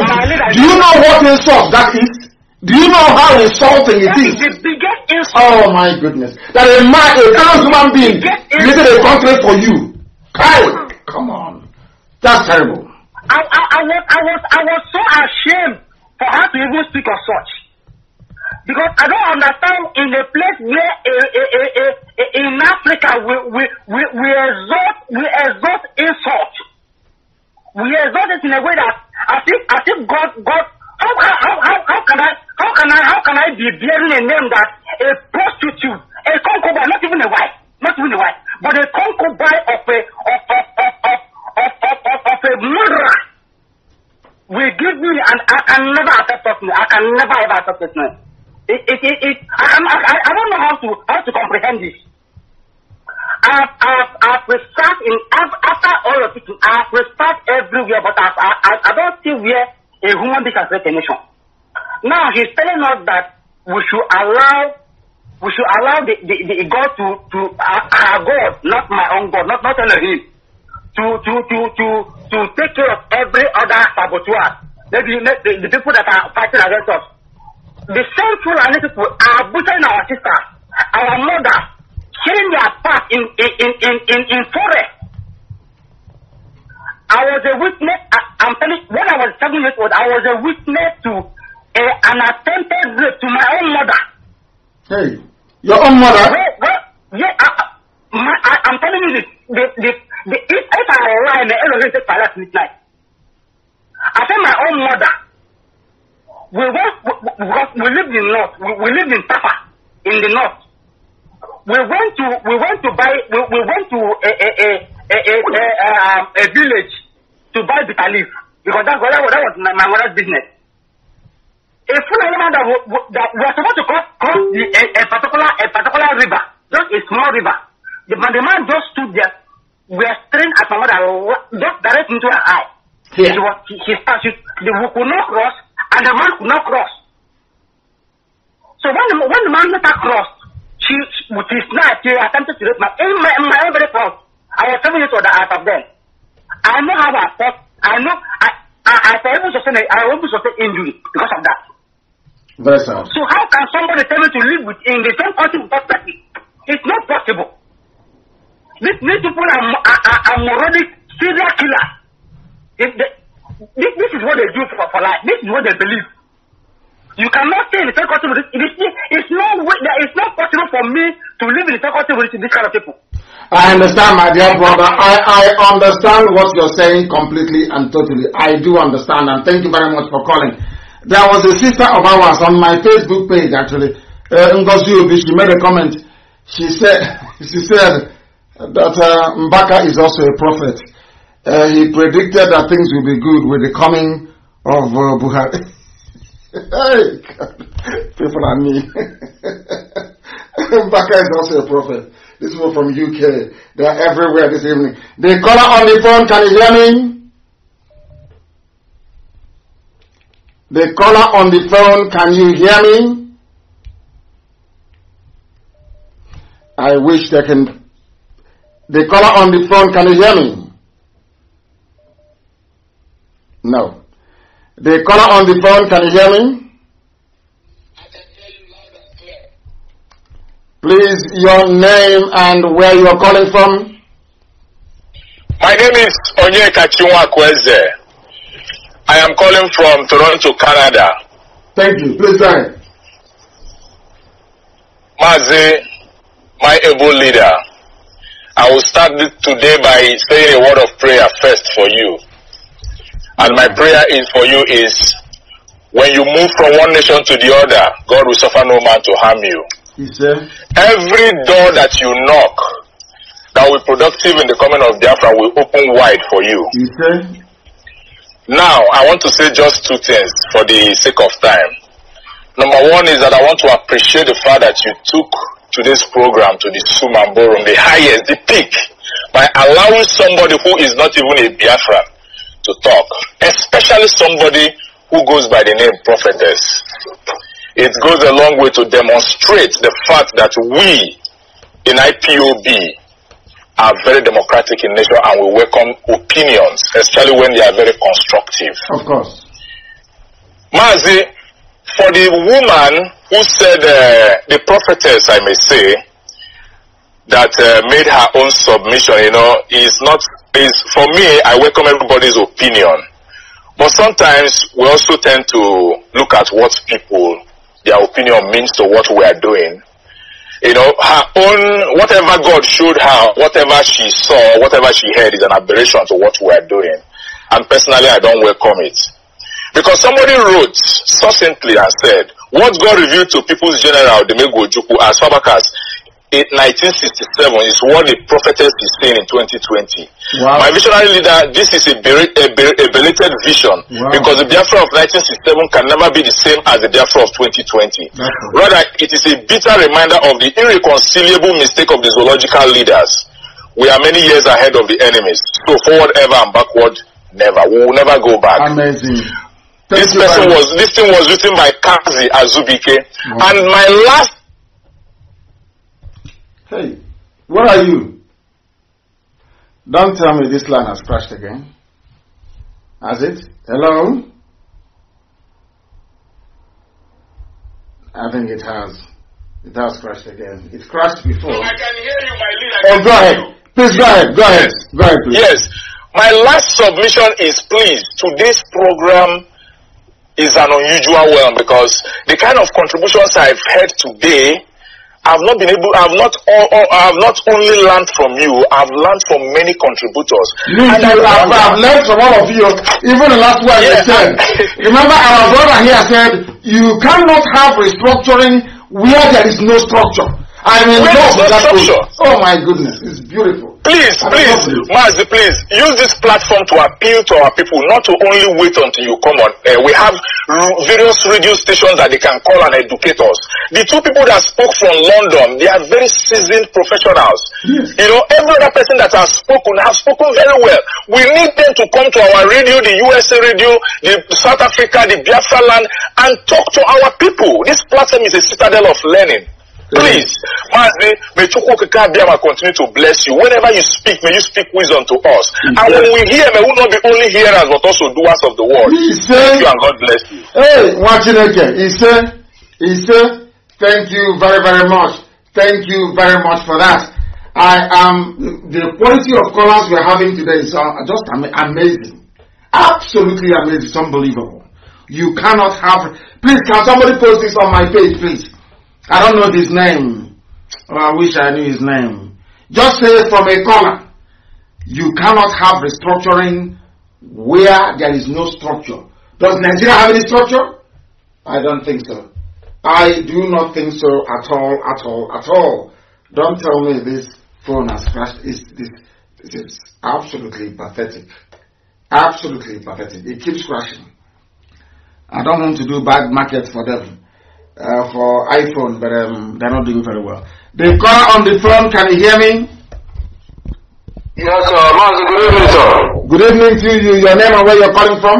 Do you know what insult that is? Do you know how insulting it is? Oh my goodness. That a man, a kind human being, created a contract for you. Hey, come on. That's terrible. I, I, I, was, I, was, I was so ashamed for her to even speak of such. Because I don't understand in a place where a, a, a, in Africa we, we, we, we exalt we exalt insult. We exalt it in a way that I think I think God God How can, how, how, how can I how can I how can I be bearing a name that a prostitute, a concubine, not even a wife, not even a wife, but a concubine of a of of of of of, of, of, a murderer will give me and I can never accept of me. I can never ever accept such name. It, it, it, it, I, I, I don't know how to how to comprehend this. I've, I've, I've researched in, I've, after all of it, I've researched everywhere, but I've, I, I, I don't see where a human being has left a nation. Now he's telling us that we should allow we should allow the, the, the God to, to uh, our God, not my own God, not, not only Elohim, to, to, to, to, to take care of every other saboteur, maybe the, the people that are fighting against us. The same Fulani people are butchering our sister, our mother, killing their part in, in, in, in, in, in forest. I was a witness, I, I'm telling you, when I was seven years old, I was a witness to a, an attempted rape to my own mother. Hey, your own mother? Where, where, yeah, I, my, I, I'm telling you this. The, the, the, if, if I were alive, the Elohim said by last midnight. I said my own mother. We, went, we, we, we lived in North. We, we lived in Tapa, in the North. We went to we went to buy we, we went to a a a a, a, a, a, a village to buy bitter leaf because that, that, that was my, my mother's business. A Fulani man that, that we supposed to cross, cross the, a, a, particular, a particular river, just a small river. The, the man just stood there, we are staring at my mother, just direct into her eye. Yeah. She was, he she, she, the, we could not cross, and the man could not cross. So when, when the man let her cross, she, with his knife, she attempted to rape my, in my, in my own very front. I was seven years old at that time. I know how I fought. I know I I, I able to sustain I able sustained sustain injury because of that. Very sound. So how can somebody tell me to live with in the same country without practice? It's not possible. These, these people are, are, are, are moronic serial killers. If this, this is what they do for, for life. This is what they believe. You cannot stay in the same country with this. It is, it's, no way, it's not possible for me to live in the same country with this kind of people. I understand, my dear brother. I, I understand what you're saying completely and totally. I do understand, and thank you very much for calling. There was a sister of ours on my Facebook page, actually, uh, Ngozi She made a comment. She said, *laughs* she said that uh, Mbaka is also a prophet. Uh, he predicted that things will be good with the coming of uh, Buhari. *laughs* hey, God. People are mean. *laughs* Mbaka is also a prophet. This one from UK, they are everywhere this evening. The caller on the phone, can you hear me? The caller on the phone, can you hear me? I wish they can. The caller on the phone, can you hear me? No. The caller on the phone, can you hear me? Please, your name and where you are calling from. My name is Onyeka Chinwakweze. I am calling from Toronto, Canada. Thank you. Please join. Mazi, my able leader, I will start today by saying a word of prayer first for you. And my prayer is for you is when you move from one nation to the other, God will suffer no man to harm you. Yes, sir. Every door that you knock that will productive in the coming of Biafra will open wide for you. Okay. Now, I want to say just two things for the sake of time. Number one is that I want to appreciate the fact that you took today's program to the Suman Borum, the highest, the peak, by allowing somebody who is not even a Biafran to talk, especially somebody who goes by the name prophetess. it goes a long way to demonstrate the fact that we in IPOB are very democratic in nature and we welcome opinions, especially when they are very constructive. Of course. Mazi, for the woman who said, uh, the prophetess, I may say, that uh, made her own submission, you know, is not, is, for me, I welcome everybody's opinion. But sometimes we also tend to look at what people their opinion means to what we are doing. You know, her own, whatever God showed her, whatever she saw, whatever she heard is an aberration to what we are doing. And personally, I don't welcome it. Because somebody wrote succinctly and said, what God revealed to people's general, the Juku, as far back as in 1967 is what the prophetess is saying in 2020. Wow. My visionary leader, this is a, bel a, a belated vision wow. because the Biafra of 1967 can never be the same as the Biafra of 2020. Rather, it is a bitter reminder of the irreconcilable mistake of the zoological leaders. We are many years ahead of the enemies. So forward ever and backward never. We will never go back. Amazing. Thank this person was this thing was written by Kazi Azubike. Wow. And my last Hey, what are you? Don't tell me this line has crashed again. Has it? Hello? I think it has. It has crashed again. It crashed before. I can hear you, my leader. Oh, go ahead. Please go ahead. Go ahead. Go ahead, please. Yes. My last submission is please, today's program is an unusual one because the kind of contributions I've heard today I've not been able, I've not, or, oh, or, oh, I've not only learned from you, I've learned from many contributors. You, and I I've, I've learned from all of you, even the last word yes, you said. *laughs* Remember, our brother here said, you cannot have restructuring where there is no structure. I'm in Where no, is that scripture? Oh my goodness, it's beautiful. Please, I please, Mazi, please use this platform to appeal to our people, not to only wait until you come on. Uh, we have various radio stations that they can call and educate us. The two people that spoke from London, they are very seasoned professionals. Yes. You know, every other person that has spoken has spoken very well. We need them to come to our radio, the USA radio, the South Africa, the Biafra land, and talk to our people. This platform is a citadel of learning. Please, Mazi, may Choko Kakabiama continue to bless you. Whenever you speak, may you speak wisdom to us. And when we hear, may we not be only hearers, but also doers of the word. Thank you and God bless you. Hey, watching again. He said, he said, thank you very, very much. Thank you very much for that. I am, the quality of colors we're having today is uh, just amazing. Absolutely amazing. It's unbelievable. You cannot have, please can somebody post this on my page, please? I don't know his name. Oh, I wish I knew his name. Just say from a corner. You cannot have restructuring where there is no structure. Does Nigeria have any structure? I don't think so. I do not think so at all, at all, at all. Don't tell me this phone has crashed. It's, this, it's absolutely pathetic. Absolutely pathetic. It keeps crashing. I don't want to do bad market for them uh, for iPhone, but um, they're not doing very well. The caller on the phone, can you hear me? Yes, sir. good evening, sir. Good evening to you. Your name and where you're calling from?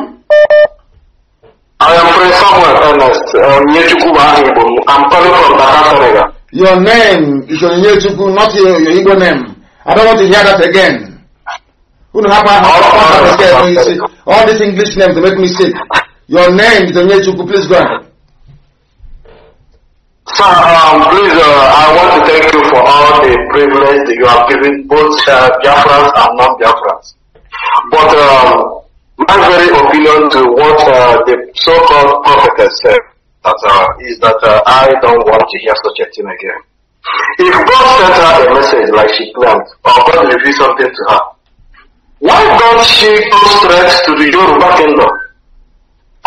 I am from somewhere, Ernest. Um, I'm calling from Dakar, Senegal. Your name is your not your, your Igbo name. I don't want to hear that again. Who know all these English names make me sick. Your name is Onyechuku, please go ahead. So um, please, uh, I want to thank you for all the privilege that you have given both uh, Biafrans and non-Biafrans. But um, my very opinion to what uh, the so-called prophet has said that, uh, is that uh, I don't want to hear such a thing again. If God sent her a message like she planned, or God revealed something to her, why don't she go straight to the Yoruba kingdom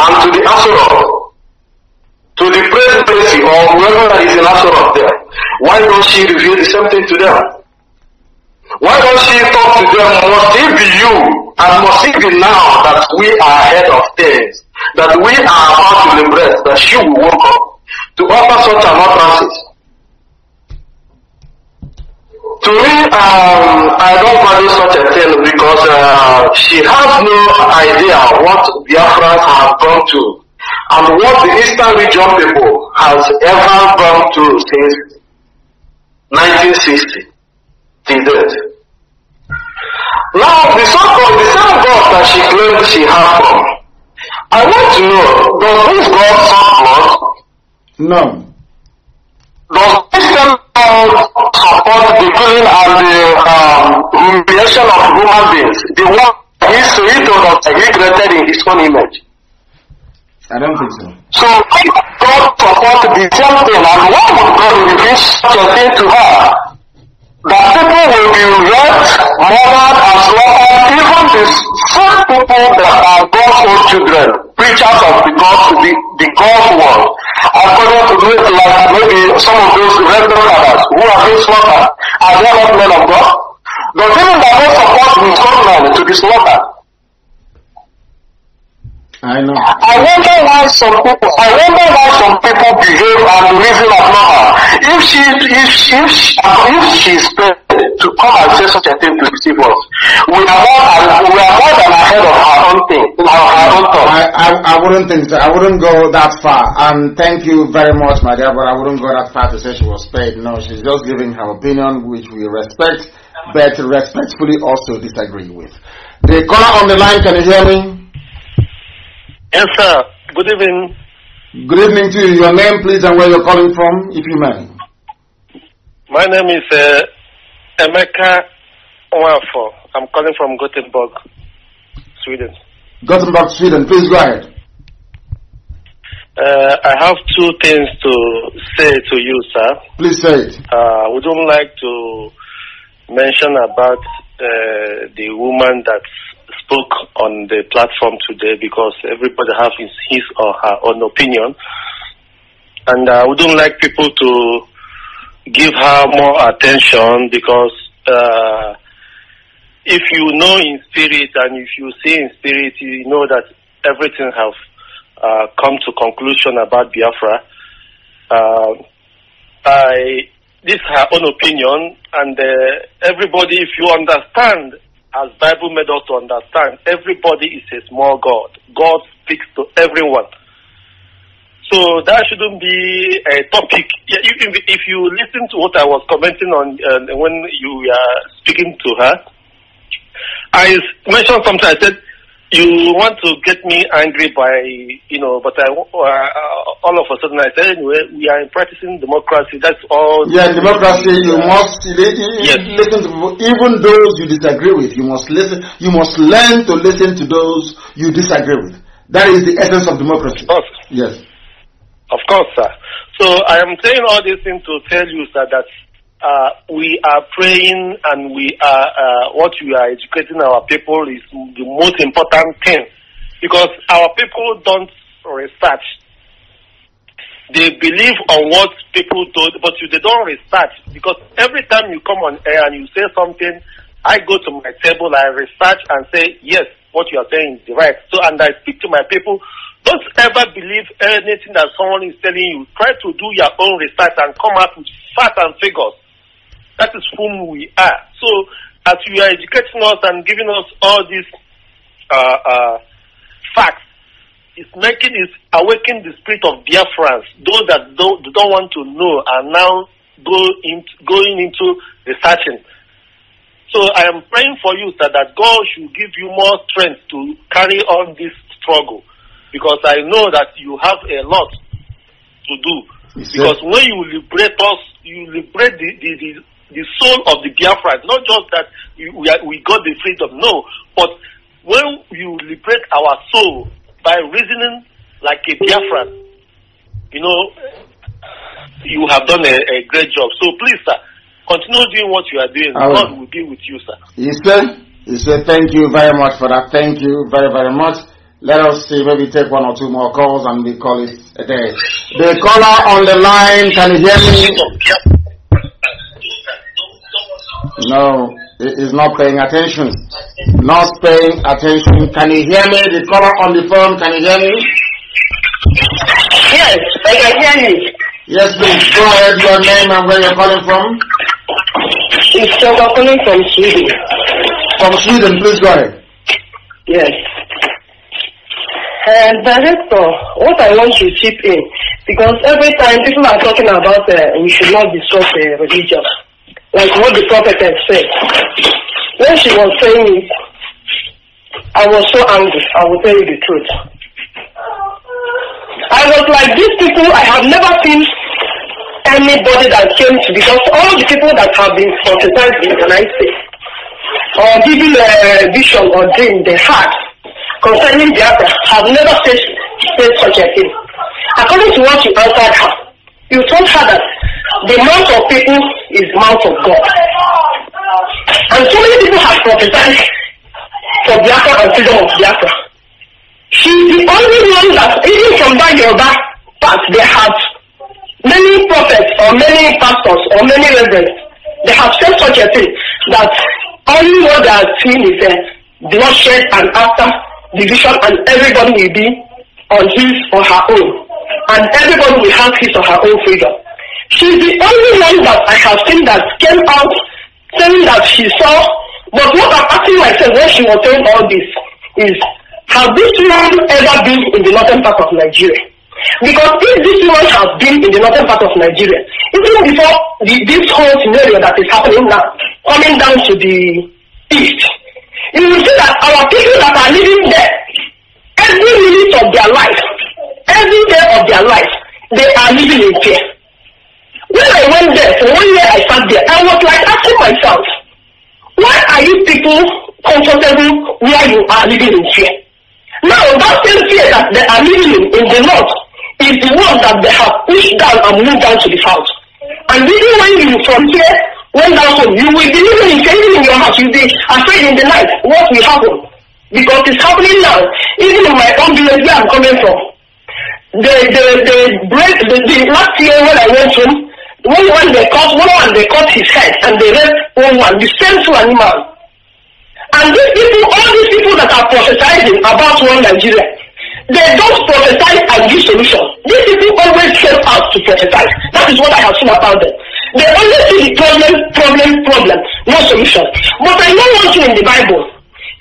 and to the Asura? to the presidency or whoever that is in Asor of them, why don't she reveal the same thing to them? Why don't she talk to them? Must it be you and must it be now that we are ahead of things, that we are about to liberate, that she will walk up to offer such an utterance? To me, um, I don't value such a thing because uh, she has no idea what the Biafrans have gone to and what the Eastern region people has ever gone through since 1960 till date. Now, the so-called the same God that she claimed she had from, I want to know, does this God support? No. Does this same God support the killing and the um, humiliation of human beings? The one he created, he created in his own image. I don't think so. So if God performed the same thing, and why would God reveal such a thing to her? That people will be raped, murdered, and slaughtered, even the same people that are God's own children, preachers of the God the, the God's word, according to it, like maybe some of those reverend others who are been slaughtered, are they not men of God? The people that Lord support his government to be slaughtered? I know. I wonder why some people. I wonder why some people behave and reason abnormal. If she, if she, if, she, if she's to come and say such a thing to deceive us, we are more than we are more than ahead of our own thing, our, our own thought. I, I, I wouldn't think so. I wouldn't go that far. And um, thank you very much, my dear. But I wouldn't go that far to say she was paid. No, she's just giving her opinion, which we respect, but respectfully also disagree with. The caller on the line, can you hear me? Yes, sir. Good evening. Good evening to you. Your name, please, and where you're calling from, if you may. My name is uh, Emeka I'm calling from Gothenburg, Sweden. Gothenburg, Sweden. Please go ahead. Uh, I have two things to say to you, sir. Please say it. Uh, we don't like to mention about uh, the woman that's book on the platform today because everybody has his, his or her own opinion. And I wouldn't like people to give her more attention because uh, if you know in spirit and if you see in spirit, you know that everything has uh, come to conclusion about Biafra. Uh, I this is her own opinion, and uh, everybody, if you understand as Bible made us to understand, everybody is a small God. God speaks to everyone. So that shouldn't be a topic. If you listen to what I was commenting on uh, when you were speaking to her, I mentioned something. I said you want to get me angry by, you know, but I, uh, all of a sudden I said, anyway, we are practicing democracy. That's all. Yeah, democracy. You must yes. listen to even those you disagree with. You must listen. You must learn to listen to those you disagree with. That is the essence of democracy. Of course. Yes. Of course, sir. So I am saying all these things to tell you, sir, that uh, we are praying and we are uh, what we are educating our people is the most important thing because our people don't research. They believe on what people do, but they don't research because every time you come on air and you say something, I go to my table, I research and say, yes, what you are saying is right. So, and I speak to my people. Don't ever believe anything that someone is telling you. Try to do your own research and come up with facts and figures that is whom we are. So as you are educating us and giving us all these uh, uh, facts, it's making is awaken the spirit of Biafrans. Those that don't don't want to know are now go in, going into researching. So I am praying for you sir, that God should give you more strength to carry on this struggle, because I know that you have a lot to do. because when you liberate us, you liberate the, the, the the soul of the Biafra. not just that we, are, we got the freedom, no. But when you liberate our soul by reasoning like a Biafran, you know, you have done a, a great job. So please, sir, continue doing what you are doing. Our, God will be with you, sir. Yes, sir. He said, Thank you very much for that. Thank you very, very much. Let us see, maybe take one or two more calls and we call it a day. The caller on the line, can you hear me? No, he's not paying attention. Not paying attention. Can you hear me? The caller on the phone, can you hear me? Yes, I can hear you. Yes, please. Go ahead, your name and where you're calling from. It's still calling from Sweden. From Sweden, please go ahead. Yes. And director, what I want to chip in, because every time people are talking about uh, we should not disrupt uh, religion. like what the prophet had said. When she was saying it, I was so angry, I will tell you the truth. I was like, these people, I have never seen anybody that came to, because all the people that have been prophesied in the United States, or giving a uh, vision or dream they had concerning the other, have never said, such a thing. According to what you answered her, You told her that the mouth of people is the mouth of God. And so many people have prophesied for Biafra and freedom of Biafra. She's the only one that, even from that Yoruba part, they have many prophets or many pastors or many reverends. They have said such a thing that only what they are seeing is a uh, bloodshed and after division and everybody will be on his or her own and everybody will have his or her own freedom. She's the only one that I have seen that came out saying that she saw, but what I'm asking myself when she was saying all this is, has this woman ever been in the northern part of Nigeria? Because if this woman has been in the northern part of Nigeria, even before the, this whole scenario that is happening now, coming down to the east, you will see that our people that are living there, every minute of their life, every day of their life, they are living in fear. When I went there, for one year I sat there, I was like asking myself, why are you people comfortable where you are living in fear? Now, that same fear that they are living in, in the north is the one that they have pushed down and moved down to the south. And even when you from here went down home, you will be living in fear, even in your house, you'll be afraid in the night what will happen. Because it's happening now, even in my own village where I'm coming from the the the break the, the last year when I went home, when when they cut one one they cut his head and they left one one the same two animal. And these people, all these people that are prophesizing about one Nigeria, they don't prophesize and give solution. These people always help out to prophesize. That is what I have seen about them. They only see the problem, problem, problem, no solution. But I know one thing in the Bible.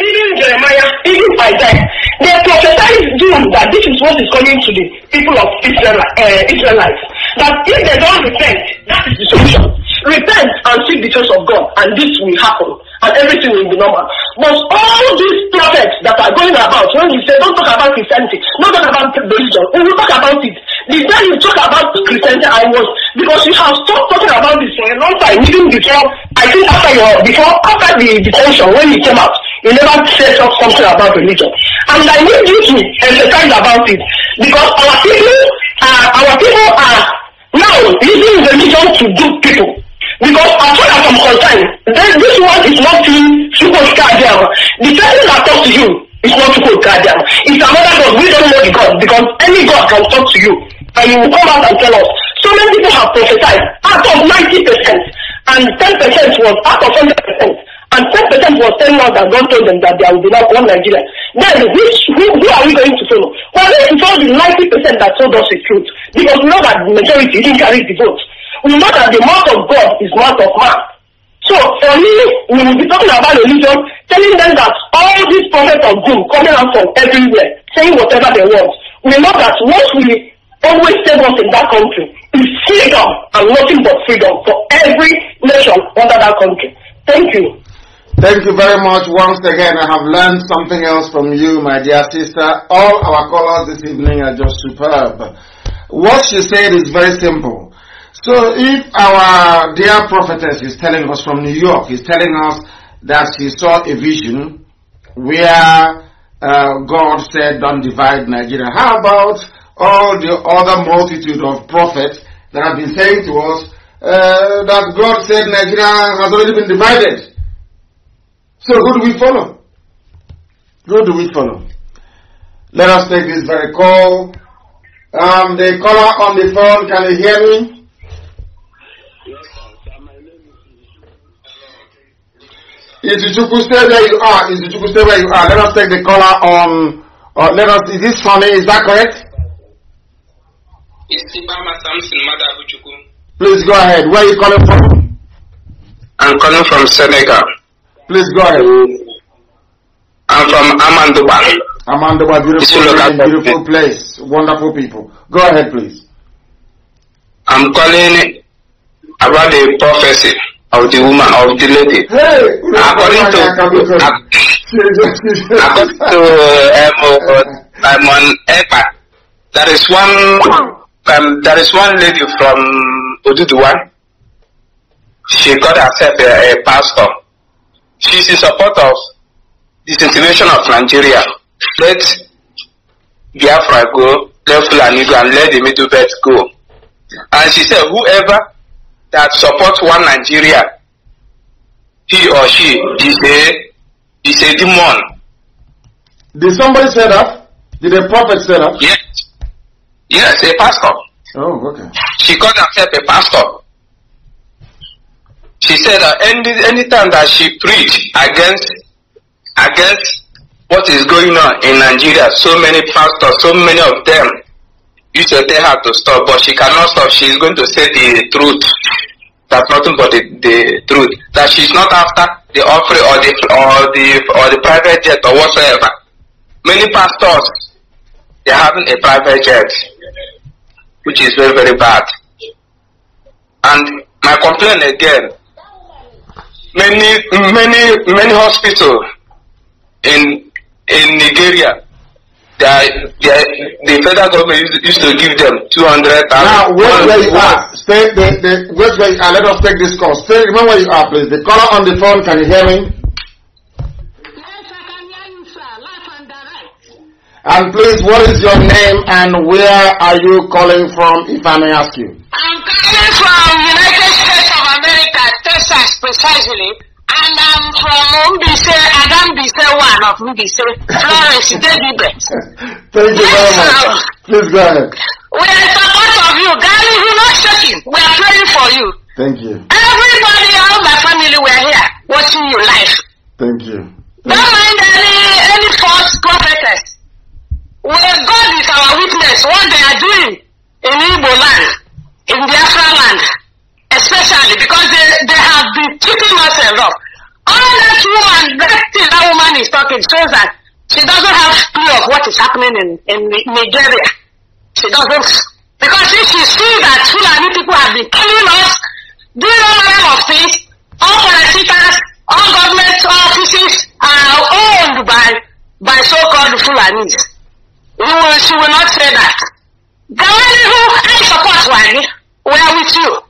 even Jeremiah, even Isaiah, they prophesied doom that this is what is coming to the people of Israel, uh, Israelites. That if they don't repent, that is the solution. Repent and seek the face of God, and this will happen, and everything will be normal. But all these prophets that are going about, when you say, don't talk about Christianity, don't talk about religion, we will talk about it, the day you talk about Christianity, I was, because you have stopped talking about this for a long time, even before, I think after your, before, after the detention, when you came out, you never said something about religion. And I need you to emphasize about it, because our people, uh, our people are now using religion to dupe people because as far as I'm concerned, this, one is not super guardian. The person that talks to you is not super guardian. It's another God. We don't know the God because any God can talk to you and you will come out and tell us. So many people have prophesied out of 90% and 10% was out of 100% and 10% was telling us that God told them that there will be not one Nigeria. Then which, who, who are we going to follow? Well, we follow the 90% that told us the truth because we know that the majority didn't carry the vote we know that the mouth of God is mouth of man. So for me, we will be talking about religion, telling them that all these prophets of doom coming out from everywhere, saying whatever they want. We know that what we always save us in that country is freedom and nothing but freedom for every nation under that country. Thank you. Thank you very much once again. I have learned something else from you, my dear sister. All our callers this evening are just superb. What she said is very simple. So if our dear prophetess is telling us from New York, is telling us that she saw a vision where uh, God said, don't divide Nigeria. How about all the other multitude of prophets that have been saying to us uh, that God said Nigeria has already been divided? So who do we follow? Who do we follow? Let us take this very call. Um, the caller on the phone, can you hear me? Is the chukwu stay where you are. Is the chukwu stay where you are. Let us take the color. on. Uh, let us. Is this Sunny? Is that correct? It's Ibama Samson Madabuchuku. Please go ahead. Where are you calling from? I'm calling from Senegal. Please go ahead. I'm from Amanduba. Amanduba, beautiful, region, beautiful place, wonderful people. Go ahead, please. I'm calling about the prophecy of the woman of the lady. Hey, according to according to um, uh, Simon uh, Epa, there is one um, there is one lady from Oduduwa. She got herself a, a pastor. is in support of the disintegration of Nigeria. Let Biafra go, let Fulani go, and let the Middle Belt go. And she said, whoever that supports one Nigeria, he or she is a is a demon. Did somebody say that? Did a prophet say that? Yes. Yes, a pastor. Oh, okay. She called herself a pastor. She said that any anytime that she preached against against what is going on in Nigeria, so many pastors, so many of them you should tell her to stop, but she cannot stop. She is going to say the truth. That's nothing but the, the truth. That she's not after the offering or the or the or the private jet or whatsoever. Many pastors they having a private jet, which is very very bad. And my complaint again, many many many hospitals in in Nigeria the federal government used, to give them 200,000. Now, wait where you are. Stay, the, the, where you Let us take this call. Stay, remember where you are, please. The caller on the phone, can you hear me? Yes, I can Life and And please, what is your name and where are you calling from, if I may ask you? I'm calling from United States of America, Texas, precisely. And I'm um, from Umbise, Adam Bise, one of Umbise, Florence, David. Thank you very much. Please go ahead. We are in support of you. Darling, you're not shaking. We are praying for you. Thank you. Everybody, all my family, we are here watching you live. Thank you. Thank Don't mind any, any false prophetess. Well, God is our witness. What they are doing in Igbo land, in Biafra land especially because they, they have been keeping us in rough. All that woman, that thing that woman is talking shows that she doesn't have clue of what is happening in, in Nigeria. She doesn't. Because if she sees that Fulani people have been killing us, doing all manner of things, all politicians, all government offices are owned by, by so-called Fulanis. You will, she will not say that. The only who I support, Wani, we are with you.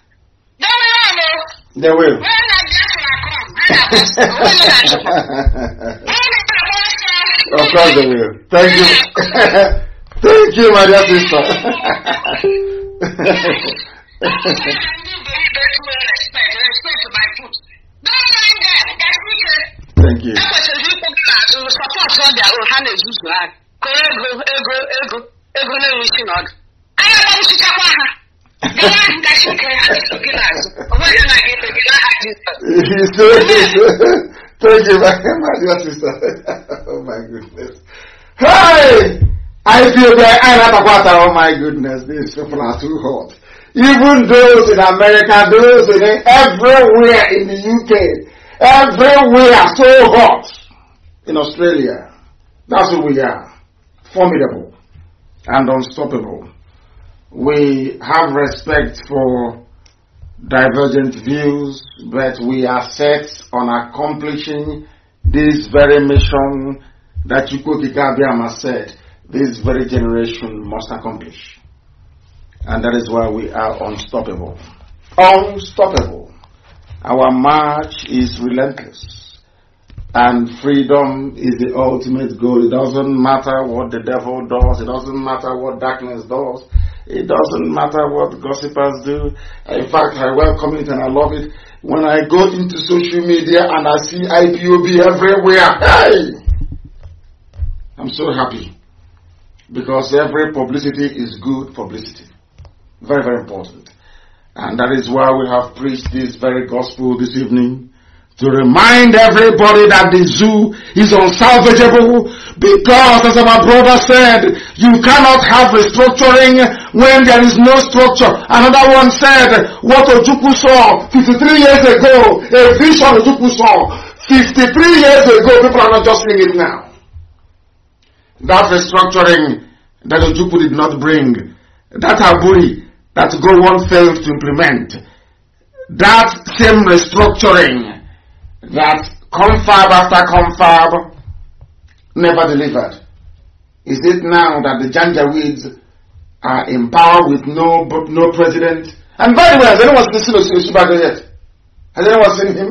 There will. of course they will. Thank you. *laughs* Thank you, my dear sister. *laughs* Thank you. Support on their you should you He's so good. Thank you my dear sister. oh my goodness. Hey! I feel that I I'm not water. oh my goodness, these people are too hot. Even those in America, those in everywhere in the UK, everywhere so hot. In Australia, that's who we are. Formidable and unstoppable. we have respect for divergent views, but we are set on accomplishing this very mission that Yuko Kikabiyama said this very generation must accomplish. And that is why we are unstoppable. Unstoppable. Our march is relentless. And freedom is the ultimate goal. It doesn't matter what the devil does. It doesn't matter what darkness does. It doesn't matter what gossipers do. In fact, I welcome it and I love it. When I go into social media and I see IPOB everywhere, hey! I'm so happy because every publicity is good publicity. Very, very important. And that is why we have preached this very gospel this evening to remind everybody that the zoo is unsalvageable because as our brother said, you cannot have restructuring when there is no structure. Another one said, what Ojukwu saw 53 years ago, a vision Ojukwu saw 53 years ago, people are not just seeing it now. That restructuring that Ojukwu did not bring, that Aburi that Gowon failed to implement, that same restructuring that confab after confab never delivered. Is it now that the Janjaweeds are in power with no no president. And by the way, has anyone seen Osubago yet? Has anyone seen him?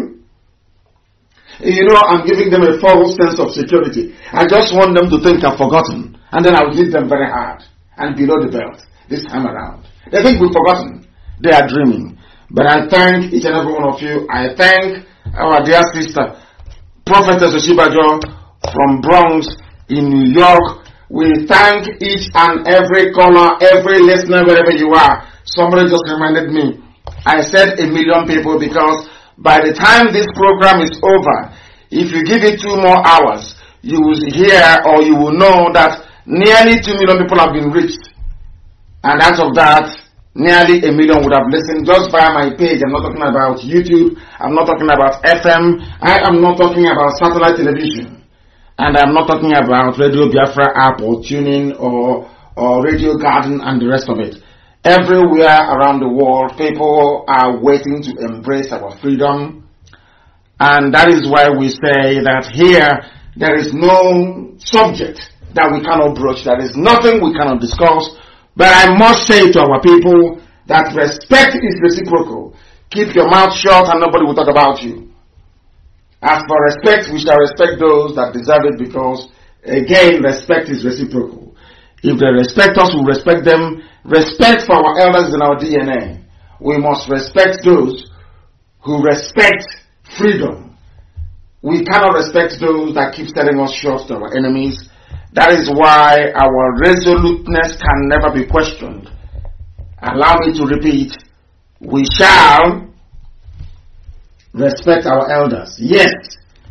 You know, I'm giving them a false sense of security. I just want them to think I've forgotten, and then I'll hit them very hard and below the belt this time around. They think we've forgotten. They are dreaming. But I thank each and every one of you. I thank our dear sister, Prophetess Oshibajo from Bronx in New York, we thank each and every caller, every listener, wherever you are. Somebody just reminded me. I said a million people because by the time this program is over, if you give it two more hours, you will hear or you will know that nearly two million people have been reached. And out of that, nearly a million would have listened just via my page. I'm not talking about YouTube. I'm not talking about FM. I am not talking about satellite television. And I'm not talking about Radio Biafra app or tuning or, or Radio Garden and the rest of it. Everywhere around the world, people are waiting to embrace our freedom. And that is why we say that here, there is no subject that we cannot broach. There is nothing we cannot discuss. But I must say to our people that respect is reciprocal. Keep your mouth shut and nobody will talk about you. As for respect, we shall respect those that deserve it because, again, respect is reciprocal. If they respect us, we respect them. Respect for our elders in our DNA. We must respect those who respect freedom. We cannot respect those that keep telling us short to our enemies. That is why our resoluteness can never be questioned. Allow me to repeat, we shall respect our elders. Yes,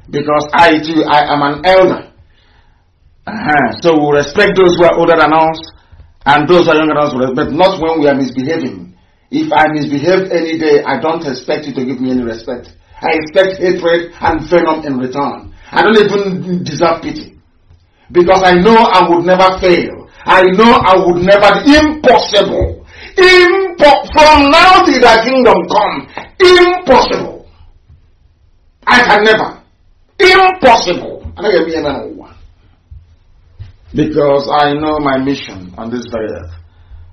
because I too, I am an elder. Uh-huh. So we respect those who are older than us and those who are younger than us, but not when we are misbehaving. If I misbehave any day, I don't expect you to give me any respect. I expect hatred and venom in return. I don't even deserve pity. Because I know I would never fail. I know I would never, impossible. Impo- from now till the kingdom come, impossible. I can never. Impossible. Because I know my mission on this very earth.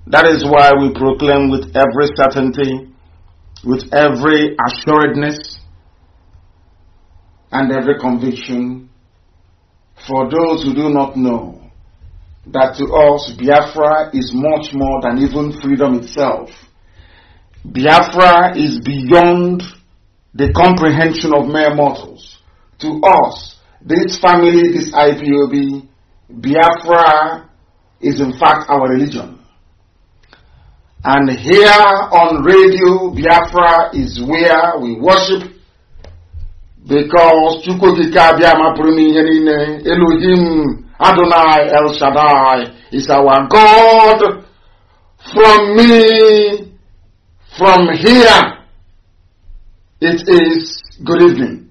That is why we proclaim with every certainty, with every assuredness, and every conviction for those who do not know that to us Biafra is much more than even freedom itself. Biafra is beyond the comprehension of mere mortals. To us, this family, this IPOB, Biafra is in fact our religion. And here on radio, Biafra is where we worship because Chukwukika Biama Prumiyenine Elohim Adonai El Shaddai is our God. From me, from here, it is good evening.